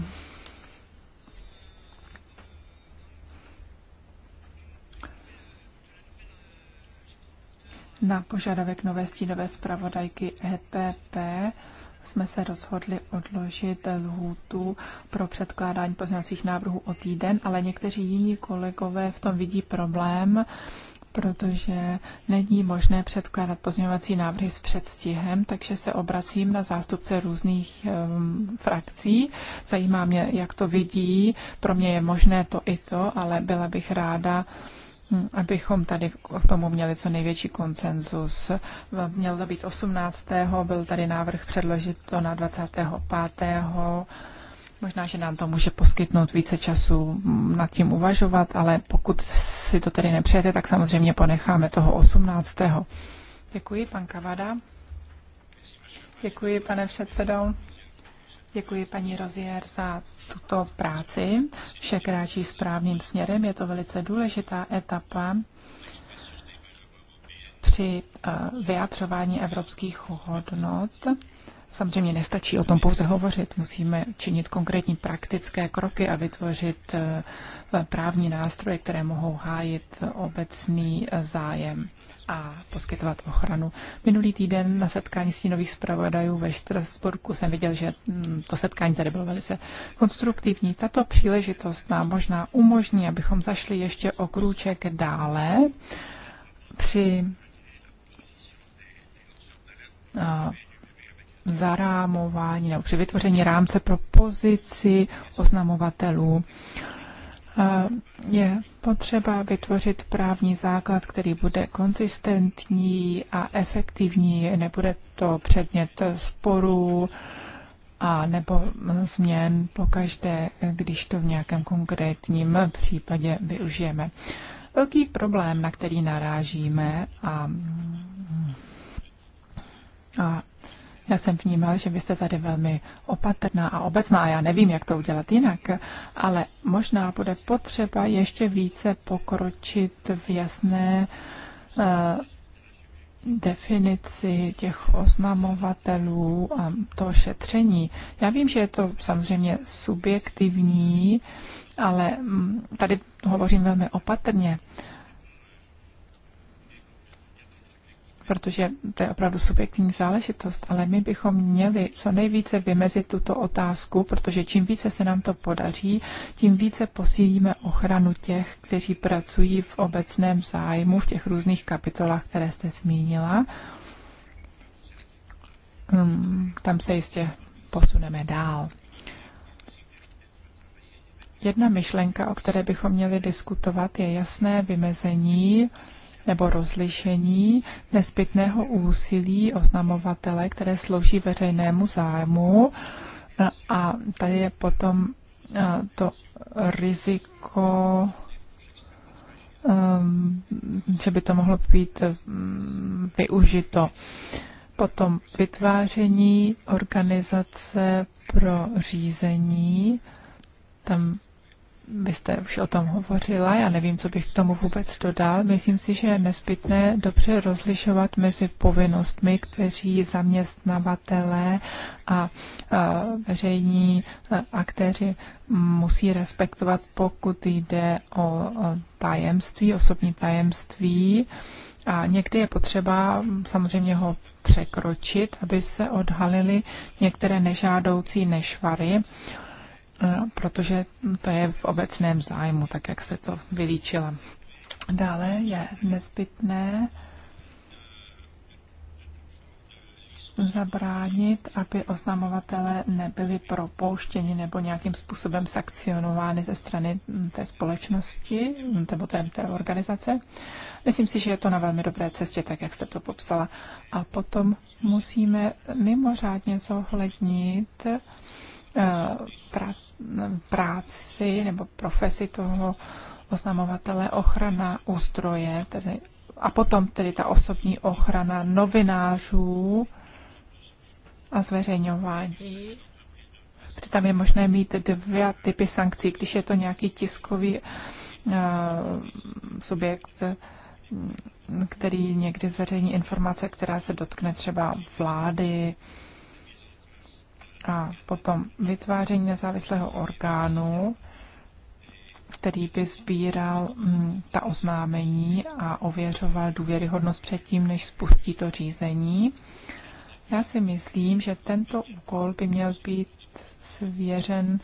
Na požadavek nové stínové zpravodajky ETP jsme se rozhodli odložit lhůtu pro předkládání pozměňovacích návrhů o týden, ale někteří jiní kolegové v tom vidí problém, protože není možné předkládat pozměňovací návrhy s předstihem, takže se obracím na zástupce různých um, frakcí. Zajímá mě, jak to vidí. Pro mě je možné to i to, ale byla bych ráda, um, Hm, abychom tady k tomu měli co největší konsenzus. Měl to být 18. byl tady návrh předložit to na 25. Možná, že nám to může poskytnout více času hm, nad tím uvažovat, ale pokud si to tedy nepřejete, tak samozřejmě ponecháme toho 18. Děkuji, pan Kavada. Děkuji, pane předsedo. Děkuji paní Rozier za tuto práci. Vše kráčí správným směrem. Je to velice důležitá etapa při eh, vyjadřování evropských hodnot. Samozřejmě nestačí o tom pouze hovořit, musíme činit konkrétní praktické kroky a vytvořit eh, právní nástroje, které mohou hájit obecný eh, zájem a poskytovat ochranu. Minulý týden na setkání stínových zpravodajů ve Štrasburku jsem viděl, že mm, to setkání tady bylo velice konstruktivní. Tato příležitost nám možná umožní, abychom zašli ještě o krůček dále při zarámování nebo při vytvoření rámce pro pozici oznamovatelů je potřeba vytvořit právní základ, který bude konzistentní a efektivní. Nebude to předmět sporů a nebo změn pokaždé, když to v nějakém konkrétním případě využijeme. Velký problém, na který narážíme a, a já jsem vnímal, že vy jste tady velmi opatrná a obecná, a já nevím, jak to udělat jinak, ale možná bude potřeba ještě více pokročit v jasné uh, definici těch oznamovatelů a to šetření. Já vím, že je to samozřejmě subjektivní, ale mm, tady hovořím velmi opatrně. Uh, protože to je opravdu subjektivní záležitost, ale my bychom měli co nejvíce vymezit tuto otázku, protože čím více se nám to podaří, tím více posílíme ochranu těch, kteří pracují v obecném zájmu v těch různých kapitolách, které jste zmínila. Um, tam se jistě posuneme dál. Jedna myšlenka, o které bychom měli diskutovat, je jasné vymezení nebo rozlišení nezbytného úsilí oznamovatele, které slouží veřejnému zájmu. A tady je potom eh, to riziko, eh, že by to mohlo být eh, využito. Potom vytváření organizace pro řízení, tam vy jste už o tom hovořila, já nevím, co bych k tomu vůbec dodal. Myslím si, že je nezbytné dobře rozlišovat mezi povinnostmi, kteří zaměstnavatelé a, a veřejní aktéři musí respektovat, pokud jde o tajemství, osobní tajemství. A někdy je potřeba samozřejmě ho překročit, aby se odhalily některé nežádoucí nešvary. E, protože to je v obecném zájmu, tak jak se to vylíčila. Dále je nezbytné zabránit, aby oznamovatele nebyli propouštěni nebo nějakým způsobem sankcionovány ze strany té společnosti nebo té, té organizace. Myslím si, že je to na velmi dobré cestě, tak jak jste to popsala. A potom musíme mimořádně zohlednit Eh, práci nebo profesi toho oznamovatele, ochrana ústroje, tedy, a potom tedy ta osobní ochrana novinářů a zveřejňování. Protože tam je možné mít dvě typy sankcí, když je to nějaký tiskový uh, subjekt, mm, který někdy zveřejní informace, která se dotkne třeba vlády, uh, a potom vytváření nezávislého orgánu, který by sbíral mm, ta oznámení a ověřoval důvěryhodnost předtím, než spustí to řízení. Já si myslím, že tento úkol by měl být svěřen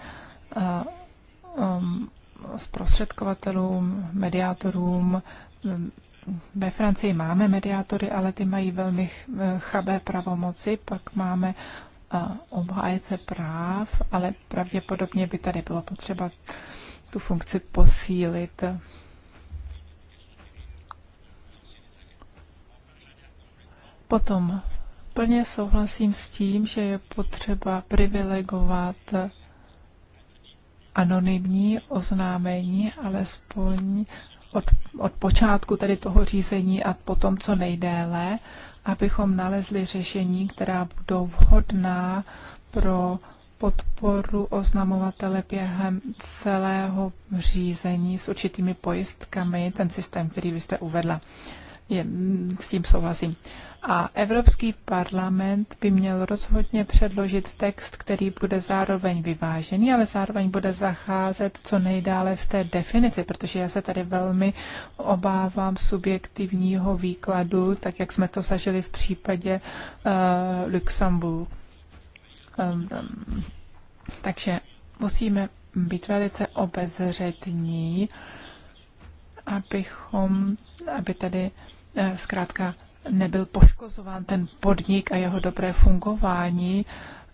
eh, um, zprostředkovatelům, mediátorům. Ve Francii máme mediátory, ale ty mají velmi eh, chabé pravomoci. Pak máme obhájce práv, ale pravděpodobně by tady bylo potřeba tu funkci posílit. Potom plně souhlasím s tím, že je potřeba privilegovat anonymní oznámení, alespoň od, od počátku tedy toho řízení a potom co nejdéle, abychom nalezli řešení, která budou vhodná pro podporu oznamovatele během celého řízení s určitými pojistkami, ten systém, který vy jste uvedla. Je, s tím souhlasím. A Evropský parlament by měl rozhodně předložit text, který bude zároveň vyvážený, ale zároveň bude zacházet co nejdále v té definici, protože já se tady velmi obávám subjektivního výkladu, tak jak jsme to zažili v případě uh, Luxemburgu. Um, um, takže musíme být velice obezřetní, abychom, aby tady eh, zkrátka nebyl poškozován ten podnik a jeho dobré fungování.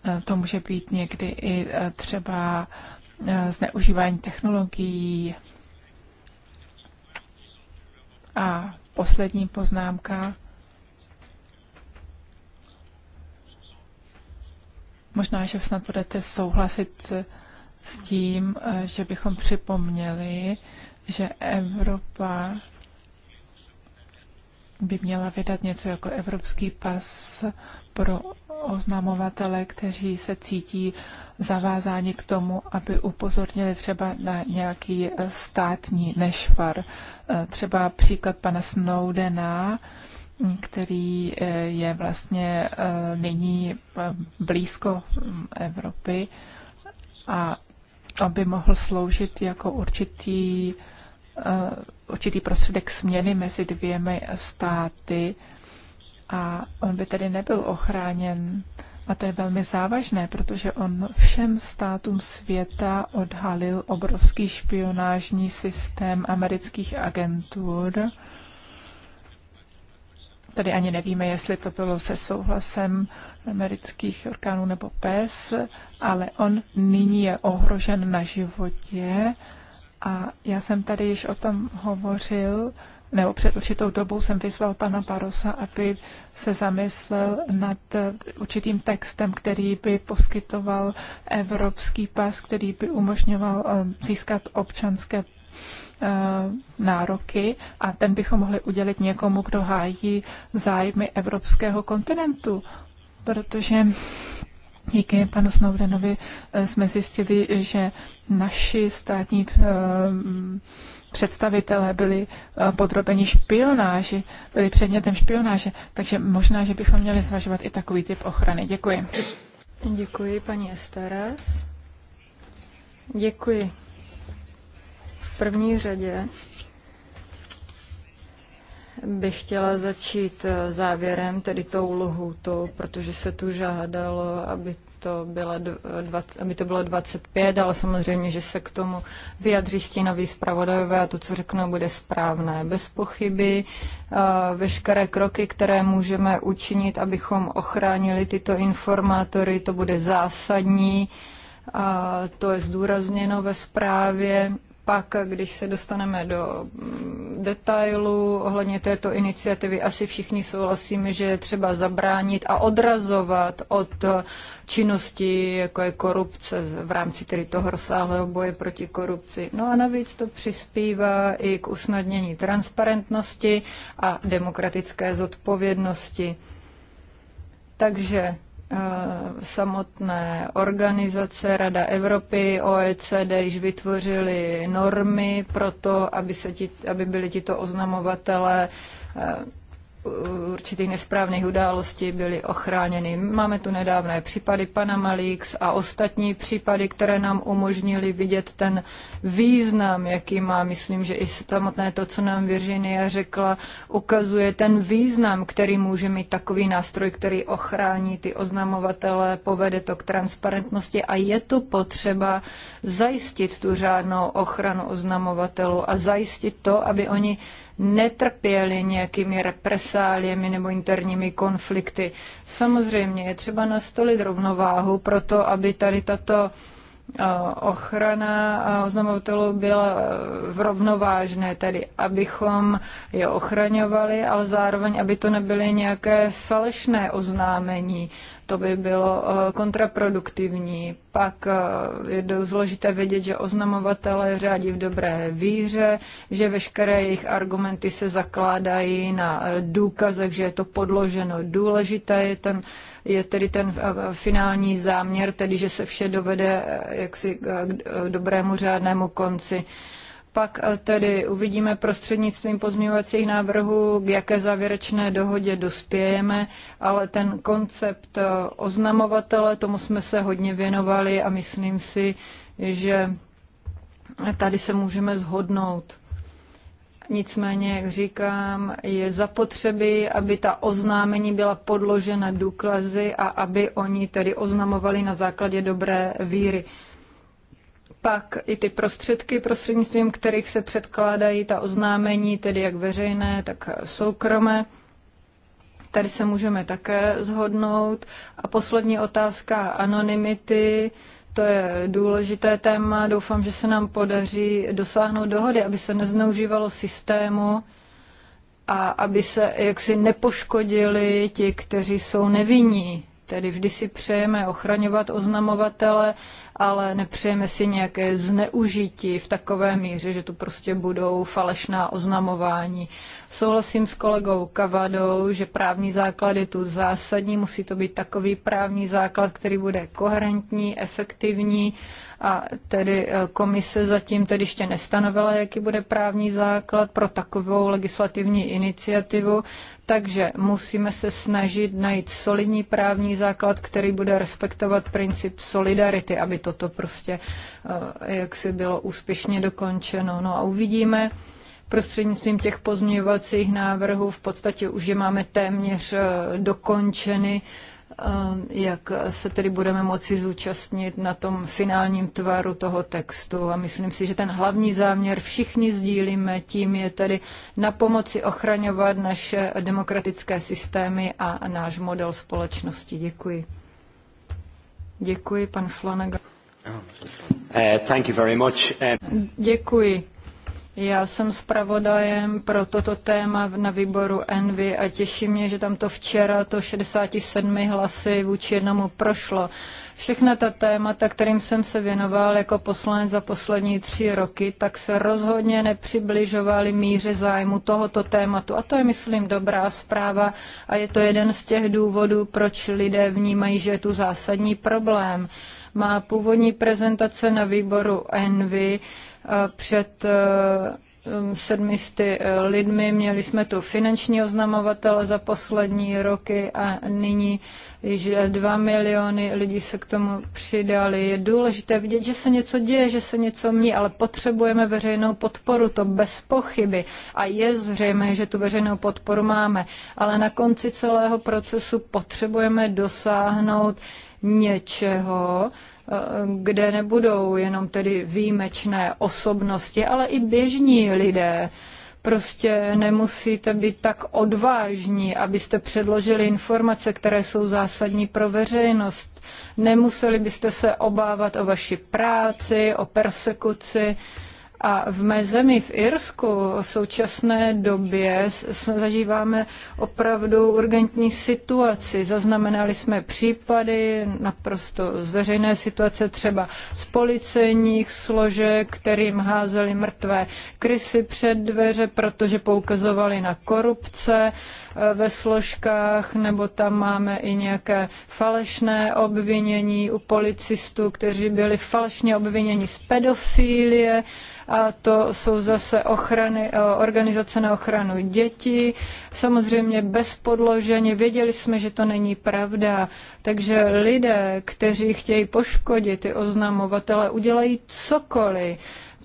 E, to může být někdy i e, třeba e, zneužívání technologií. A poslední poznámka. Možná, že snad budete souhlasit s tím, že bychom připomněli, že Evropa by měla vydat něco jako evropský pas pro oznamovatele, kteří se cítí zavázáni k tomu, aby upozornili třeba na nějaký eh, státní nešvar. Eh, třeba příklad pana Snowdena, mm, který eh, je vlastně nyní blízko mm, Evropy a aby mohl sloužit jako určitý Eh, určitý prostředek směny mezi dvěmi státy a on by tedy nebyl ochráněn. A to je velmi závažné, protože on všem státům světa odhalil obrovský špionážní systém amerických agentur. Tady ani nevíme, jestli to bylo se souhlasem amerických orgánů nebo pes, ale on nyní je ohrožen na životě a já jsem tady již o tom hovořil, nebo před určitou dobou jsem vyzval pana Barosa, aby se zamyslel nad určitým textem, který by poskytoval evropský pas, který by umožňoval eh, získat občanské eh, nároky a ten bychom mohli udělit někomu, kdo hájí zájmy evropského kontinentu, protože Díky panu Snowdenovi eh, jsme zjistili, že naši státní eh, představitelé byli eh, podrobeni špionáži, byli předmětem špionáže, takže možná, že bychom měli zvažovat i takový typ ochrany. Děkuji. Děkuji, paní Estaras. Děkuji. V první řadě bych chtěla začít eh, závěrem, tedy tou lhůtou, protože se tu žádalo, aby to, byla 20, eh, aby to bylo 25, ale samozřejmě, že se k tomu vyjadří stínový zpravodajové a to, co řeknou, bude správné. Bez pochyby eh, veškeré kroky, které můžeme učinit, abychom ochránili tyto informátory, to bude zásadní. A to je zdůrazněno ve zprávě pak, když se dostaneme do mm, detailu ohledně této iniciativy, asi všichni souhlasíme, že je třeba zabránit a odrazovat od činnosti, jako je korupce v rámci tedy toho rozsáhlého boje proti korupci. No a navíc to přispívá i k usnadnění transparentnosti a demokratické zodpovědnosti. Takže Eh, samotné organizace Rada Evropy, OECD již vytvořili normy pro to, aby, se ti, aby byli tito oznamovatelé eh, určitých nesprávných událostí byly ochráněny. Máme tu nedávné případy Panama Leaks a ostatní případy, které nám umožnili vidět ten význam, jaký má. Myslím, že i samotné to, co nám Virginia řekla, ukazuje ten význam, který může mít takový nástroj, který ochrání ty oznamovatele, povede to k transparentnosti a je tu potřeba zajistit tu řádnou ochranu oznamovatelů a zajistit to, aby oni netrpěli nějakými represáliemi nebo interními konflikty. Samozřejmě je třeba nastolit rovnováhu pro to, aby tady tato eh, ochrana eh, oznamovatelů byla eh, v rovnovážné, tedy abychom je ochraňovali, ale zároveň, aby to nebyly nějaké falešné oznámení to by bylo eh, kontraproduktivní. Pak eh, je zložité vědět, že oznamovatelé řádí v dobré víře, že veškeré jejich argumenty se zakládají na eh, důkazech, že je to podloženo. Důležité je, ten, je tedy ten finální záměr, tedy že se vše dovede jaksi k dobrému řádnému konci. Pak eh, tedy uvidíme prostřednictvím pozměňovacích návrhů, k jaké závěrečné dohodě dospějeme, ale ten koncept eh, oznamovatele, tomu jsme se hodně věnovali a myslím si, že tady se můžeme zhodnout. Nicméně, jak říkám, je zapotřebí, aby ta oznámení byla podložena důkazy a aby oni tedy oznamovali na základě dobré víry pak i ty prostředky, prostřednictvím kterých se předkládají ta oznámení, tedy jak veřejné, tak soukromé. Tady se můžeme také zhodnout. A poslední otázka anonymity. To je důležité téma. Doufám, že se nám podaří dosáhnout dohody, aby se nezneužívalo systému a aby se jaksi nepoškodili ti, kteří jsou nevinní. Tedy vždy si přejeme ochraňovat oznamovatele, ale nepřejeme si nějaké zneužití v takové míře, že tu prostě budou falešná oznamování. Souhlasím s kolegou Kavadou, že právní základ je tu zásadní, musí to být takový právní základ, který bude koherentní, efektivní a tedy eh, komise zatím tedy ještě nestanovila, jaký bude právní základ pro takovou legislativní iniciativu, takže musíme se snažit najít solidní právní základ, který bude respektovat princip solidarity, aby to toto prostě eh, jak si bylo úspěšně dokončeno. No a uvidíme prostřednictvím těch pozměňovacích návrhů, v podstatě už je máme téměř eh, dokončeny, eh, jak se tedy budeme moci zúčastnit na tom finálním tvaru toho textu. A myslím si, že ten hlavní záměr všichni sdílíme, tím je tedy na pomoci ochraňovat naše demokratické systémy a náš model společnosti. Děkuji. Děkuji, pan Flanagan. Eh, thank you very much. Eh, Děkuji. Já jsem zpravodajem pro toto téma na výboru Envy a těší mě, že tam to včera to 67 hlasy vůči jednomu prošlo. Všechna ta témata, kterým jsem se věnoval jako poslanec za poslední tři roky, tak se rozhodně nepřibližovaly míře zájmu tohoto tématu. A to je, myslím, dobrá zpráva a je to jeden z těch důvodů, proč lidé vnímají, že je tu zásadní problém má původní prezentace na výboru Envy eh, před eh, sedmisty eh, lidmi. Měli jsme tu finanční oznamovatele za poslední roky a nyní již dva miliony lidí se k tomu přidali. Je důležité vidět, že se něco děje, že se něco mění, ale potřebujeme veřejnou podporu, to bez pochyby. A je zřejmé, že tu veřejnou podporu máme, ale na konci celého procesu potřebujeme dosáhnout něčeho, eh, kde nebudou jenom tedy výjimečné osobnosti, ale i běžní lidé. Prostě nemusíte být tak odvážní, abyste předložili informace, které jsou zásadní pro veřejnost. Nemuseli byste se obávat o vaši práci, o persekuci. A v mé zemi, v Irsku, v současné době zažíváme opravdu urgentní situaci. Zaznamenali jsme případy naprosto z veřejné situace, třeba z policejních složek, kterým házeli mrtvé krysy před dveře, protože poukazovali na korupce eh, ve složkách, nebo tam máme i nějaké falešné obvinění u policistů, kteří byli falešně obviněni z pedofílie a to jsou zase ochrany, eh, organizace na ochranu dětí. Samozřejmě bezpodloženě věděli jsme, že to není pravda. Takže lidé, kteří chtějí poškodit ty oznamovatele, udělají cokoliv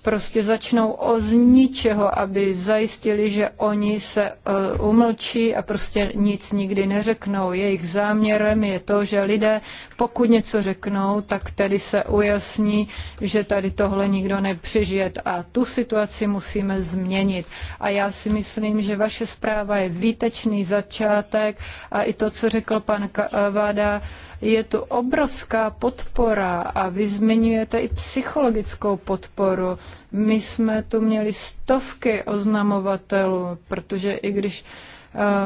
prostě začnou o z ničeho, aby zajistili, že oni se uh, umlčí a prostě nic nikdy neřeknou. Jejich záměrem je to, že lidé, pokud něco řeknou, tak tedy se ujasní, že tady tohle nikdo nepřežije a tu situaci musíme změnit. A já si myslím, že vaše zpráva je výtečný začátek a i to, co řekl pan eh, Váda, je tu obrovská podpora a vy zmiňujete i psychologickou podporu. My jsme tu měli stovky oznamovatelů, protože i když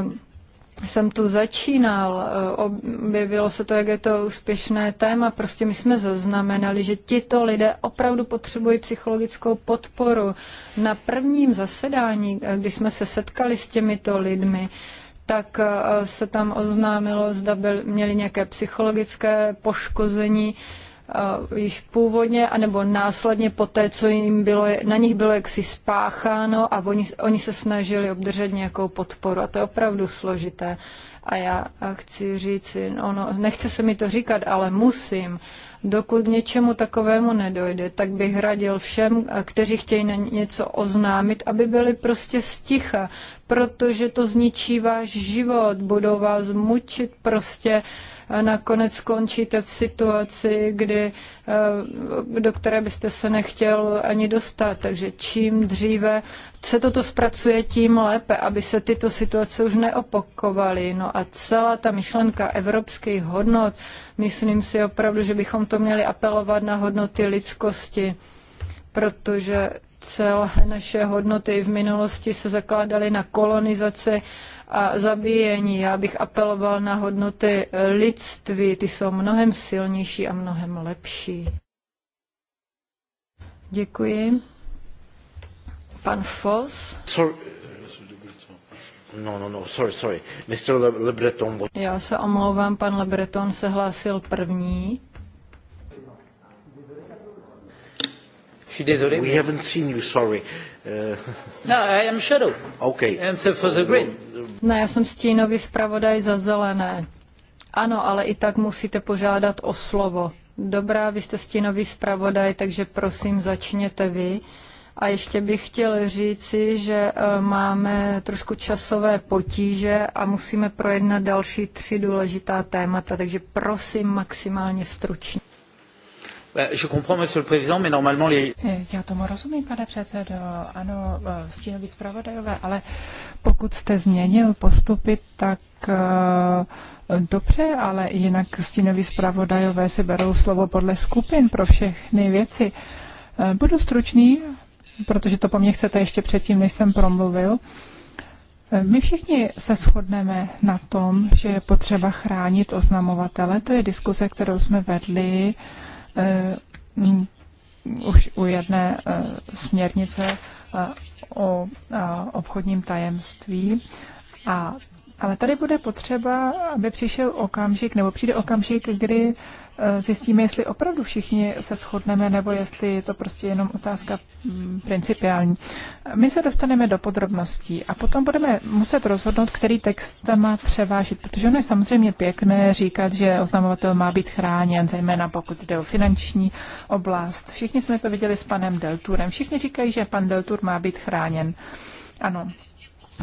uh, jsem tu začínal, eh, objevilo se to, jak je to úspěšné téma, prostě my jsme zaznamenali, že tito lidé opravdu potřebují psychologickou podporu. Na prvním zasedání, eh, kdy jsme se setkali s těmito lidmi, tak eh, se tam oznámilo, zda byl, měli nějaké psychologické poškození eh, již původně, anebo následně po té, co jim bylo, na nich bylo jaksi spácháno a oni, oni se snažili obdržet nějakou podporu. A to je opravdu složité. A já chci říct, ono, nechce se mi to říkat, ale musím. Dokud něčemu takovému nedojde, tak bych radil všem, kteří chtějí něco oznámit, aby byli prostě sticha, protože to zničí váš život, budou vás mučit prostě uh, nakonec skončíte v situaci, kdy, eh, do které byste se nechtěl ani dostat. Takže čím dříve se toto zpracuje, tím lépe, aby se tyto situace už neopakovaly. No a celá ta myšlenka evropských hodnot, myslím si opravdu, že bychom to měli apelovat na hodnoty lidskosti, protože cel naše hodnoty v minulosti se zakládaly na kolonizaci a zabíjení. Já bych apeloval na hodnoty lidství, ty jsou mnohem silnější a mnohem lepší. Děkuji. Pan Foss. Sorry. No, no, no, sorry, sorry. Mr. Le, Le Breton. Já se omlouvám, pan Le Breton se hlásil první. Je suis désolé. We mais... haven't seen you, sorry. Uh... No, I am shadow. Okay. And for the green. Ne, já jsem stínový zpravodaj za zelené. Ano, ale i tak musíte požádat o slovo. Dobrá, vy jste stínový zpravodaj, takže prosím začněte vy. A ještě bych chtěl říci, že eh, máme trošku časové potíže a musíme projednat další tři důležitá témata, takže prosím maximálně stručně. Eh, já tomu rozumím, pane předsedo. Ano, eh, stínový zpravodajové, ale pokud jste změnil postupy, tak eh, dobře, ale jinak stínový zpravodajové si berou slovo podle skupin pro všechny věci. Budu stručný, protože to po mně chcete ještě předtím, než jsem promluvil. My všichni se shodneme na tom, že je potřeba chránit oznamovatele. To je diskuse, kterou jsme vedli Eh, už u jedné eh, směrnice eh, o obchodním tajemství. A, ale tady bude potřeba, aby přišel okamžik, nebo přijde okamžik, kdy zjistíme, jestli opravdu všichni se shodneme, nebo jestli je to prostě jenom otázka mm, principiální. My se dostaneme do podrobností a potom budeme muset rozhodnout, který text má převážit, protože ono je samozřejmě pěkné říkat, že oznamovatel má být chráněn, zejména pokud jde o finanční oblast. Všichni jsme to viděli s panem Delturem. Všichni říkají, že pan Deltur má být chráněn. Ano,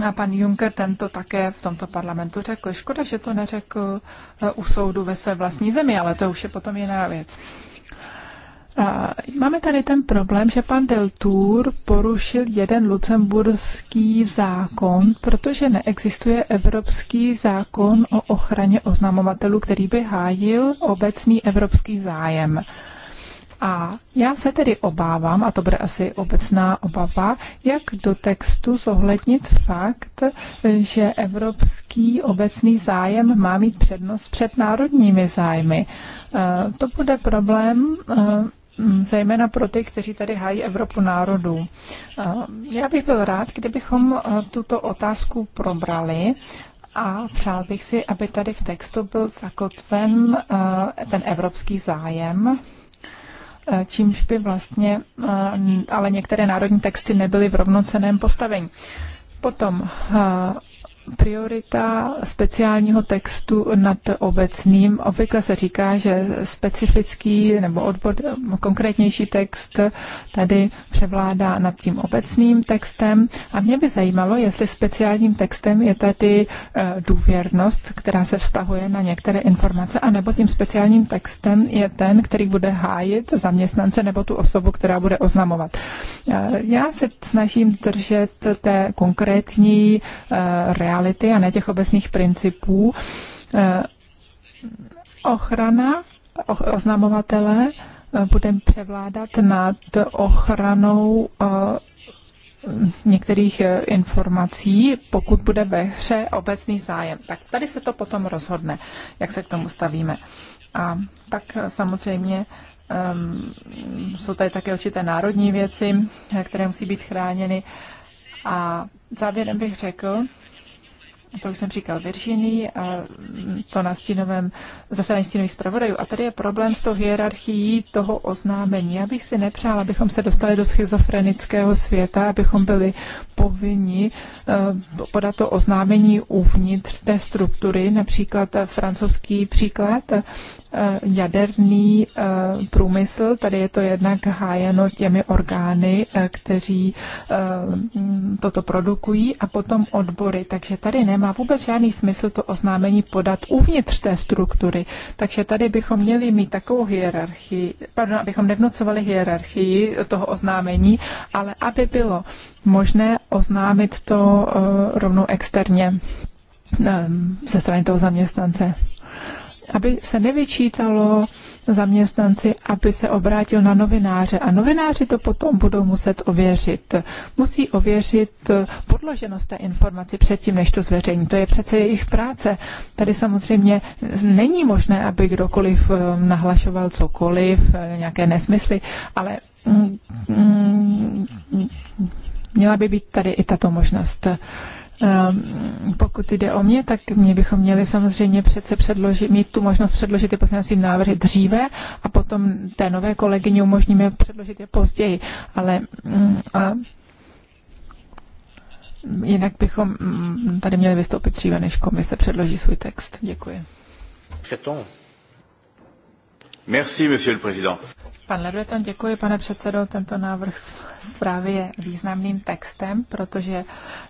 a pan Juncker tento také v tomto parlamentu řekl. Škoda, že to neřekl eh, u soudu ve své vlastní zemi, ale to už je potom jiná věc. A máme tady ten problém, že pan Deltour porušil jeden lucemburský zákon, protože neexistuje evropský zákon o ochraně oznamovatelů, který by hájil obecný evropský zájem. A já se tedy obávám, a to bude asi obecná obava, jak do textu zohlednit fakt, že evropský obecný zájem má mít přednost před národními zájmy. Eh, to bude problém eh, zejména pro ty, kteří tady hájí Evropu národů. Eh, já bych byl rád, kdybychom tuto otázku probrali a přál bych si, aby tady v textu byl zakotven ten evropský zájem Eh, čímž by vlastně eh, ale některé národní texty nebyly v rovnoceném postavení. Potom eh, priorita speciálního textu nad obecným. Obvykle se říká, že specifický nebo odbor, konkrétnější text tady převládá nad tím obecným textem. A mě by zajímalo, jestli speciálním textem je tady eh, důvěrnost, která se vztahuje na některé informace, anebo tím speciálním textem je ten, který bude hájit zaměstnance nebo tu osobu, která bude oznamovat. Eh, já se snažím držet té konkrétní reálnosti eh, reality a ne těch obecných principů. Eh, ochrana oznamovatele eh, bude převládat nad ochranou eh, některých informací, pokud bude ve hře obecný zájem. Tak tady se to potom rozhodne, jak se k tomu stavíme. A pak samozřejmě um, jsou tady také určité národní věci, které musí být chráněny. A závěrem bych řekl, to už jsem říkal, Virginii a to na stínovém zasedání stínových zpravodajů. A tady je problém s tou hierarchií toho oznámení. Já bych si nepřál, abychom se dostali do schizofrenického světa, abychom byli povinni eh, podat to oznámení uvnitř té struktury, například francouzský příklad, Eh, jaderný eh, průmysl. Tady je to jednak hájeno těmi orgány, eh, kteří mm, toto produkují a potom odbory. Takže tady nemá vůbec žádný smysl to oznámení podat uvnitř té struktury. Takže tady bychom měli mít takovou hierarchii, pardon, abychom nevnocovali hierarchii toho oznámení, ale aby bylo možné oznámit to rovnou externě ze strany toho zaměstnance aby se nevyčítalo zaměstnanci, aby se obrátil na novináře. A novináři to potom budou muset ověřit. Musí ověřit podloženost té informaci předtím, než to zveřejní. To je přece jejich práce. Tady samozřejmě není možné, aby kdokoliv eh, nahlašoval cokoliv, eh, nějaké nesmysly, ale mm, mm, měla by být tady i tato možnost. Ehm, pokud jde o mě, tak mě bychom měli samozřejmě přece předložit, mít tu možnost předložit ty poslanecí návrhy dříve a potom té nové kolegyně umožníme předložit je později. Ale mm, a jinak bychom mm, tady měli vystoupit dříve, než komise předloží svůj text. Děkuji. Merci, monsieur le président. Pan děkuji, pane předsedo. Tento návrh zprávy je významným textem, protože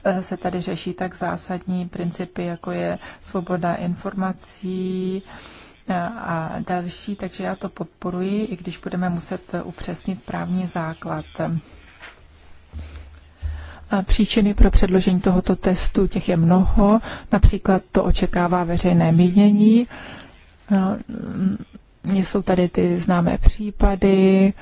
eh, se tady řeší tak zásadní principy, jako je svoboda informací, eh, a další, takže já to podporuji, i když budeme muset upřesnit právní základ. příčiny pro předložení tohoto testu, těch je mnoho, například to očekává veřejné mínění, eh, jsou tady ty známé případy,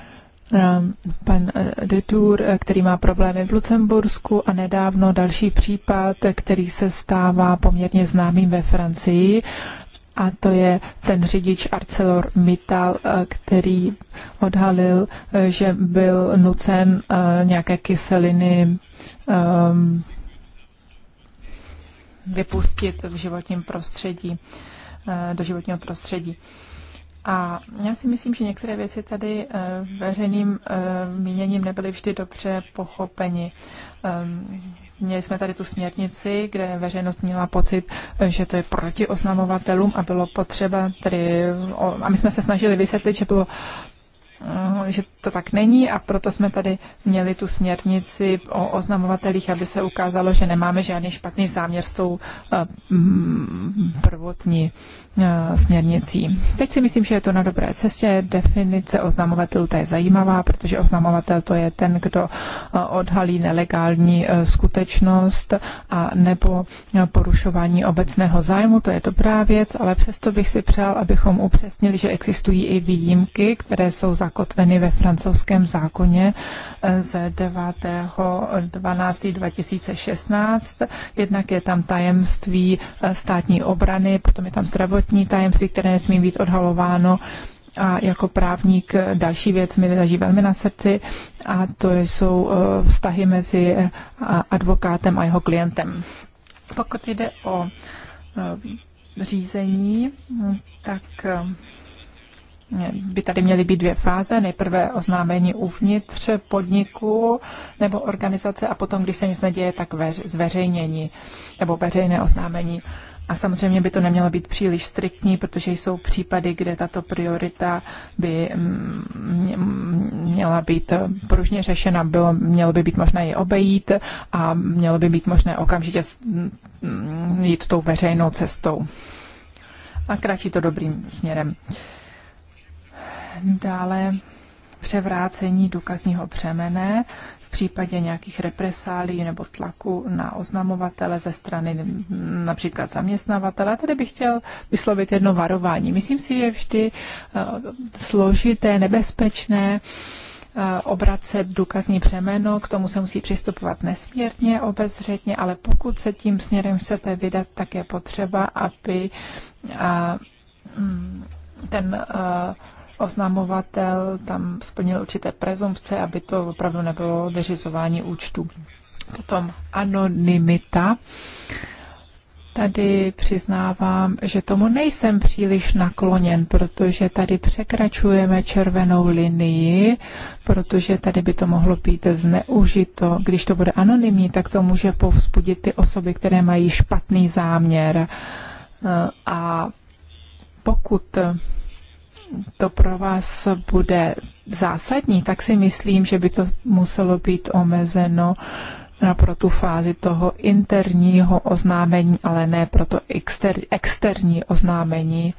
ehm, pan eh, Detour, eh, který má problémy v Lucembursku a nedávno další případ, který se stává poměrně známým ve Francii a to je ten řidič Arcelor Mittal, eh, který odhalil, že byl nucen nějaké kyseliny ehm, vypustit v životním prostředí, do životního prostředí. A já si myslím, že některé věci tady eh, veřejným eh, míněním nebyly vždy dobře pochopeni. Ehm, měli jsme tady tu směrnici, kde veřejnost měla pocit, že to je proti oznamovatelům a bylo potřeba tedy, a my jsme se snažili vysvětlit, že bylo eh, že to tak není a proto jsme tady měli tu směrnici o oznamovatelích, aby se ukázalo, že nemáme žádný špatný záměr s tou prvotní Eh, směrnicí. Teď si myslím, že je to na dobré cestě. Definice oznamovatelů, to je zajímavá, protože oznamovatel to je ten, kdo eh, odhalí nelegální eh, skutečnost a nebo porušování obecného zájmu, to je dobrá věc, ale přesto bych si přál, abychom upřesnili, že existují i výjimky, které jsou zakotveny ve francouzském zákoně z 9.12.2016. Jednak je tam tajemství státní obrany, potom je tam zdravotní exportní tajemství, které nesmí být odhalováno. A jako právník další věc mi leží velmi na srdci a to jsou eh, vztahy mezi eh, advokátem a jeho klientem. Pokud jde o eh, řízení, tak by tady měly být dvě fáze. Nejprve oznámení uvnitř podniku nebo organizace a potom, když se nic neděje, tak zveřejnění nebo veřejné oznámení. A samozřejmě by to nemělo být příliš striktní, protože jsou případy, kde tato priorita by mm, mm, měla být pružně řešena, bylo, mělo by být možné ji obejít a mělo by být možné okamžitě mm, jít tou veřejnou cestou. A kratší to dobrým směrem. Dále převrácení důkazního břemene případě nějakých represálí nebo tlaku na oznamovatele ze strany například zaměstnavatele. Tady bych chtěl vyslovit jedno varování. Myslím si, že vždy eh, složité, nebezpečné eh, obracet důkazní přeměno, k tomu se musí přistupovat nesmírně, obezřetně, ale pokud se tím směrem chcete vydat, tak je potřeba, aby eh, mm, ten oznamovatel tam splnil určité prezumpce, aby to opravdu nebylo vyřizování účtů. Potom anonymita. Tady přiznávám, že tomu nejsem příliš nakloněn, protože tady překračujeme červenou linii, protože tady by to mohlo být zneužito. Když to bude anonymní, tak to může povzbudit ty osoby, které mají špatný záměr. A pokud to pro vás bude zásadní, tak si myslím, že by to muselo být omezeno pro tu fázi toho interního oznámení, ale ne pro to exter, externí oznámení.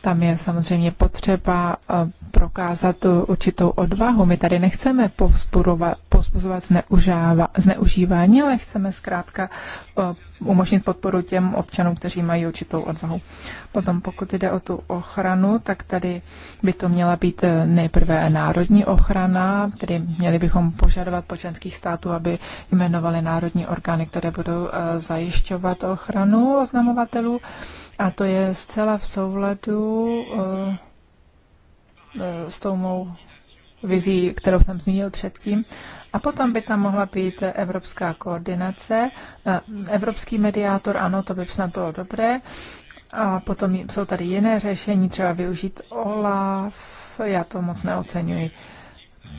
Tam je samozřejmě potřeba eh, prokázat tu určitou odvahu. My tady nechceme povzbuzovat zneužívání, ale chceme zkrátka eh, umožnit podporu těm občanům, kteří mají určitou odvahu. Potom pokud jde o tu ochranu, tak tady by to měla být eh, nejprve národní ochrana, tedy měli bychom požadovat po členských států, aby jmenovali národní orgány, které budou zajišťovat ochranu oznamovatelů. A to je zcela v souladu eh, s tou mou vizí, kterou jsem zmínil předtím. A potom by tam mohla být evropská koordinace. Eh, evropský mediátor, ano, to by snad bylo dobré. A potom jsou tady jiné řešení, třeba využít OLAF, já to moc neocenuji.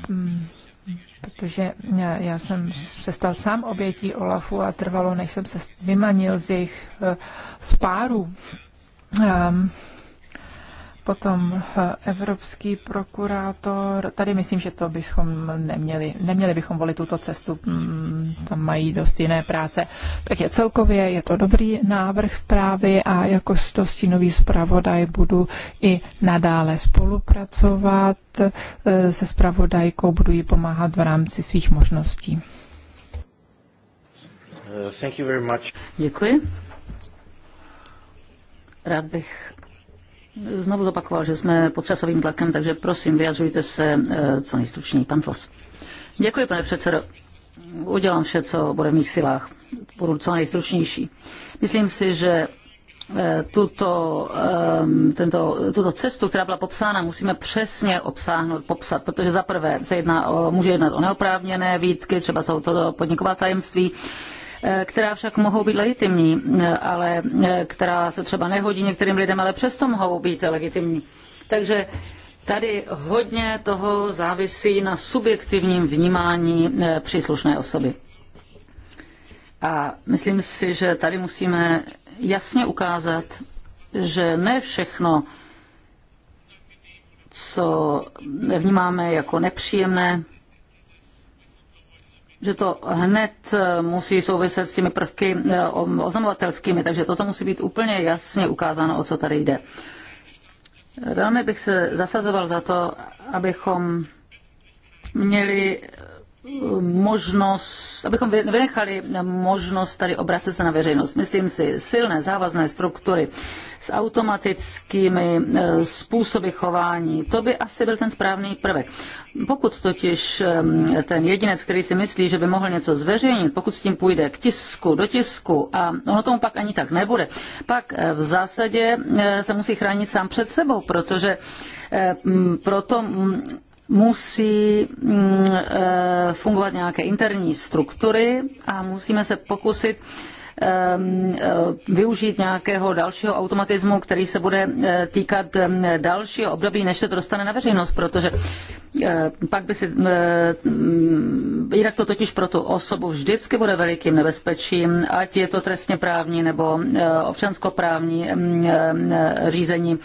Hmm protože já jsem se stal sám obětí Olafu a trvalo, než jsem se vymanil z jejich spáru. Eh, Potom eh, evropský prokurátor, tady myslím, že to bychom neměli, neměli bychom volit tuto cestu, mm, tam mají dost jiné práce. Takže celkově je to dobrý návrh zprávy a jako stínový zpravodaj budu i nadále spolupracovat eh, se zpravodajkou, budu ji pomáhat v rámci svých možností. Uh, thank you very much. Děkuji. Rád bych znovu zopakoval, že jsme pod časovým tlakem, takže prosím, vyjadřujte se eh, co nejstručněji. Pan Fos. Děkuji, pane předsedo. Udělám vše, co bude v mých silách. Budu co nejstručnější. Myslím si, že eh, tuto, eh, tento, tuto cestu, která byla popsána, musíme přesně obsáhnout, popsat, protože za prvé se jedná o, může jednat o neoprávněné výtky, třeba jsou to podniková tajemství, Eh, která však mohou být legitimní, eh, ale eh, která se třeba nehodí některým lidem, ale přesto mohou být legitimní. Takže tady hodně toho závisí na subjektivním vnímání příslušné osoby. A myslím si, že tady musíme jasně ukázat, že ne všechno, co vnímáme jako nepříjemné, že to hned eh, musí souviset s těmi prvky eh, oznamovatelskými, takže toto musí být úplně jasně ukázáno, o co tady jde. Velmi bych se zasazoval za to, abychom měli možnost, abychom vynechali možnost tady obracet se na veřejnost. Myslím si, silné závazné struktury s automatickými eh, způsoby chování, to by asi byl ten správný prvek. Pokud totiž eh, ten jedinec, který si myslí, že by mohl něco zveřejnit, pokud s tím půjde k tisku, do tisku a ono tomu pak ani tak nebude, pak eh, v zásadě se musí chránit sám před sebou, protože proto musí mm, eh, fungovat nějaké interní struktury a musíme se pokusit ehm, eh, využít nějakého dalšího automatismu, který se bude eh, týkat ehm, dalšího období, než se to dostane na veřejnost, protože pak by si, mm, jinak to totiž pro tu osobu vždycky bude velikým nebezpečím, ať je to trestně právní nebo občanskoprávní ehm, řízení.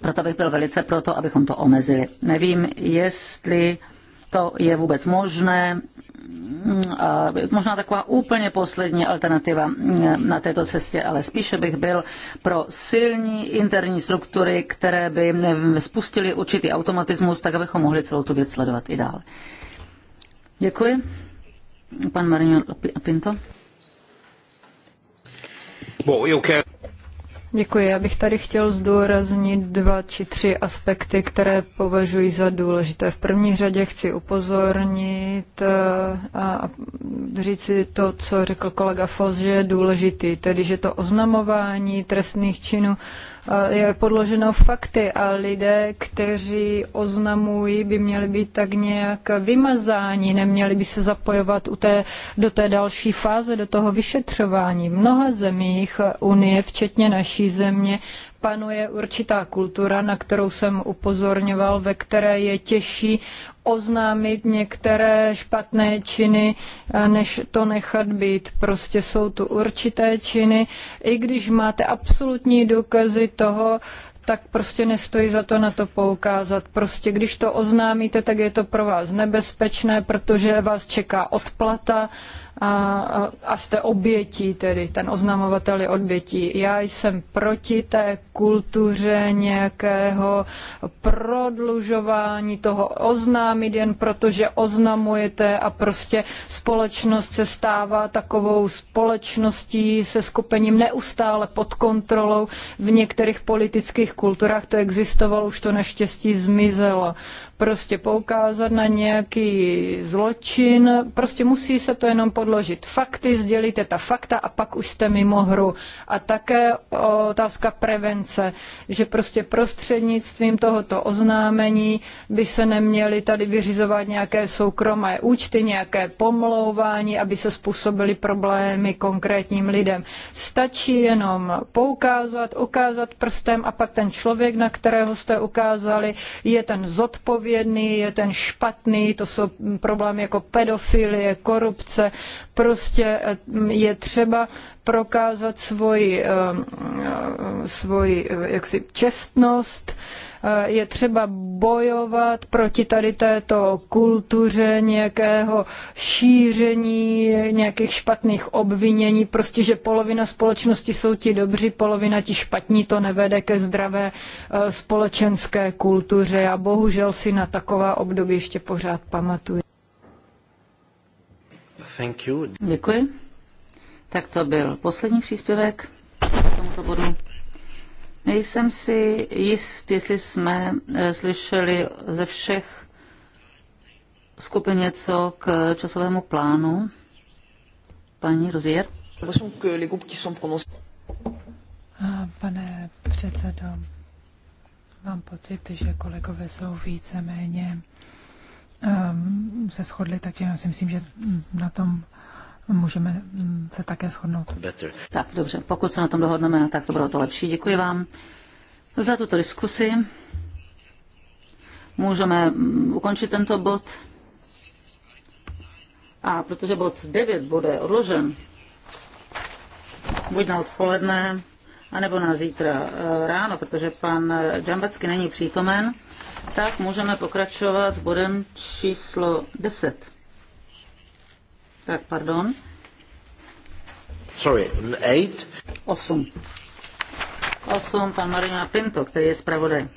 Proto bych byl velice proto, abychom to omezili. Nevím, jestli to je vůbec možné. A možná taková úplně poslední alternativa mm, na této cestě, ale spíše bych byl pro silní interní struktury, které by spustily určitý automatismus, tak abychom mohli celou tu věc sledovat i dále. Děkuji. Pan Marino Pinto. Děkuji. Já bych tady chtěl zdůraznit dva či tři aspekty, které považuji za důležité. V první řadě chci upozornit eh, a říci to, co řekl kolega Fos, že je důležitý, tedy že to oznamování trestných činů Eh, je podloženo fakty a lidé, kteří oznamují, by měli být tak nějak vymazáni, neměli by se zapojovat u té, do té další fáze, do toho vyšetřování. V mnoha zemích Unie, včetně naší země, panuje určitá kultura, na kterou jsem upozorňoval, ve které je těžší oznámit některé špatné činy, eh, než to nechat být. Prostě jsou tu určité činy. I když máte absolutní důkazy toho, tak prostě nestojí za to na to poukázat. Prostě když to oznámíte, tak je to pro vás nebezpečné, protože vás čeká odplata a, a jste obětí, tedy ten oznamovatel je obětí. Já jsem proti té kultuře nějakého prodlužování toho oznámit jen protože oznamujete a prostě společnost se stává takovou společností se skupením neustále pod kontrolou. V některých politických kulturách to existovalo, už to naštěstí zmizelo prostě poukázat na nějaký zločin, prostě musí se to jenom podložit fakty, sdělíte ta fakta a pak už jste mimo hru. A také otázka prevence, že prostě prostřednictvím tohoto oznámení by se neměly tady vyřizovat nějaké soukromé účty, nějaké pomlouvání, aby se způsobily problémy konkrétním lidem. Stačí jenom poukázat, ukázat prstem a pak ten člověk, na kterého jste ukázali, je ten zodpovědný zodpovědný je ten špatný, to jsou problémy jako pedofilie, korupce. Prostě eh, je třeba prokázat svoji, eh, eh, svoji jaksi čestnost, Eh, je třeba bojovat proti tady této kultuře nějakého šíření, nějakých špatných obvinění, prostě, že polovina společnosti jsou ti dobří, polovina ti špatní, to nevede ke zdravé eh, společenské kultuře. A bohužel si na taková období ještě pořád pamatuju. Děkuji. Tak to byl poslední příspěvek k tomuto bodu. Nejsem si jist, jestli jsme eh, slyšeli ze všech skupin něco k časovému plánu. Paní Rozier? Pane předsedo, mám pocit, že kolegové jsou víceméně um, se shodli, takže já si myslím, že na tom můžeme mm, se také shodnout. Better. Tak, dobře, pokud se na tom dohodneme, tak to bylo to lepší. Děkuji vám za tuto diskusi. Můžeme mm, ukončit tento bod. A protože bod 9 bude odložen, buď na odpoledne, anebo na zítra eh, ráno, protože pan Džambacky není přítomen, tak můžeme pokračovat s bodem číslo 10. Tak, eh, pardon. Sorry, eight. Osm. Osm, pan Marina Pinto, který je zpravodaj.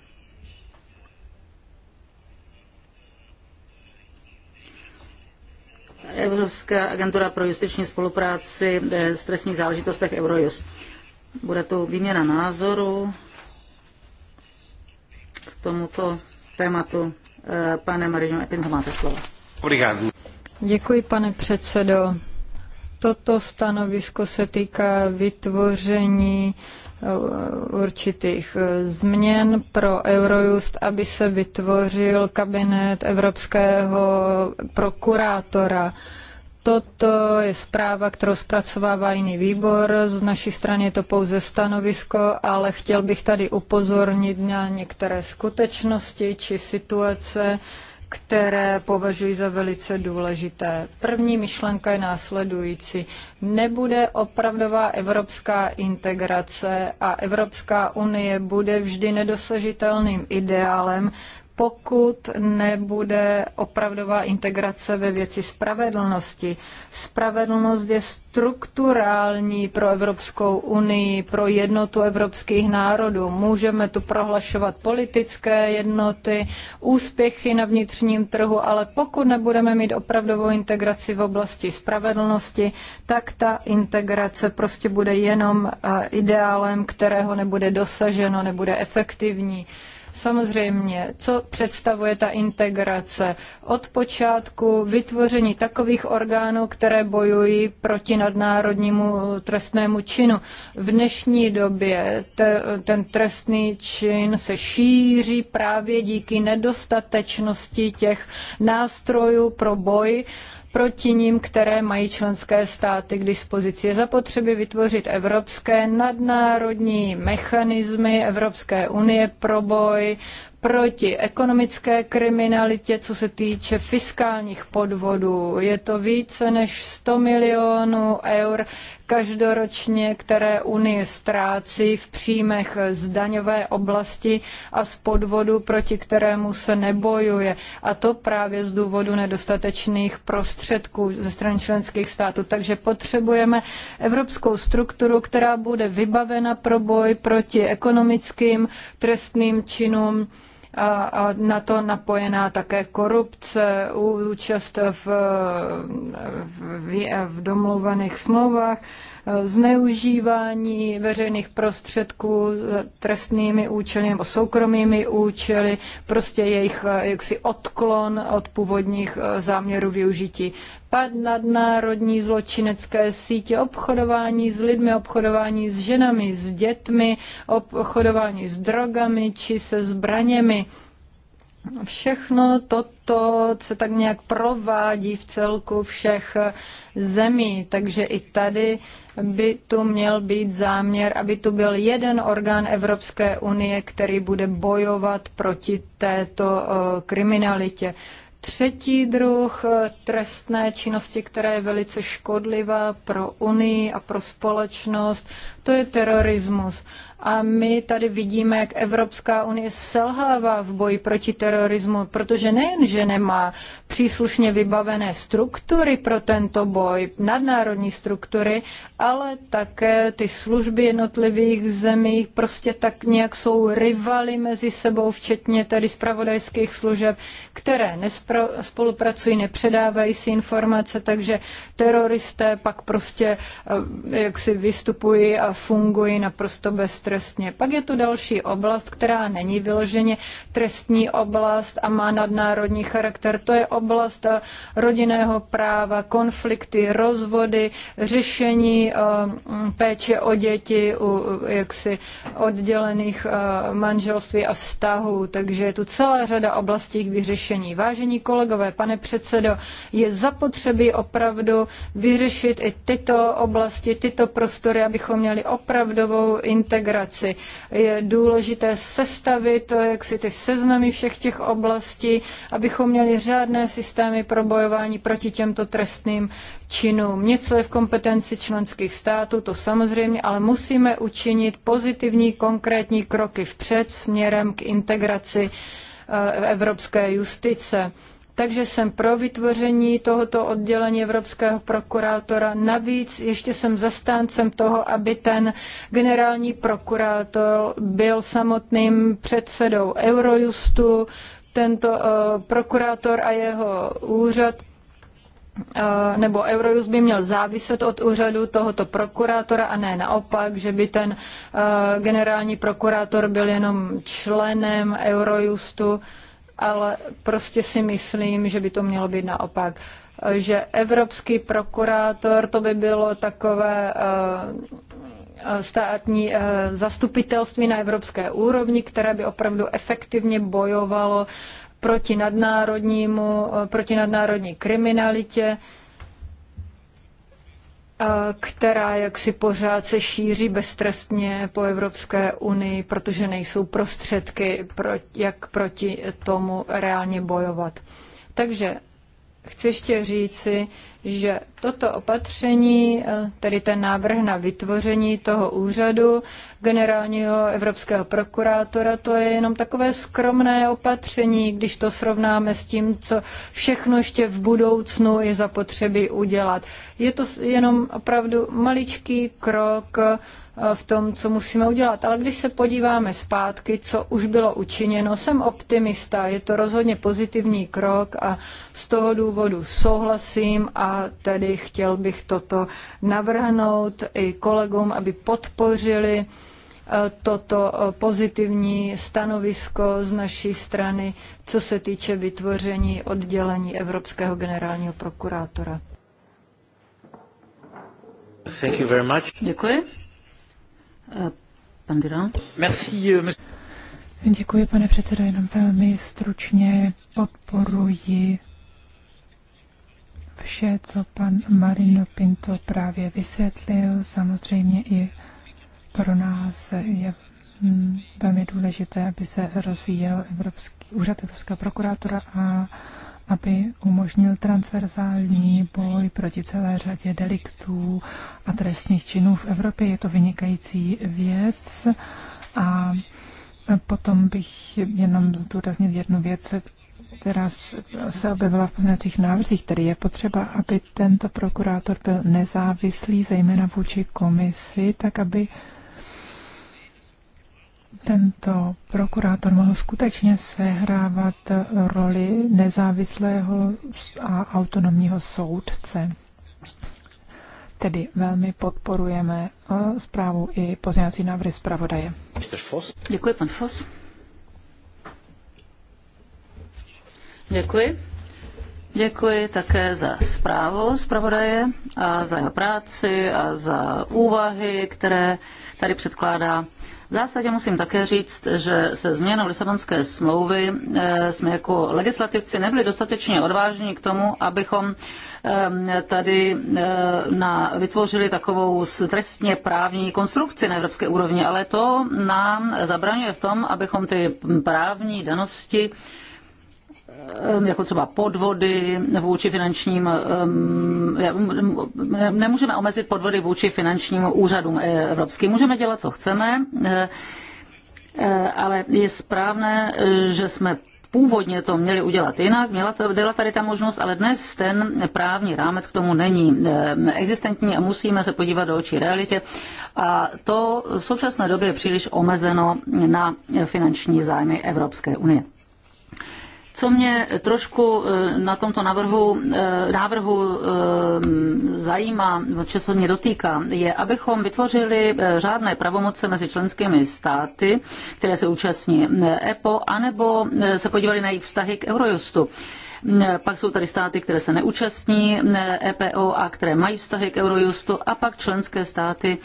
Evropská agentura pro justiční spolupráci eh, v trestních záležitostech Eurojust. Bude to výměna názoru k tomuto tématu. Eh, pane Marino Epinho, máte slovo. Obrigado. Děkuji, pane předsedo. Toto stanovisko se týká vytvoření eh, určitých eh, změn pro Eurojust, aby se vytvořil kabinet evropského prokurátora. Toto je zpráva, kterou zpracovává jiný výbor. Z naší strany je to pouze stanovisko, ale chtěl bych tady upozornit na některé skutečnosti či situace, které považuji za velice důležité. První myšlenka je následující. Nebude opravdová evropská integrace a Evropská unie bude vždy nedosažitelným ideálem, pokud nebude opravdová integrace ve věci spravedlnosti. Spravedlnost je strukturální pro Evropskou unii, pro jednotu evropských národů. Můžeme tu prohlašovat politické jednoty, úspěchy na vnitřním trhu, ale pokud nebudeme mít opravdovou integraci v oblasti spravedlnosti, tak ta integrace prostě bude jenom eh, ideálem, kterého nebude dosaženo, nebude efektivní. Samozřejmě, co představuje ta integrace? Od počátku vytvoření takových orgánů, které bojují proti nadnárodnímu trestnému činu. V dnešní době te, ten trestný čin se šíří právě díky nedostatečnosti těch nástrojů pro boj proti ním, které mají členské státy k dispozici. Je zapotřebí vytvořit evropské nadnárodní mechanismy Evropské unie pro boj proti ekonomické kriminalitě, co se týče fiskálních podvodů. Je to více než 100 milionů eur, každoročně, které Unie ztrácí v příjmech z daňové oblasti a z podvodu, proti kterému se nebojuje. A to právě z důvodu nedostatečných prostředků ze strany členských států. Takže potřebujeme evropskou strukturu, která bude vybavena pro boj proti ekonomickým trestným činům, a, a na to napojená také korupce, účast v, v, v domluvaných smlouvách, zneužívání veřejných prostředků trestnými účely nebo soukromými účely, prostě jejich jaksi odklon od původních e, záměrů využití pad nadnárodní zločinecké sítě, obchodování s lidmi, obchodování s ženami, s dětmi, obchodování s drogami či se zbraněmi. Všechno toto se tak nějak provádí v celku všech zemí, takže i tady by tu měl být záměr, aby tu byl jeden orgán Evropské unie, který bude bojovat proti této eh, kriminalitě třetí druh eh, trestné činnosti, která je velice škodlivá pro Unii a pro společnost, to je terorismus. A my tady vidíme, jak Evropská unie selhává v boji proti terorismu, protože nejen, že nemá příslušně vybavené struktury pro tento boj, nadnárodní struktury, ale také ty služby jednotlivých zemí prostě tak nějak jsou rivaly mezi sebou, včetně tedy spravodajských služeb, které nespro- spolupracují, nepředávají si informace, takže teroristé pak prostě eh, jak si vystupují a fungují naprosto bez trestně. Pak je tu další oblast, která není vyloženě trestní oblast a má nadnárodní charakter. To je oblast eh, rodinného práva, konflikty, rozvody, řešení eh, mm, péče o děti u jaksi oddělených eh, manželství a vztahů. Takže je tu celá řada oblastí k vyřešení. Vážení kolegové, pane předsedo, je zapotřebí opravdu vyřešit i tyto oblasti, tyto prostory, abychom měli opravdovou integraci migraci. Je důležité sestavit eh, jak si ty seznamy všech těch oblastí, abychom měli řádné systémy pro bojování proti těmto trestným činům. Něco je v kompetenci členských států, to samozřejmě, ale musíme učinit pozitivní konkrétní kroky vpřed směrem k integraci eh, evropské justice. Takže jsem pro vytvoření tohoto oddělení Evropského prokurátora. Navíc ještě jsem zastáncem toho, aby ten generální prokurátor byl samotným předsedou Eurojustu. Tento uh, prokurátor a jeho úřad eh, nebo Eurojust by měl záviset od úřadu tohoto prokurátora a ne naopak, že by ten eh, generální prokurátor byl jenom členem Eurojustu ale prostě si myslím, že by to mělo být naopak že evropský prokurátor, to by bylo takové eh, státní eh, zastupitelství na evropské úrovni, které by opravdu efektivně bojovalo proti nadnárodnímu, eh, proti nadnárodní kriminalitě která jaksi pořád se šíří beztrestně po Evropské unii, protože nejsou prostředky, jak proti tomu reálně bojovat. Takže chci ještě říci, že toto opatření, eh, tedy ten návrh na vytvoření toho úřadu generálního evropského prokurátora, to je jenom takové skromné opatření, když to srovnáme s tím, co všechno ještě v budoucnu je zapotřebí udělat. Je to jenom opravdu maličký krok Eh, v tom, co musíme udělat. Ale když se podíváme zpátky, co už bylo učiněno, jsem optimista, je to rozhodně pozitivní krok a z toho důvodu souhlasím a tedy chtěl bych toto navrhnout i kolegům, aby podpořili eh, toto eh, pozitivní stanovisko z naší strany, co se týče vytvoření oddělení Evropského generálního prokurátora. Děkuji. Pan Merci, euh, Děkuji, pane předsedo, jenom velmi stručně podporuji vše, co pan Marino Pinto právě vysvětlil. Samozřejmě i pro nás je mm, velmi důležité, aby se rozvíjel Evropský, úřad Evropského prokurátora a aby umožnil transverzální boj proti celé řadě deliktů a trestných činů v Evropě. Je to vynikající věc a potom bych jenom zdůraznil jednu věc, která se objevila v poznacích návrzích, tedy je potřeba, aby tento prokurátor byl nezávislý, zejména vůči komisi, tak aby tento prokurátor mohl skutečně sehrávat roli nezávislého a autonomního soudce. Tedy velmi podporujeme eh, zprávu i pozněvací návrhy zpravodaje. Děkuji, pan Fos. Děkuji. Děkuji také za zprávu zpravodaje a za jeho práci a za úvahy, které tady předkládá v zásadě musím také říct, že se změnou Lisabonské smlouvy eh, jsme jako legislativci nebyli dostatečně odvážní k tomu, abychom eh, tady eh, na, vytvořili takovou trestně právní konstrukci na evropské úrovni, ale to nám zabraňuje v tom, abychom ty právní danosti Ehm, jako třeba podvody vůči finančním, ehm, nemůžeme omezit podvody vůči finančním úřadům evropským. Můžeme dělat, co chceme, eh, eh, ale je správné, že jsme Původně to měli udělat jinak, měla to, byla tady ta možnost, ale dnes ten právní rámec k tomu není ehm, existentní a musíme se podívat do očí realitě. A to v současné době je příliš omezeno na finanční zájmy Evropské unie. Co mě trošku eh, na tomto eh, návrhu, návrhu eh, zajímá, co se mě dotýká, je, abychom vytvořili řádné pravomoce mezi členskými státy, které se účastní EPO, anebo se podívali na jejich vztahy k Eurojustu. Pak jsou tady státy, které se neúčastní EPO e a které mají vztahy k Eurojustu a pak členské státy,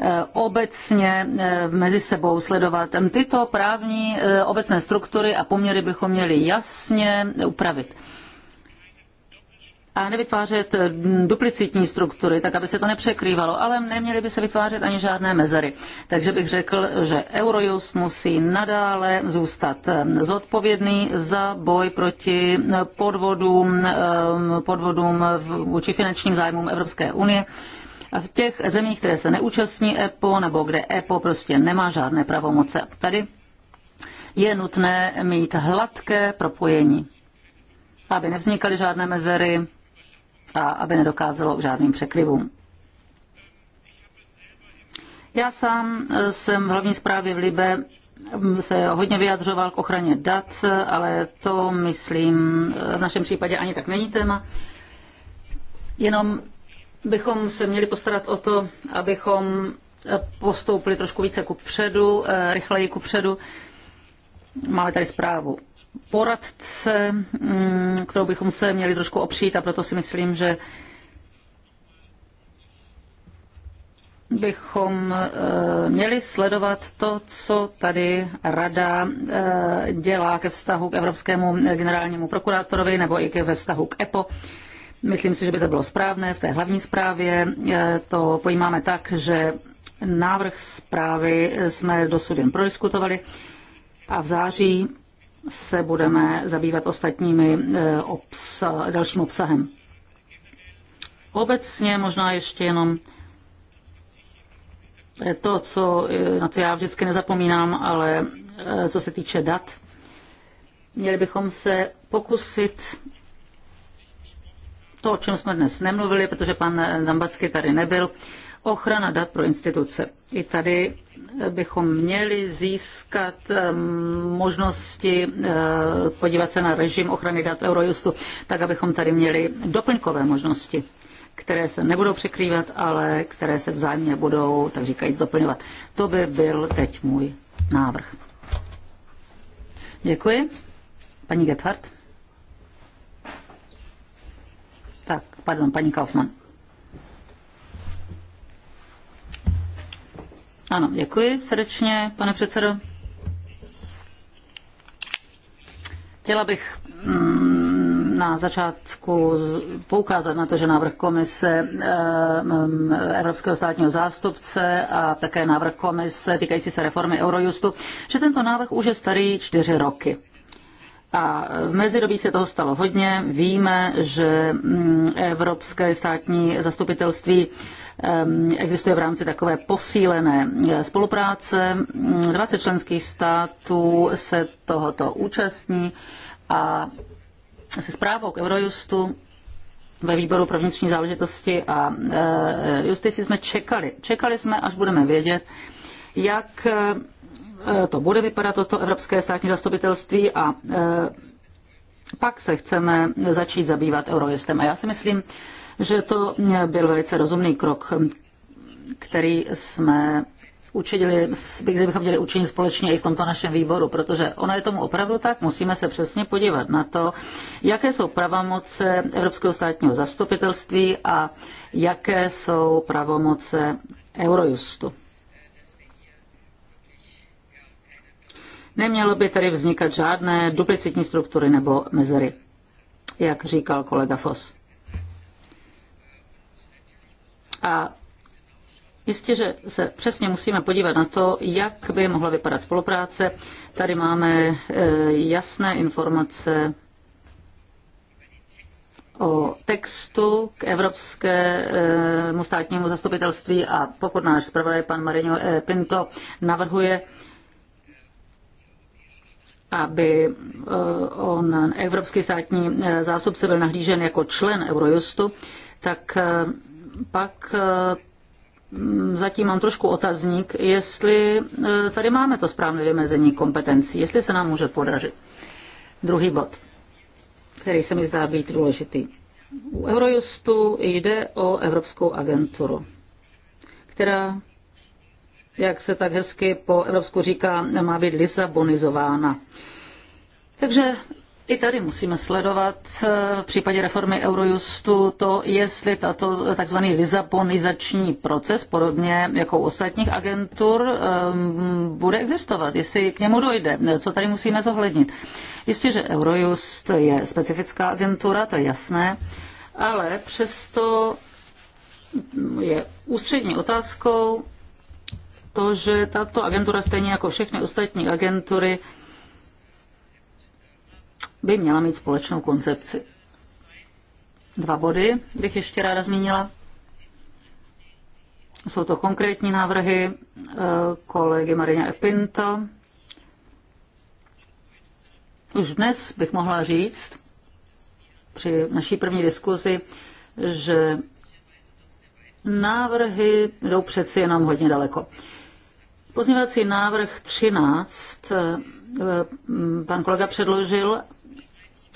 Eh, obecně eh, mezi sebou sledovat. Tyto právní eh, obecné struktury a poměry bychom měli jasně upravit a nevytvářet duplicitní struktury, tak aby se to nepřekrývalo, ale neměly by se vytvářet ani žádné mezery. Takže bych řekl, že Eurojust musí nadále zůstat zodpovědný za boj proti podvodům, podvodům vůči finančním zájmům Evropské unie a v těch zemích, které se neúčastní EPO nebo kde EPO prostě nemá žádné pravomoce. Tady je nutné mít hladké propojení, aby nevznikaly žádné mezery a aby nedokázalo k žádným překryvům. Já sám jsem v hlavní zprávě v Libe se hodně vyjadřoval k ochraně dat, ale to, myslím, v našem případě ani tak není téma. Jenom bychom se měli postarat o to, abychom eh, postoupili trošku více ku předu, eh, rychleji ku předu. Máme tady zprávu poradce, mm, kterou bychom se měli trošku opřít a proto si myslím, že bychom eh, měli sledovat to, co tady rada dělá ke vztahu k Evropskému generálnímu prokurátorovi nebo i ke vztahu k EPO. Myslím si, že by to bylo správné. V té hlavní zprávě e, to pojímáme tak, že návrh zprávy jsme dosud jen prodiskutovali a v září se budeme zabývat ostatními e, obsa- dalším obsahem. Obecně možná ještě jenom e, to, co, na co já vždycky nezapomínám, ale co se týče dat, měli bychom se pokusit to, o čem jsme dnes nemluvili, protože pan Zambacky tady nebyl, ochrana dat pro instituce. I tady bychom měli získat ehm, možnosti eh, podívat se na režim ochrany dat Eurojustu, tak abychom tady měli doplňkové možnosti které se nebudou překrývat, ale které se vzájemně budou, tak říkajíc, doplňovat. To by byl teď můj návrh. Děkuji. Paní Gebhardt. Pardon, paní Kaufmann. Ano, děkuji srdečně, pane předsedo. Chtěla bych mm, na začátku poukázat na to, že návrh komise eh, mm, Evropského státního zástupce a také návrh komise týkající se reformy Eurojustu, že tento návrh už je starý čtyři roky. A v mezidobí se toho stalo hodně. Víme, že mm, Evropské státní zastupitelství mm, existuje v rámci takové posílené e, spolupráce. 20 mm, členských států se tohoto účastní a se zprávou k Eurojustu ve výboru pro vnitřní záležitosti a e, justici jsme čekali. Čekali jsme, až budeme vědět, jak Eh, to bude vypadat toto Evropské státní zastupitelství a eh, pak se chceme začít zabývat Eurojustem. A já si myslím, že to eh, byl velice rozumný krok, který jsme učinili, kdybychom měli učinit společně i v tomto našem výboru, protože ono je tomu opravdu tak, musíme se přesně podívat na to, jaké jsou pravomoce Evropského státního zastupitelství a jaké jsou pravomoce Eurojustu. Nemělo by tady vznikat žádné duplicitní struktury nebo mezery, jak říkal kolega Foss. A Jistě, že se přesně musíme podívat na to, jak by mohla vypadat spolupráce. Tady máme e, jasné informace o textu k evropskému státnímu zastupitelství a pokud náš zpravodaj pan Marino e, Pinto navrhuje aby eh, on, evropský státní eh, zásobce, byl nahlížen jako člen Eurojustu, tak eh, pak zatím mám trošku otazník, jestli tady máme to správné vymezení kompetencí, jestli se nám může podařit. Druhý bod, který se mi zdá být důležitý. U Eurojustu jde o Evropskou agenturu, která jak se tak hezky po evropsku říká, má být lisabonizována. Takže i tady musíme sledovat eh, v případě reformy Eurojustu to, jestli tato tzv. lisabonizační proces, podobně jako u ostatních agentur, ehm, bude existovat, jestli k němu dojde, co tady musíme zohlednit. Jistě, že Eurojust je specifická agentura, to je jasné, ale přesto je ústřední otázkou, to, že tato agentura stejně jako všechny ostatní agentury by měla mít společnou koncepci. Dva body bych ještě ráda zmínila. Jsou to konkrétní návrhy eh, kolegy Marina Epinto. Už dnes bych mohla říct při naší první diskuzi, že návrhy jdou přeci jenom hodně daleko. Pozměňovací návrh 13 eh, pan kolega předložil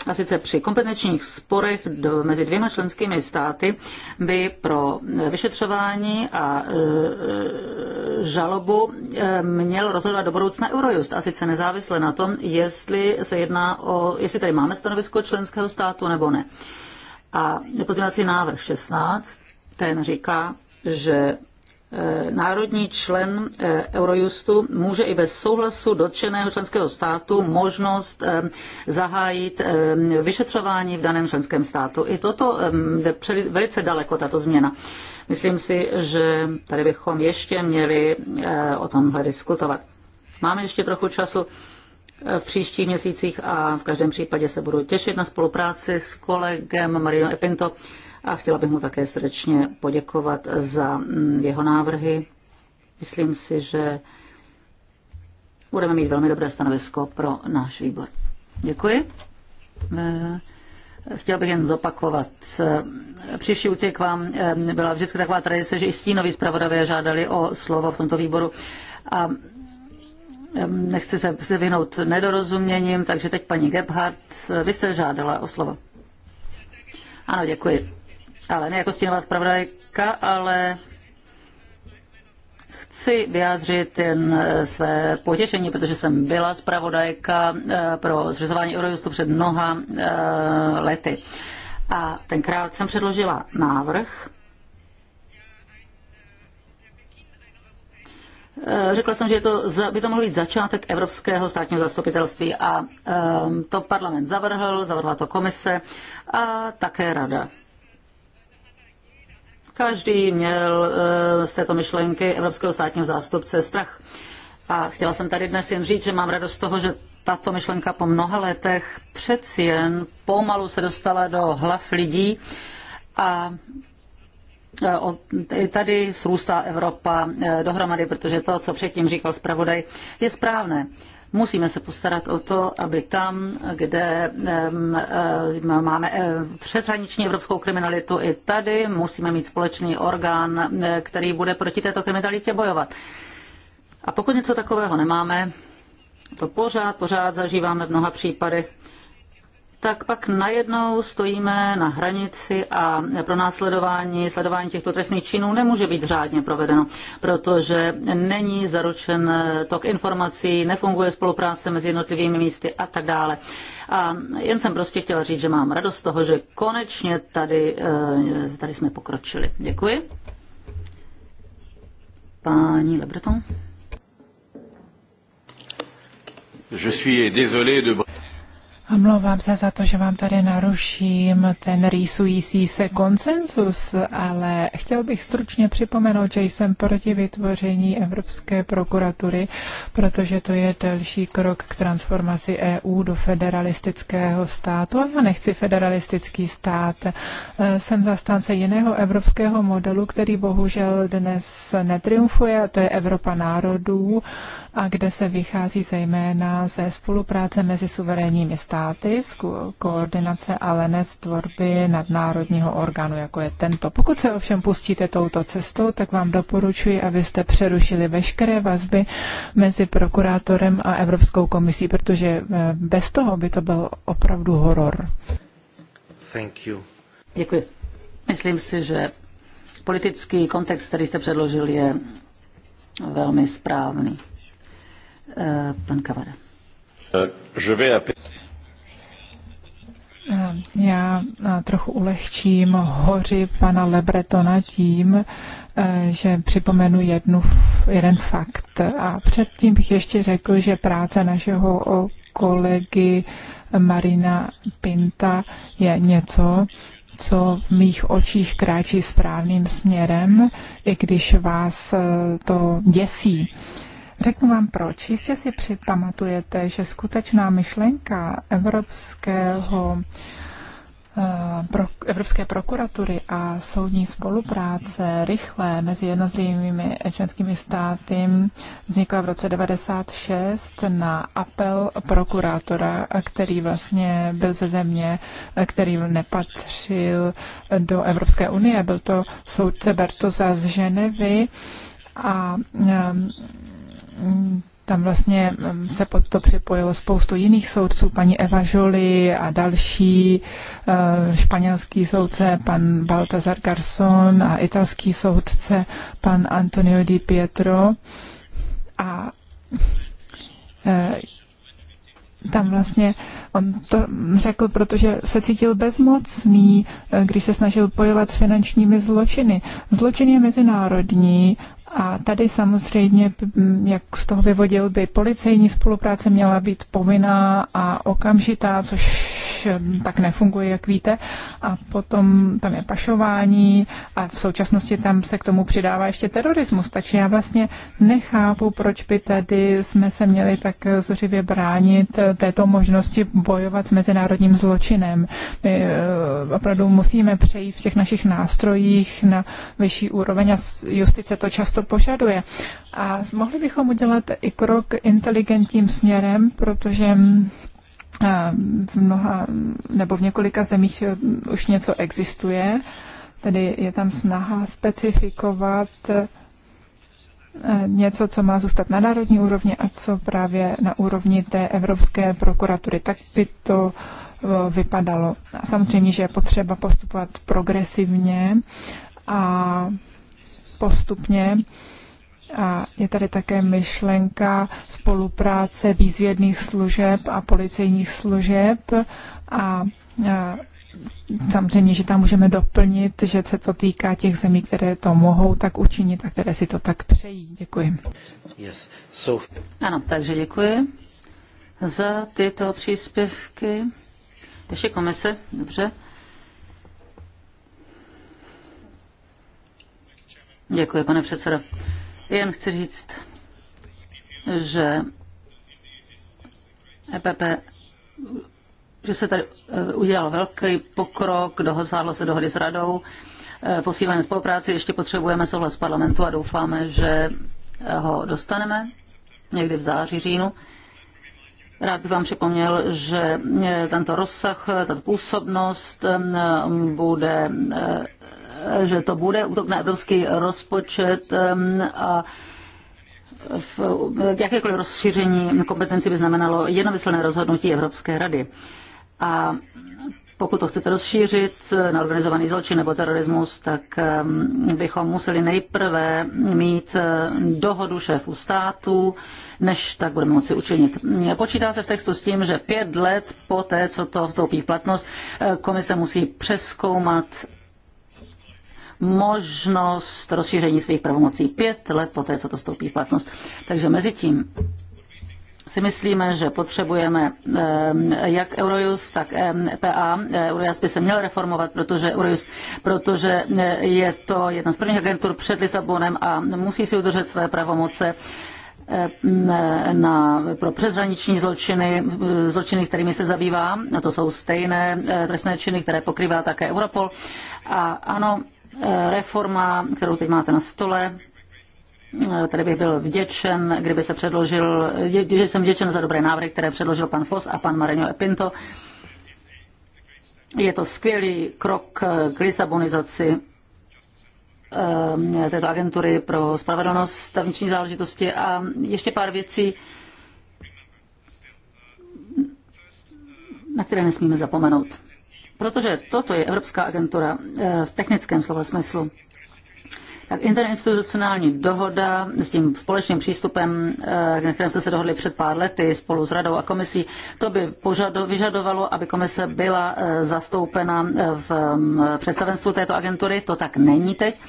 a sice při kompetenčních sporech do, mezi dvěma členskými státy by pro vyšetřování a e, žalobu e, měl rozhodovat do budoucna Eurojust, a sice nezávisle na tom, jestli se jedná o, jestli tady máme stanovisko členského státu nebo ne. A pozměňovací návrh 16, ten říká, že Eh, národní člen eh, Eurojustu může i bez souhlasu dotčeného členského státu možnost eh, zahájit vyšetřování v daném členském státu. I toto jde velice daleko, tato změna. Myslím si, že tady bychom ještě měli o tomhle diskutovat. Máme ještě trochu času v příštích měsících a v každém případě se budu těšit na spolupráci s kolegem Marino Epinto a chtěla bych mu také srdečně poděkovat za mm, jeho návrhy. Myslím si, že budeme mít velmi dobré stanovisko pro náš výbor. Děkuji. E, chtěl bych jen zopakovat. E, příští útěk vám e, byla vždycky taková tradice, že i stínoví zpravodavé žádali o slovo v tomto výboru. A nechci se, se vyhnout nedorozuměním, takže teď paní Gebhardt, vy jste žádala o slovo. Ano, děkuji ale ne jako stínová zpravodajka, ale chci vyjádřit jen eh, své potěšení, protože jsem byla zpravodajka eh, pro zřizování Eurojustu před mnoha eh, lety. A tenkrát jsem předložila návrh, Řekla jsem, že to, by to mohl být začátek Evropského státního zastupitelství a to parlament zavrhl, zavrhla to komise a také rada. Každý měl eh, z této myšlenky evropského státního zástupce strach. A chtěla jsem tady dnes jen říct, že mám radost z toho, že tato myšlenka po mnoha letech přeci jen pomalu se dostala do hlav lidí a eh, tady srůstá Evropa eh, dohromady, protože to, co předtím říkal zpravodaj, je správné. Musíme se postarat o to, aby tam, kde máme přeshraniční evropskou kriminalitu i tady, musíme mít společný orgán, e, který bude proti této kriminalitě bojovat. A pokud něco takového nemáme, to pořád, pořád zažíváme v mnoha případech, tak pak najednou stojíme na hranici a pro následování, sledování těchto trestných činů nemůže být řádně provedeno, protože není zaručen tok informací, nefunguje spolupráce mezi jednotlivými místy a tak dále. A jen jsem prostě chtěla říct, že mám radost z toho, že konečně tady, eh, tady jsme pokročili. Děkuji. Paní Lebreton. Je suis désolé de... Omlouvám se za to, že vám tady naruším ten rýsující se konsenzus, ale chtěl bych stručně připomenout, že jsem proti vytvoření Evropské prokuratury, protože to je další krok k transformaci EU do federalistického státu a já nechci federalistický stát. Jsem zastánce jiného evropského modelu, který bohužel dnes netriumfuje, a to je Evropa národů a kde se vychází zejména ze spolupráce mezi suverénními státy, z koordinace, ale ne z tvorby nadnárodního orgánu, jako je tento. Pokud se ovšem pustíte touto cestou, tak vám doporučuji, abyste přerušili veškeré vazby mezi prokurátorem a Evropskou komisí, protože eh, bez toho by to byl opravdu horor. Thank you. Děkuji. Myslím si, že politický kontext, který jste předložil, je velmi správný. Eh, pan Kavada. Eh, eh, já trochu ulehčím hoři pana Lebretona tím, že připomenu jednu, jeden fakt. A předtím bych ještě řekl, že práce našeho kolegy Marina Pinta je něco, co v mých očích kráčí správným směrem, i když vás to děsí. Řeknu vám proč. Jistě si připamatujete, že skutečná myšlenka evropského eh, pro, Evropské prokuratury a soudní spolupráce rychle mezi jednotlivými členskými státy vznikla v roce 96 na apel prokurátora, který vlastně byl ze země, který nepatřil do Evropské unie. Byl to soudce Bertosa z Ženevy a eh, tam vlastně mm, se pod to připojilo spoustu jiných soudců, paní Eva Joly a další, eh, španělský soudce, pan Baltazar Garson a italský soudce, pan Antonio Di Pietro. A eh, tam vlastně on to řekl, protože se cítil bezmocný, eh, když se snažil bojovat s finančními zločiny. Zločin je mezinárodní a tady samozřejmě, mm, jak z toho vyvodil by, policejní spolupráce měla být povinná a okamžitá, což Eh, tak nefunguje, jak víte. A potom tam je pašování a v současnosti tam se k tomu přidává ještě terorismus. Takže já vlastně nechápu, proč by tady jsme se měli tak zřivě bránit eh, této možnosti bojovat s mezinárodním zločinem. My eh, opravdu musíme přejít v těch našich nástrojích na vyšší úroveň a justice to často požaduje. A mohli bychom udělat i krok inteligentním směrem, protože mm, v mnoha nebo v několika zemích eh, už něco existuje, tedy je tam snaha specifikovat eh, něco, co má zůstat na národní úrovni a co právě na úrovni té Evropské prokuratury. Tak by to eh, vypadalo. Samozřejmě, že je potřeba postupovat progresivně a postupně a je tady také myšlenka spolupráce výzvědných služeb a policejních služeb a Samozřejmě, že tam můžeme doplnit, že se to týká těch zemí, které to mohou tak učinit a které si to tak přejí. Děkuji. Yes. So... Ano, takže děkuji za tyto příspěvky. Ještě komise, dobře. Děkuji, pane předsedo. Jen chci říct, že EPP že se tady eh, udělal velký pokrok, dohozálo se dohody s radou, eh, posílené spolupráci, ještě potřebujeme souhlas parlamentu a doufáme, že ho dostaneme někdy v září, říjnu. Rád bych vám připomněl, že eh, tento rozsah, tato působnost bude že to bude útok na evropský rozpočet a v jakékoliv rozšíření kompetenci by znamenalo jednomyslné rozhodnutí Evropské rady. A pokud to chcete rozšířit na organizovaný zločin nebo terorismus, tak bychom museli nejprve mít eh, dohodu šéfů států, než tak budeme moci učinit. Počítá se v textu s tím, že pět let po té, co to vstoupí v platnost, eh, komise musí přeskoumat možnost rozšíření svých pravomocí pět let poté, co to stoupí v platnost. Takže mezi tím si myslíme, že potřebujeme eh, jak Eurojust, tak eh, PA. Eh, Eurojust by se měl reformovat, protože Eurojust, protože je to jedna z prvních agentur před Lisabonem a musí si udržet své pravomoce na, pro přeshraniční zločiny, zločiny, kterými se zabývá. A to jsou stejné trestné činy, které pokrývá také Europol. A ano, reforma, kterou teď máte na stole, eh, tady bych byl vděčen, kdyby se předložil, že jsem vděčen za dobré návrhy, které předložil pan Fos a pan Marino Epinto. Je to skvělý krok k lisabonizaci eh, této agentury pro spravedlnost stavniční záležitosti. A ještě pár věcí, na které nesmíme zapomenout. Protože toto je Evropská agentura eh, v technickém slova smyslu. Tak interinstitucionální dohoda s tím společným přístupem, eh, na kterém jsme se dohodli před pár lety spolu s radou a komisí, to by vyžadovalo, aby komise byla eh, zastoupena v mm, představenstvu této agentury. To tak není teď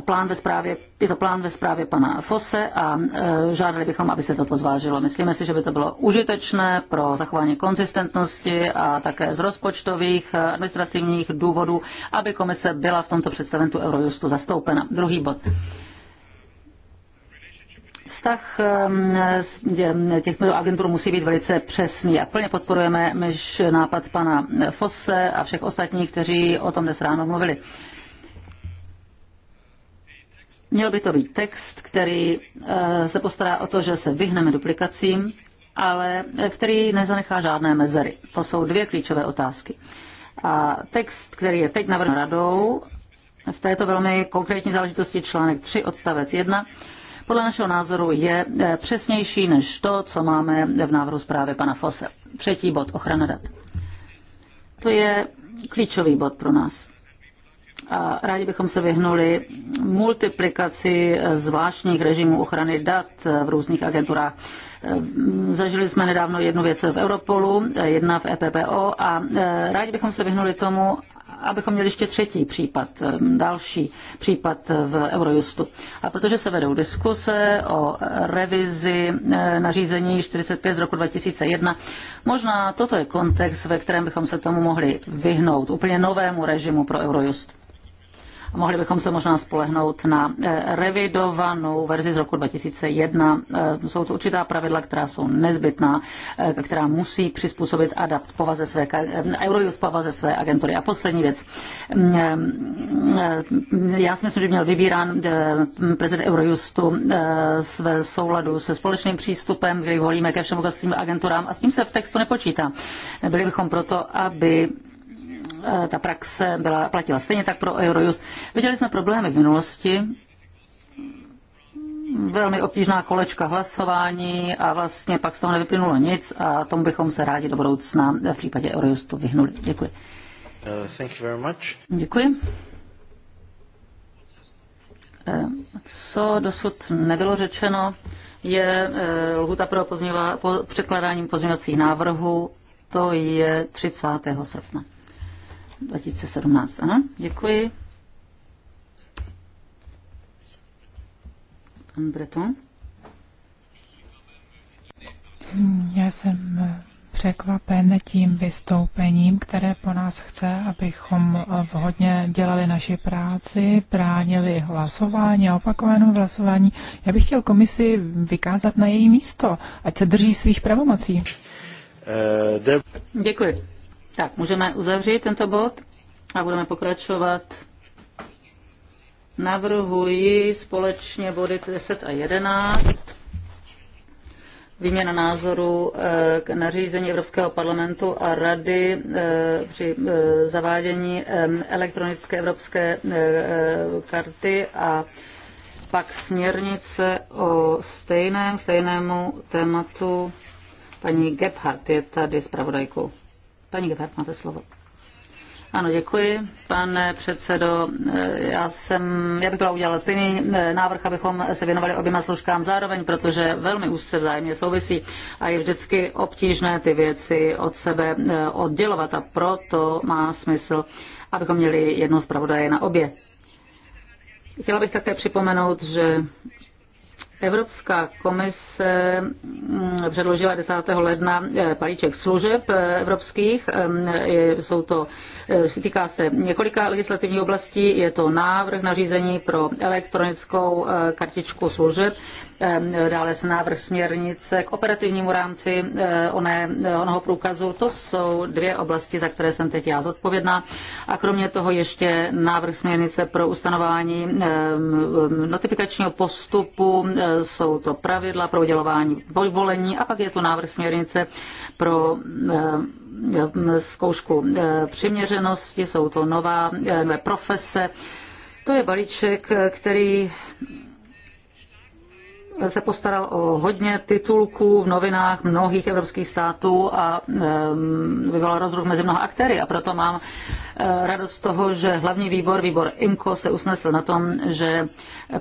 plán ve zprávě, je to plán ve zprávě pana Fose a e, žádali bychom, aby se toto zvážilo. Myslíme si, že by to bylo užitečné pro zachování konzistentnosti a také z rozpočtových e, administrativních důvodů, aby komise byla v tomto představentu Eurojustu zastoupena. Druhý bod vztah e, těchto agentur musí být velice přesný. A plně podporujeme myš nápad pana Fosse a všech ostatních, kteří o tom dnes ráno mluvili. Měl by to být text, který eh, se postará o to, že se vyhneme duplikacím, ale eh, který nezanechá žádné mezery. To jsou dvě klíčové otázky. A text, který je teď navržen radou, v této velmi konkrétní záležitosti článek 3 odstavec 1, podle našeho názoru je eh, přesnější než to, co máme v návrhu zprávy pana Fose. Třetí bod, ochrana dat. To je klíčový bod pro nás a rádi bychom se vyhnuli multiplikaci zvláštních režimů ochrany dat v různých agenturách. Ehm, zažili jsme nedávno jednu věc v Europolu, jedna v EPPO a ehm, rádi bychom se vyhnuli tomu, abychom měli ještě třetí případ, ehm, další případ v Eurojustu. A protože se vedou diskuse o revizi nařízení 45 z roku 2001, možná toto je kontext, ve kterém bychom se tomu mohli vyhnout, úplně novému režimu pro Eurojust a mohli bychom se možná spolehnout na eh, revidovanou verzi z roku 2001. Eh, jsou to určitá pravidla, která jsou nezbytná, eh, která musí přizpůsobit adapt povaze své, Eurojust povaze své agentury. A poslední věc. Mm, mm, já si myslím, že měl vybírán prezident Eurojustu své souladu se společným přístupem, který volíme ke všem agenturám a s tím se v textu nepočítá. Byli bychom proto, aby ta praxe byla, platila stejně tak pro Eurojust. Viděli jsme problémy v minulosti, velmi obtížná kolečka hlasování a vlastně pak z toho nevyplynulo nic a tomu bychom se rádi do budoucna v případě Eurojustu vyhnuli. Děkuji. Uh, thank you very much. Děkuji. Uh, co dosud nebylo řečeno, je uh, lhuta pro pozměva, po překladání pozměňovacích návrhů, to je 30. srpna. 2017, ano, děkuji. Pan Breton. Já jsem překvapen tím vystoupením, které po nás chce, abychom vhodně dělali naši práci, bránili hlasování a opakovanou hlasování. Já bych chtěl komisi vykázat na její místo, ať se drží svých pravomocí. Eh, děkuji. Tak, můžeme uzavřít tento bod a budeme pokračovat. Navrhuji společně body 10 a 11. Výměna názoru eh, k nařízení Evropského parlamentu a rady eh, při eh, zavádění elektronické evropské karty a pak směrnice o stejném, stejnému tématu. Paní Gebhardt je tady zpravodajkou. Paní Gebert, máte slovo. Ano, děkuji, pane předsedo. Já, jsem, já bych byla udělala stejný eh, návrh, abychom se věnovali oběma složkám zároveň, protože velmi úzce vzájemně souvisí a je vždycky obtížné ty věci od sebe eh, oddělovat a proto má smysl, abychom měli jedno zpravodaje na obě. Chtěla bych také připomenout, že Evropská komise mm, předložila 10. ledna eh, palíček služeb eh, evropských. Ehm, jsou to, eh, týká se několika legislativních oblastí. Je to návrh nařízení pro elektronickou kartičku služeb Ehm, dále se návrh směrnice k operativnímu rámci eh, oné, eh, onoho průkazu. To jsou dvě oblasti, za které jsem teď já zodpovědná. A kromě toho ještě návrh směrnice pro ustanování ehm, ehm, notifikačního postupu, eh, jsou to pravidla pro udělování volení a pak je to návrh směrnice pro zkoušku přiměřenosti, jsou to nová, nové profese. To je balíček, který se postaral o hodně titulků v novinách mnohých evropských států a vyvolal rozruch mezi mnoha aktéry. A proto mám e, radost z toho, že hlavní výbor, výbor IMCO, se usnesl na tom, že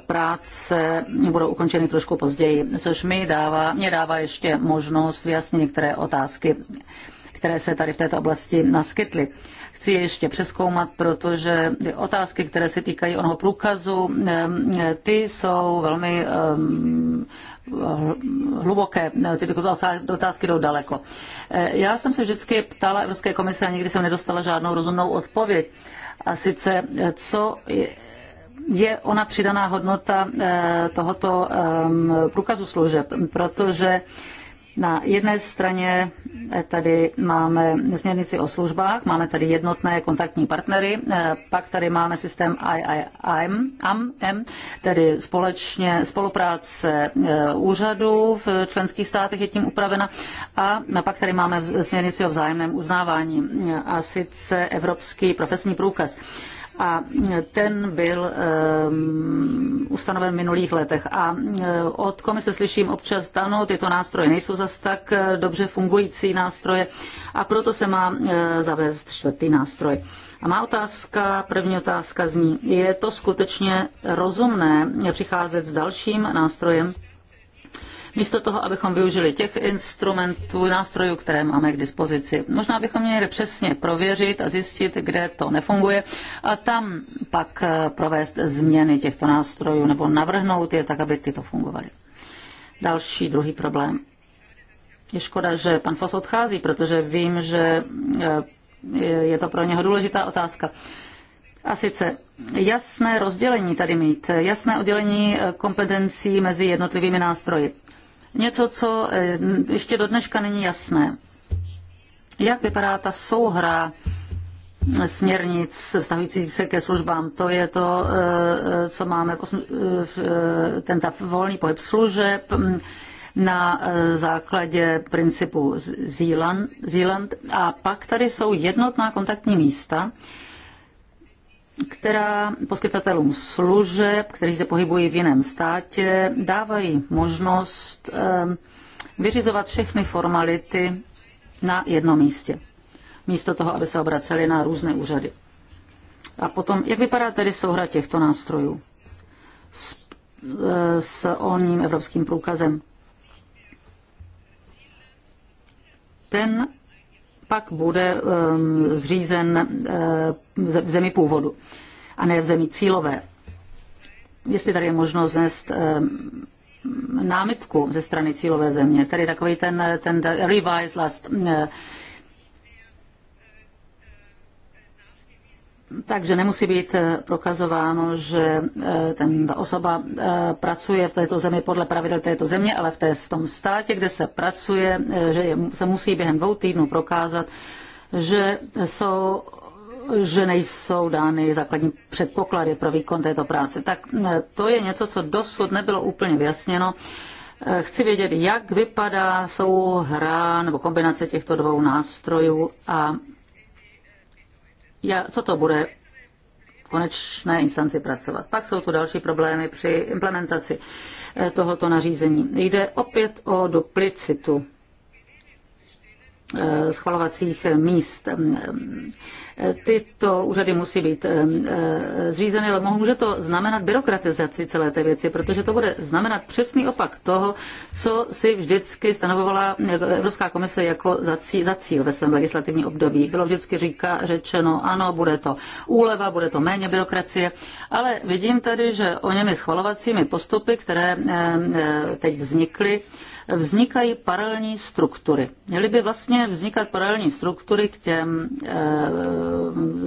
práce budou ukončeny trošku později, což mi dává, mě dává ještě možnost vyjasnit některé otázky, které se tady v této oblasti naskytly chci ještě přeskoumat, protože ty otázky, které se týkají onoho průkazu, ty jsou velmi hluboké, ty otázky jdou daleko. E, já jsem se vždycky ptala Evropské komise a nikdy jsem nedostala žádnou rozumnou odpověď. A sice, co je, je ona přidaná hodnota e, tohoto průkazu služeb, protože na jedné straně eh, tady máme směrnici o službách, máme tady jednotné kontaktní partnery, eh, pak tady máme systém IIM, AM, tedy společně spolupráce eh, úřadů v členských státech je tím upravena a pak tady máme směrnici o vzájemném uznávání a sice Evropský profesní průkaz a ten byl um, ustanoven v minulých letech. A e, od komise slyším občas, ano, tyto nástroje nejsou zas tak e, dobře fungující nástroje a proto se má e, zavést čtvrtý nástroj. A má otázka, první otázka zní, je to skutečně rozumné přicházet s dalším nástrojem? místo toho, abychom využili těch instrumentů, nástrojů, které máme k dispozici. Možná bychom měli přesně prověřit a zjistit, kde to nefunguje a tam pak eh, provést změny těchto nástrojů nebo navrhnout je tak, aby tyto fungovaly. Další druhý problém. Je škoda, že pan Fos odchází, protože vím, že eh, je to pro něho důležitá otázka. A sice jasné rozdělení tady mít, jasné oddělení eh, kompetencí mezi jednotlivými nástroji. Něco, co eh, ještě do dneška není jasné. Jak vypadá ta souhra směrnic vztahujících se ke službám. To je to, eh, co máme, eh, ten ta volný pohyb služeb hm, na základě principu Zealand, Zealand. A pak tady jsou jednotná kontaktní místa, která poskytatelům služeb, kteří se pohybují v jiném státě, dávají možnost ehm, vyřizovat všechny formality na jednom místě, místo toho, aby se obraceli na různé úřady. A potom, jak vypadá tedy souhra těchto nástrojů s, eh, s oním evropským průkazem? Ten pak bude ehm, zřízen eh, v zemi původu a ne v zemi cílové. Jestli tady je možnost znést ehm, námitku ze strany cílové země, tedy takový ten, ten revise last eh, takže nemusí být eh, prokazováno, že eh, ten, ta osoba eh, pracuje v této zemi podle pravidel této země, ale v, té, v tom státě, kde se pracuje, že se musí během dvou týdnů prokázat, že jsou že nejsou dány základní předpoklady pro výkon této práce. Tak to je něco, co dosud nebylo úplně vyjasněno. Chci vědět, jak vypadá souhra nebo kombinace těchto dvou nástrojů a co to bude v konečné instanci pracovat. Pak jsou tu další problémy při implementaci eh, tohoto nařízení. Jde opět o duplicitu Eh, schvalovacích míst. Tyto úřady musí být eh, eh, zřízeny, ale může to znamenat byrokratizaci celé té věci, protože to bude znamenat přesný opak toho, co si vždycky stanovovala Evropská komise jako za cíl ve svém legislativním období. Bylo vždycky říká, řečeno, ano, bude to úleva, bude to méně byrokracie, ale vidím tady, že o němi schvalovacími postupy, které teď vznikly, vznikají paralelní struktury. Měly by vlastně vznikat paralelní struktury k těm e,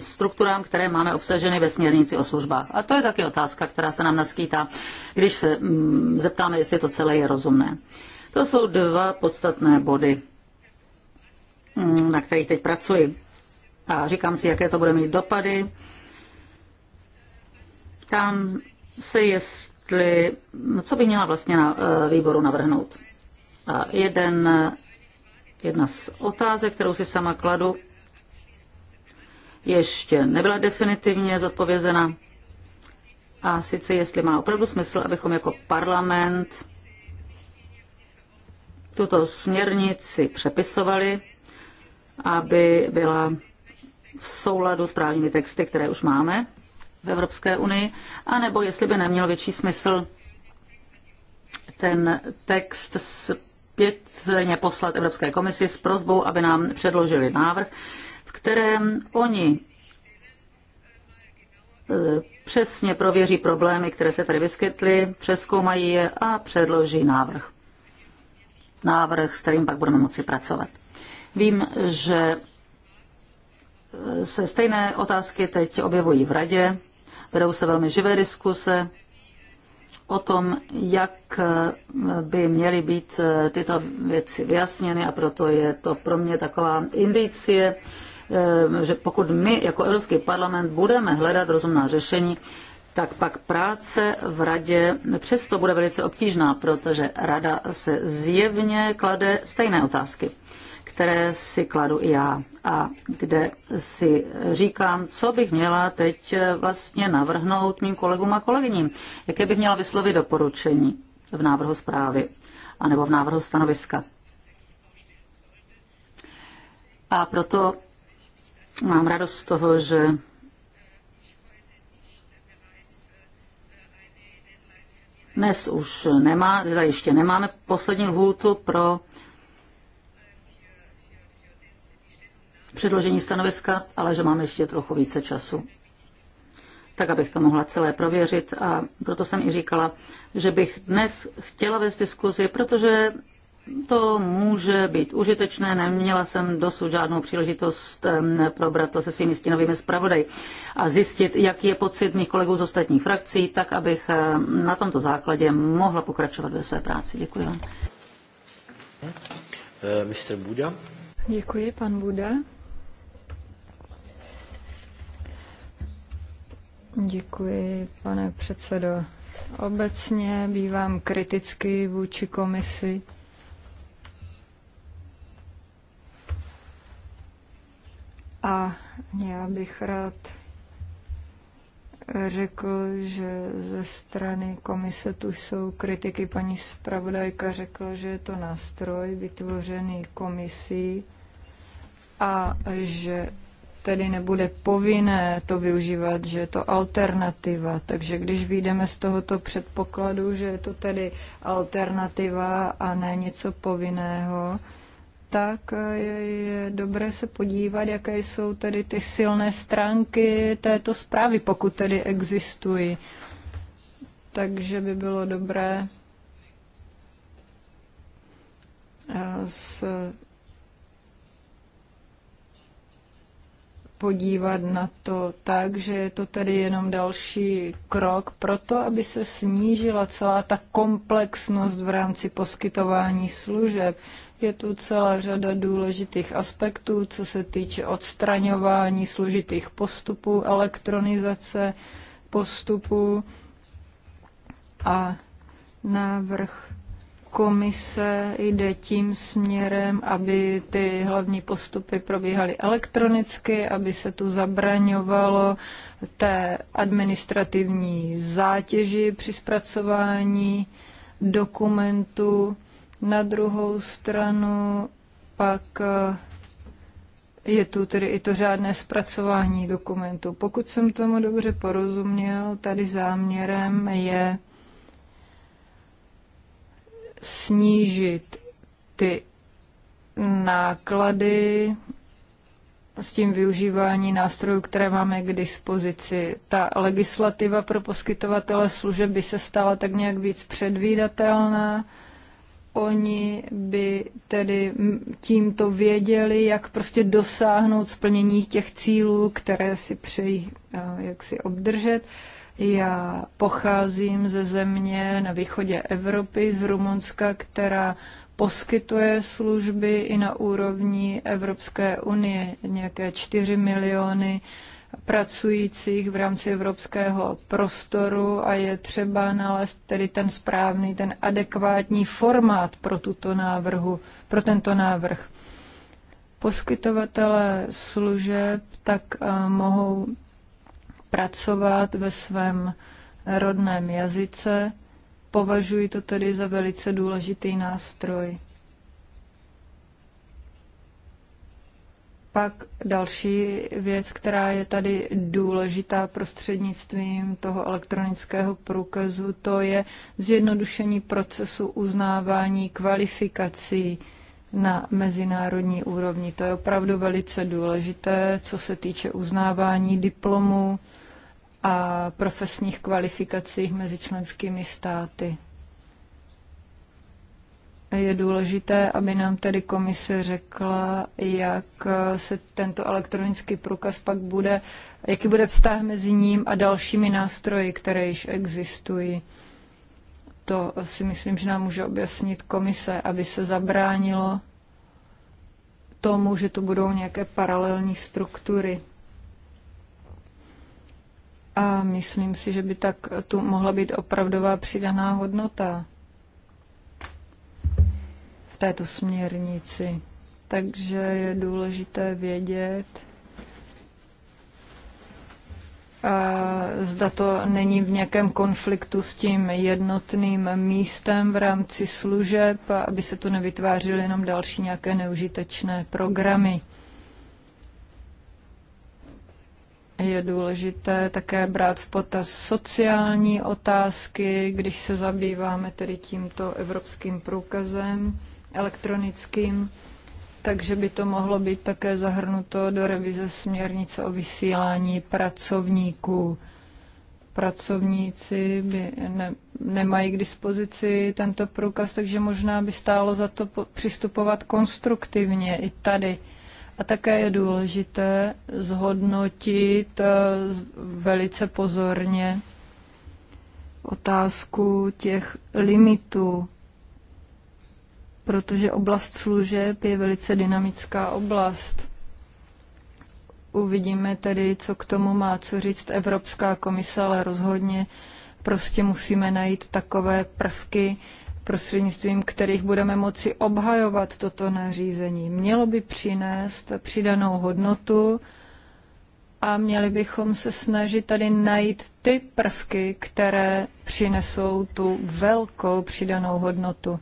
strukturám, které máme obsaženy ve směrnici o službách. A to je taky otázka, která se nám naskýtá, když se m, mm, zeptáme, jestli to celé je rozumné. To jsou dva podstatné body, mm, na kterých teď pracuji. A říkám si, jaké to bude mít dopady. Tam se jestli, co by měla vlastně na eh, výboru navrhnout. A jeden, jedna z otázek, kterou si sama kladu, ještě nebyla definitivně zodpovězena. A sice jestli má opravdu smysl, abychom jako parlament tuto směrnici přepisovali, aby byla v souladu s právními texty, které už máme v Evropské unii, anebo jestli by neměl větší smysl ten text zpětně poslat Evropské komisi s prozbou, aby nám předložili návrh, v kterém oni e, přesně prověří problémy, které se tady vyskytly, přeskoumají je a předloží návrh. Návrh, s kterým pak budeme moci pracovat. Vím, že e, se stejné otázky teď objevují v radě, vedou se velmi živé diskuse, o tom, jak eh, by měly být eh, tyto věci vyjasněny a proto je to pro mě taková indicie, eh, že pokud my jako Evropský parlament budeme hledat rozumná řešení, tak pak práce v radě přesto bude velice obtížná, protože rada se zjevně klade stejné otázky které si kladu i já a kde si říkám, co bych měla teď eh, vlastně navrhnout mým kolegům a kolegyním, jaké bych měla vyslovit doporučení v návrhu zprávy anebo v návrhu stanoviska. A proto mám radost z toho, že dnes už nemá, ještě nemáme poslední lhůtu pro předložení stanoviska, ale že máme ještě trochu více času tak abych to mohla celé prověřit a proto jsem i říkala, že bych dnes chtěla vést diskuzi, protože to může být užitečné. Neměla jsem dosud žádnou příležitost probrat to se svými stínovými zpravodaj a zjistit, jaký je pocit mých kolegů z ostatních frakcí, tak abych na tomto základě mohla pokračovat ve své práci. Děkuji vám. Eh, Mr. Buda. Děkuji, pan Buda. Děkuji, pane předsedo. Obecně bývám kritický vůči komisi. A já bych rád řekl, že ze strany komise tu jsou kritiky. Paní zpravodajka řekla, že je to nástroj vytvořený komisí a že tedy nebude povinné to využívat, že je to alternativa. Takže když vyjdeme z tohoto předpokladu, že je to tedy alternativa a ne něco povinného, tak je, je dobré se podívat, jaké jsou tedy ty silné stránky této zprávy, pokud tedy existují. Takže by bylo dobré eh, s podívat na to tak, že je to tedy jenom další krok pro to, aby se snížila celá ta komplexnost v rámci poskytování služeb. Je tu celá řada důležitých aspektů, co se týče odstraňování složitých postupů, elektronizace postupů a návrh komise jde tím směrem, aby ty hlavní postupy probíhaly elektronicky, aby se tu zabraňovalo té administrativní zátěži při zpracování dokumentů. Na druhou stranu pak eh, je tu tedy i to řádné zpracování dokumentů. Pokud jsem tomu dobře porozuměl, tady záměrem je snížit ty náklady s tím využívání nástrojů, které máme k dispozici. Ta legislativa pro poskytovatele služeb by se stala tak nějak víc předvídatelná. Oni by tedy tímto věděli, jak prostě dosáhnout splnění těch cílů, které si přejí eh, jak si obdržet. Já pocházím ze země na východě Evropy, z Rumunska, která poskytuje služby i na úrovni Evropské unie, nějaké 4 miliony pracujících v rámci evropského prostoru a je třeba nalézt tedy ten správný, ten adekvátní formát pro, tuto návrhu, pro tento návrh. Poskytovatele služeb tak eh, mohou pracovat ve svém rodném jazyce. Považuji to tedy za velice důležitý nástroj. Pak další věc, která je tady důležitá prostřednictvím toho elektronického průkazu, to je zjednodušení procesu uznávání kvalifikací na mezinárodní úrovni. To je opravdu velice důležité, co se týče uznávání diplomů, a profesních kvalifikacích mezi členskými státy. Je důležité, aby nám tedy komise řekla, jak se tento elektronický průkaz pak bude, jaký bude vztah mezi ním a dalšími nástroji, které již existují. To si myslím, že nám může objasnit komise, aby se zabránilo tomu, že to budou nějaké paralelní struktury. A myslím si, že by tak tu mohla být opravdová přidaná hodnota v této směrnici. Takže je důležité vědět, zda to není v nějakém konfliktu s tím jednotným místem v rámci služeb, aby se tu nevytvářely jenom další nějaké neužitečné programy. Je důležité také brát v potaz sociální otázky, když se zabýváme tedy tímto evropským průkazem elektronickým, takže by to mohlo být také zahrnuto do revize směrnice o vysílání pracovníků pracovníci by ne, nemají k dispozici tento průkaz, takže možná by stálo za to přistupovat konstruktivně i tady. A také je důležité zhodnotit eh, velice pozorně otázku těch limitů, protože oblast služeb je velice dynamická oblast. Uvidíme tedy, co k tomu má co říct Evropská komise, ale rozhodně prostě musíme najít takové prvky, prostřednictvím kterých budeme moci obhajovat toto nařízení. Mělo by přinést přidanou hodnotu a měli bychom se snažit tady najít ty prvky, které přinesou tu velkou přidanou hodnotu.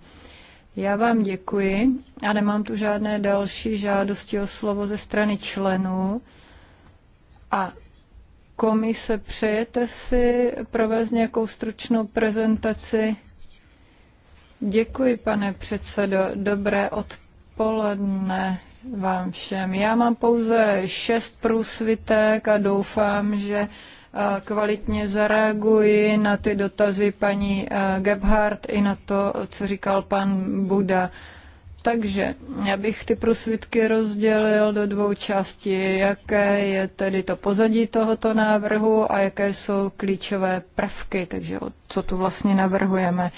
Já vám děkuji a nemám tu žádné další žádosti o slovo ze strany členů. A komise, přejete si provést nějakou stručnou prezentaci? Děkuji, pane předsedo. Dobré odpoledne vám všem. Já mám pouze šest průsvitek a doufám, že kvalitně zareaguji na ty dotazy paní Gebhardt i na to, co říkal pan Buda. Takže já bych ty prosvitky rozdělil do dvou částí. Jaké je tedy to pozadí tohoto návrhu a jaké jsou klíčové prvky, takže co tu vlastně navrhujeme. Uh,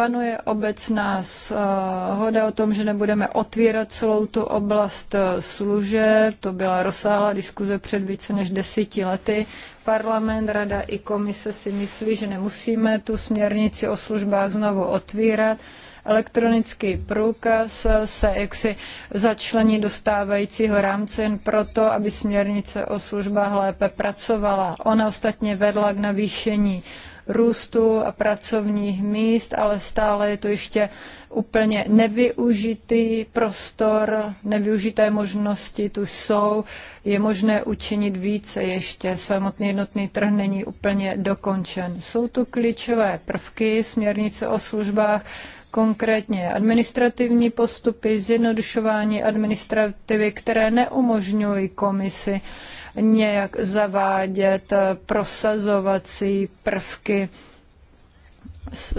Panuje obecná shoda o tom, že nebudeme otvírat celou tu oblast eh, služeb. To byla rozsáhlá diskuze před více než deseti lety. Parlament, rada i komise si myslí, že nemusíme tu směrnici o službách znovu otvírat elektronický průkaz eh, se jaksi začlení dostávajícího rámce jen proto, aby směrnice o službách lépe pracovala. Ona ostatně vedla k navýšení růstu a pracovních míst, ale stále je to ještě úplně nevyužitý prostor, nevyužité možnosti tu jsou, je možné učinit více ještě, samotný jednotný trh není úplně dokončen. Jsou tu klíčové prvky směrnice o službách, konkrétně administrativní postupy, zjednodušování administrativy, které neumožňují komisi nějak zavádět eh, prosazovací prvky. Eh,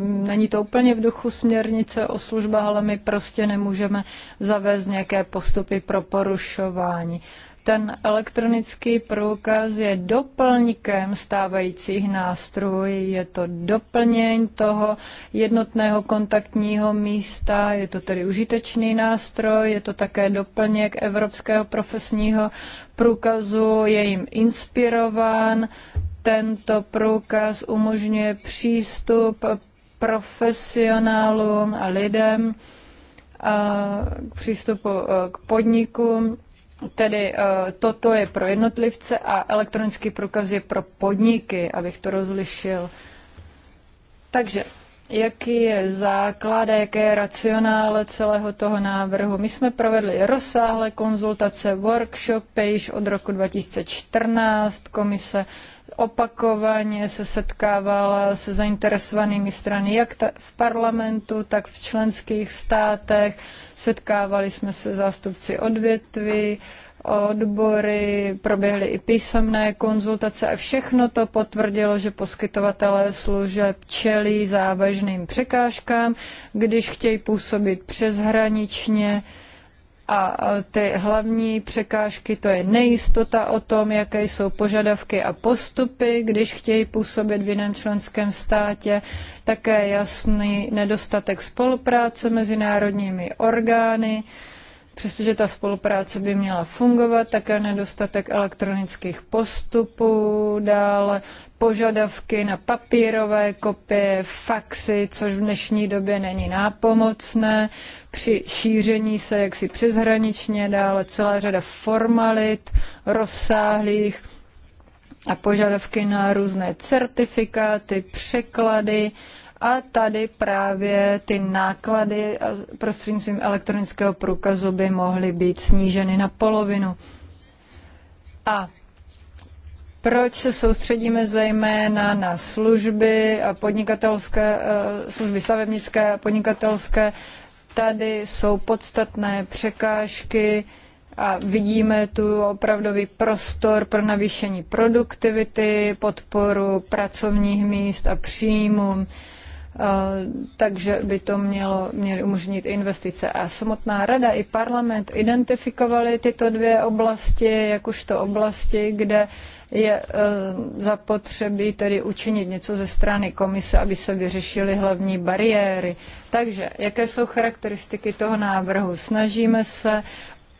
není to úplně v duchu směrnice o službách, ale my prostě nemůžeme zavést nějaké postupy pro porušování. Ten elektronický průkaz je doplňkem stávajících nástrojů, je to doplněň toho jednotného kontaktního místa, je to tedy užitečný nástroj, je to také doplněk evropského profesního průkazu, je jim inspirován. Tento průkaz umožňuje přístup profesionálům a lidem k přístupu eh, k podnikům Tedy eh, toto je pro jednotlivce a elektronický průkaz je pro podniky, abych to rozlišil. Takže jaký je základ a jaké je racionále celého toho návrhu. My jsme provedli rozsáhlé konzultace, workshopy již od roku 2014. Komise opakovaně se setkávala se zainteresovanými strany, jak v parlamentu, tak v členských státech. Setkávali jsme se zástupci odvětví, odbory, proběhly i písemné konzultace a všechno to potvrdilo, že poskytovatelé služeb čelí závažným překážkám, když chtějí působit přeshraničně a ty hlavní překážky, to je nejistota o tom, jaké jsou požadavky a postupy, když chtějí působit v jiném členském státě, také jasný nedostatek spolupráce mezi národními orgány, přestože ta spolupráce by měla fungovat, také nedostatek elektronických postupů, dále požadavky na papírové kopie, faxy, což v dnešní době není nápomocné. Při šíření se jaksi přeshraničně dále celá řada formalit rozsáhlých a požadavky na různé certifikáty, překlady, a tady právě ty náklady prostřednictvím elektronického průkazu by mohly být sníženy na polovinu. A proč se soustředíme zejména na služby a podnikatelské, eh, služby stavebnické a podnikatelské? Tady jsou podstatné překážky a vidíme tu opravdový prostor pro navýšení produktivity, podporu pracovních míst a příjmů takže by to mělo, měly umožnit investice. A samotná rada i parlament identifikovali tyto dvě oblasti, jakožto oblasti, kde je e, zapotřebí tedy učinit něco ze strany komise, aby se vyřešily hlavní bariéry. Takže jaké jsou charakteristiky toho návrhu? Snažíme se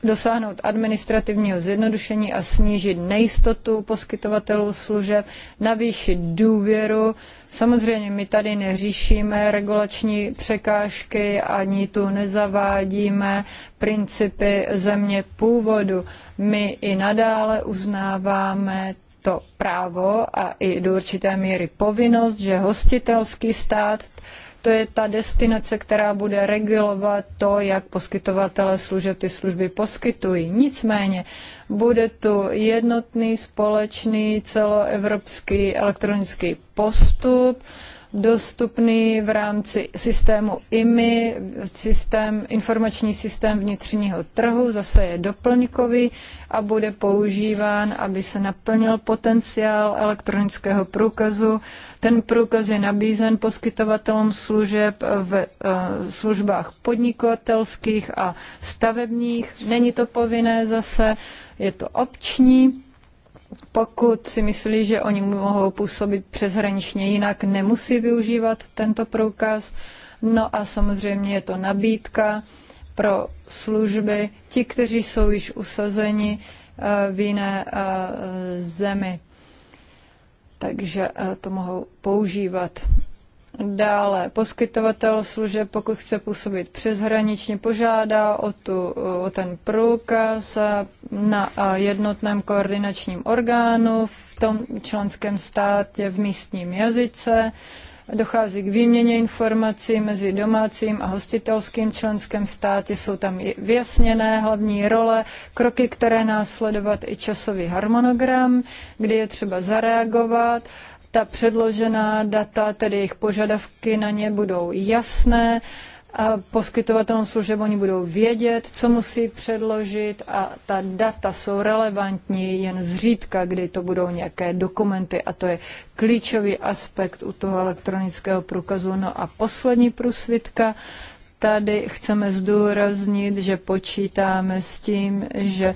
dosáhnout administrativního zjednodušení a snížit nejistotu poskytovatelů služeb, navýšit důvěru Samozřejmě my tady neřešíme regulační překážky, ani tu nezavádíme principy země původu. My i nadále uznáváme to právo a i do určité míry povinnost, že hostitelský stát to je ta destinace, která bude regulovat to, jak poskytovatele služeb ty služby poskytují. Nicméně bude tu jednotný, společný, celoevropský elektronický postup, dostupný v rámci systému IMI, systém, informační systém vnitřního trhu, zase je doplňkový a bude používán, aby se naplnil potenciál elektronického průkazu. Ten průkaz je nabízen poskytovatelům služeb v eh, službách podnikatelských a stavebních. Není to povinné zase, je to opční pokud si myslí, že oni mohou působit přeshraničně jinak, nemusí využívat tento průkaz. No a samozřejmě je to nabídka pro služby, ti, kteří jsou již usazeni eh, v jiné eh, zemi. Takže eh, to mohou používat. Dále poskytovatel služeb, pokud chce působit přeshraničně, požádá o, tu, o ten průkaz na jednotném koordinačním orgánu v tom členském státě v místním jazyce. Dochází k výměně informací mezi domácím a hostitelským členském státě. Jsou tam i vyjasněné hlavní role, kroky, které následovat i časový harmonogram, kdy je třeba zareagovat ta předložená data, tedy jejich požadavky na ně budou jasné, a poskytovatelům služeb oni budou vědět, co musí předložit a ta data jsou relevantní jen zřídka, kdy to budou nějaké dokumenty a to je klíčový aspekt u toho elektronického průkazu. No a poslední průsvitka, tady chceme zdůraznit, že počítáme s tím, že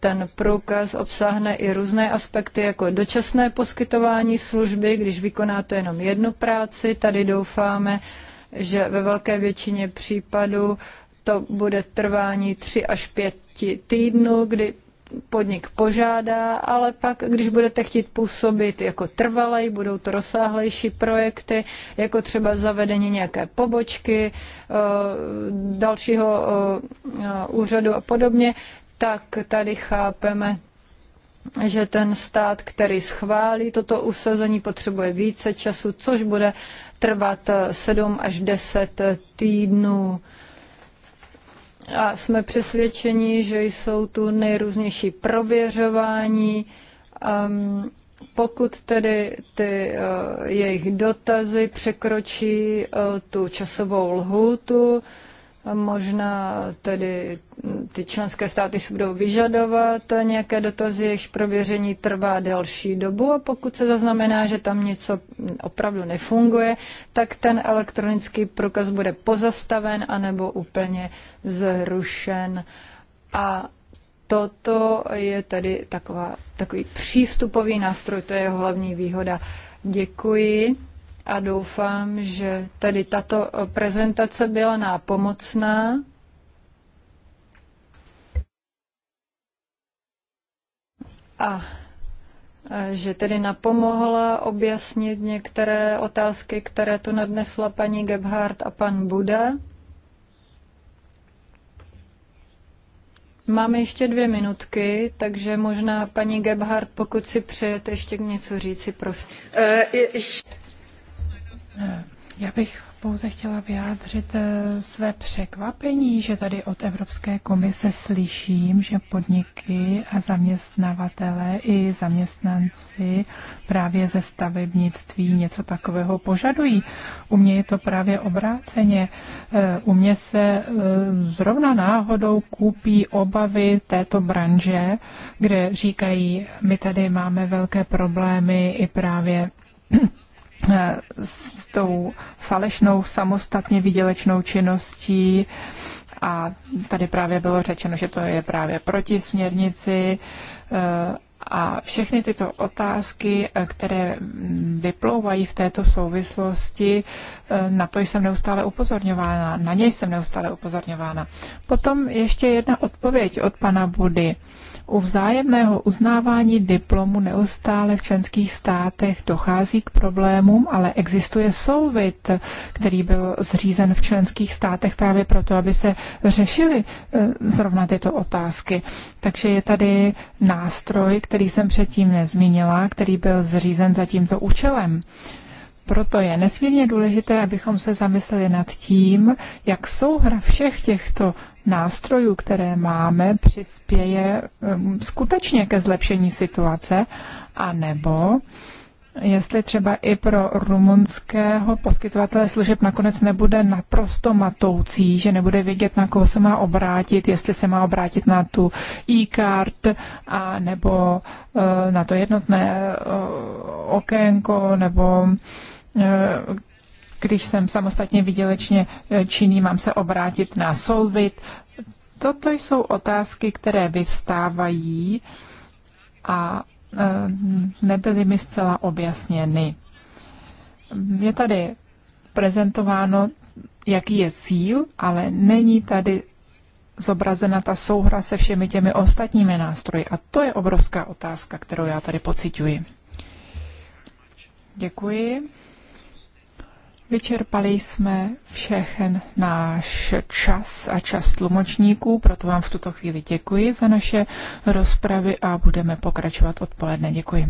ten průkaz obsáhne i různé aspekty, jako dočasné poskytování služby, když vykonáte jenom jednu práci. Tady doufáme, že ve velké většině případů to bude trvání 3 až 5 týdnů, kdy podnik požádá, ale pak, když budete chtít působit jako trvalej, budou to rozsáhlejší projekty, jako třeba zavedení nějaké pobočky, eh, dalšího eh, eh, úřadu a podobně, tak tady chápeme že ten stát, který schválí toto usazení, potřebuje více času, což bude trvat 7 eh, až 10 týdnů. A jsme přesvědčeni, že jsou tu nejrůznější prověřování. Um, pokud tedy ty uh, jejich dotazy překročí uh, tu časovou lhůtu, Možná tedy ty členské státy si budou vyžadovat nějaké dotazy, jejichž prověření trvá delší dobu a pokud se zaznamená, že tam něco opravdu nefunguje, tak ten elektronický průkaz bude pozastaven anebo úplně zrušen. A toto je tedy taková, takový přístupový nástroj, to je jeho hlavní výhoda. Děkuji a doufám, že tedy tato prezentace byla nápomocná. A e, že tedy napomohla objasnit některé otázky, které tu nadnesla paní Gebhardt a pan Buda. Máme ještě dvě minutky, takže možná paní Gebhardt, pokud si přejete ještě něco říci, prosím. Uh, Eh, já bych pouze chtěla vyjádřit eh, své překvapení, že tady od Evropské komise slyším, že podniky a zaměstnavatele i zaměstnanci právě ze stavebnictví něco takového požadují. U mě je to právě obráceně. Eh, u mě se zrovna náhodou koupí obavy této branže, kde říkají, my tady máme velké problémy i právě Eh, s tou falešnou samostatně výdělečnou činností. A tady právě bylo řečeno, že to je právě proti směrnici eh, a všechny tyto otázky, eh, které mm, vyplouvají v této souvislosti, Eh, na to jsem neustále upozorňována, na něj jsem neustále upozorňována. Potom ještě jedna odpověď od pana Budy. U vzájemného uznávání diplomu neustále v členských státech dochází k problémům, ale existuje souvit, který byl zřízen v členských státech právě proto, aby se řešily eh, zrovna tyto otázky. Takže je tady nástroj, který jsem předtím nezmínila, který byl zřízen za tímto účelem. Proto je nesmírně důležité, abychom se zamysleli nad tím, jak souhra všech těchto nástrojů, které máme, přispěje um, skutečně ke zlepšení situace, anebo jestli třeba i pro rumunského poskytovatele služeb nakonec nebude naprosto matoucí, že nebude vědět, na koho se má obrátit, jestli se má obrátit na tu e-card a nebo eh, na to jednotné eh, okénko nebo když jsem samostatně vydělečně eh, činný, mám se obrátit na Solvit. Toto jsou otázky, které vyvstávají a eh, nebyly mi zcela objasněny. Je tady prezentováno, jaký je cíl, ale není tady zobrazena ta souhra se všemi těmi ostatními nástroji. A to je obrovská otázka, kterou já tady pociťuji. Děkuji. Vyčerpali jsme všechen náš čas a čas tlumočníků, proto vám v tuto chvíli děkuji za naše rozpravy a budeme pokračovat odpoledne. Děkuji.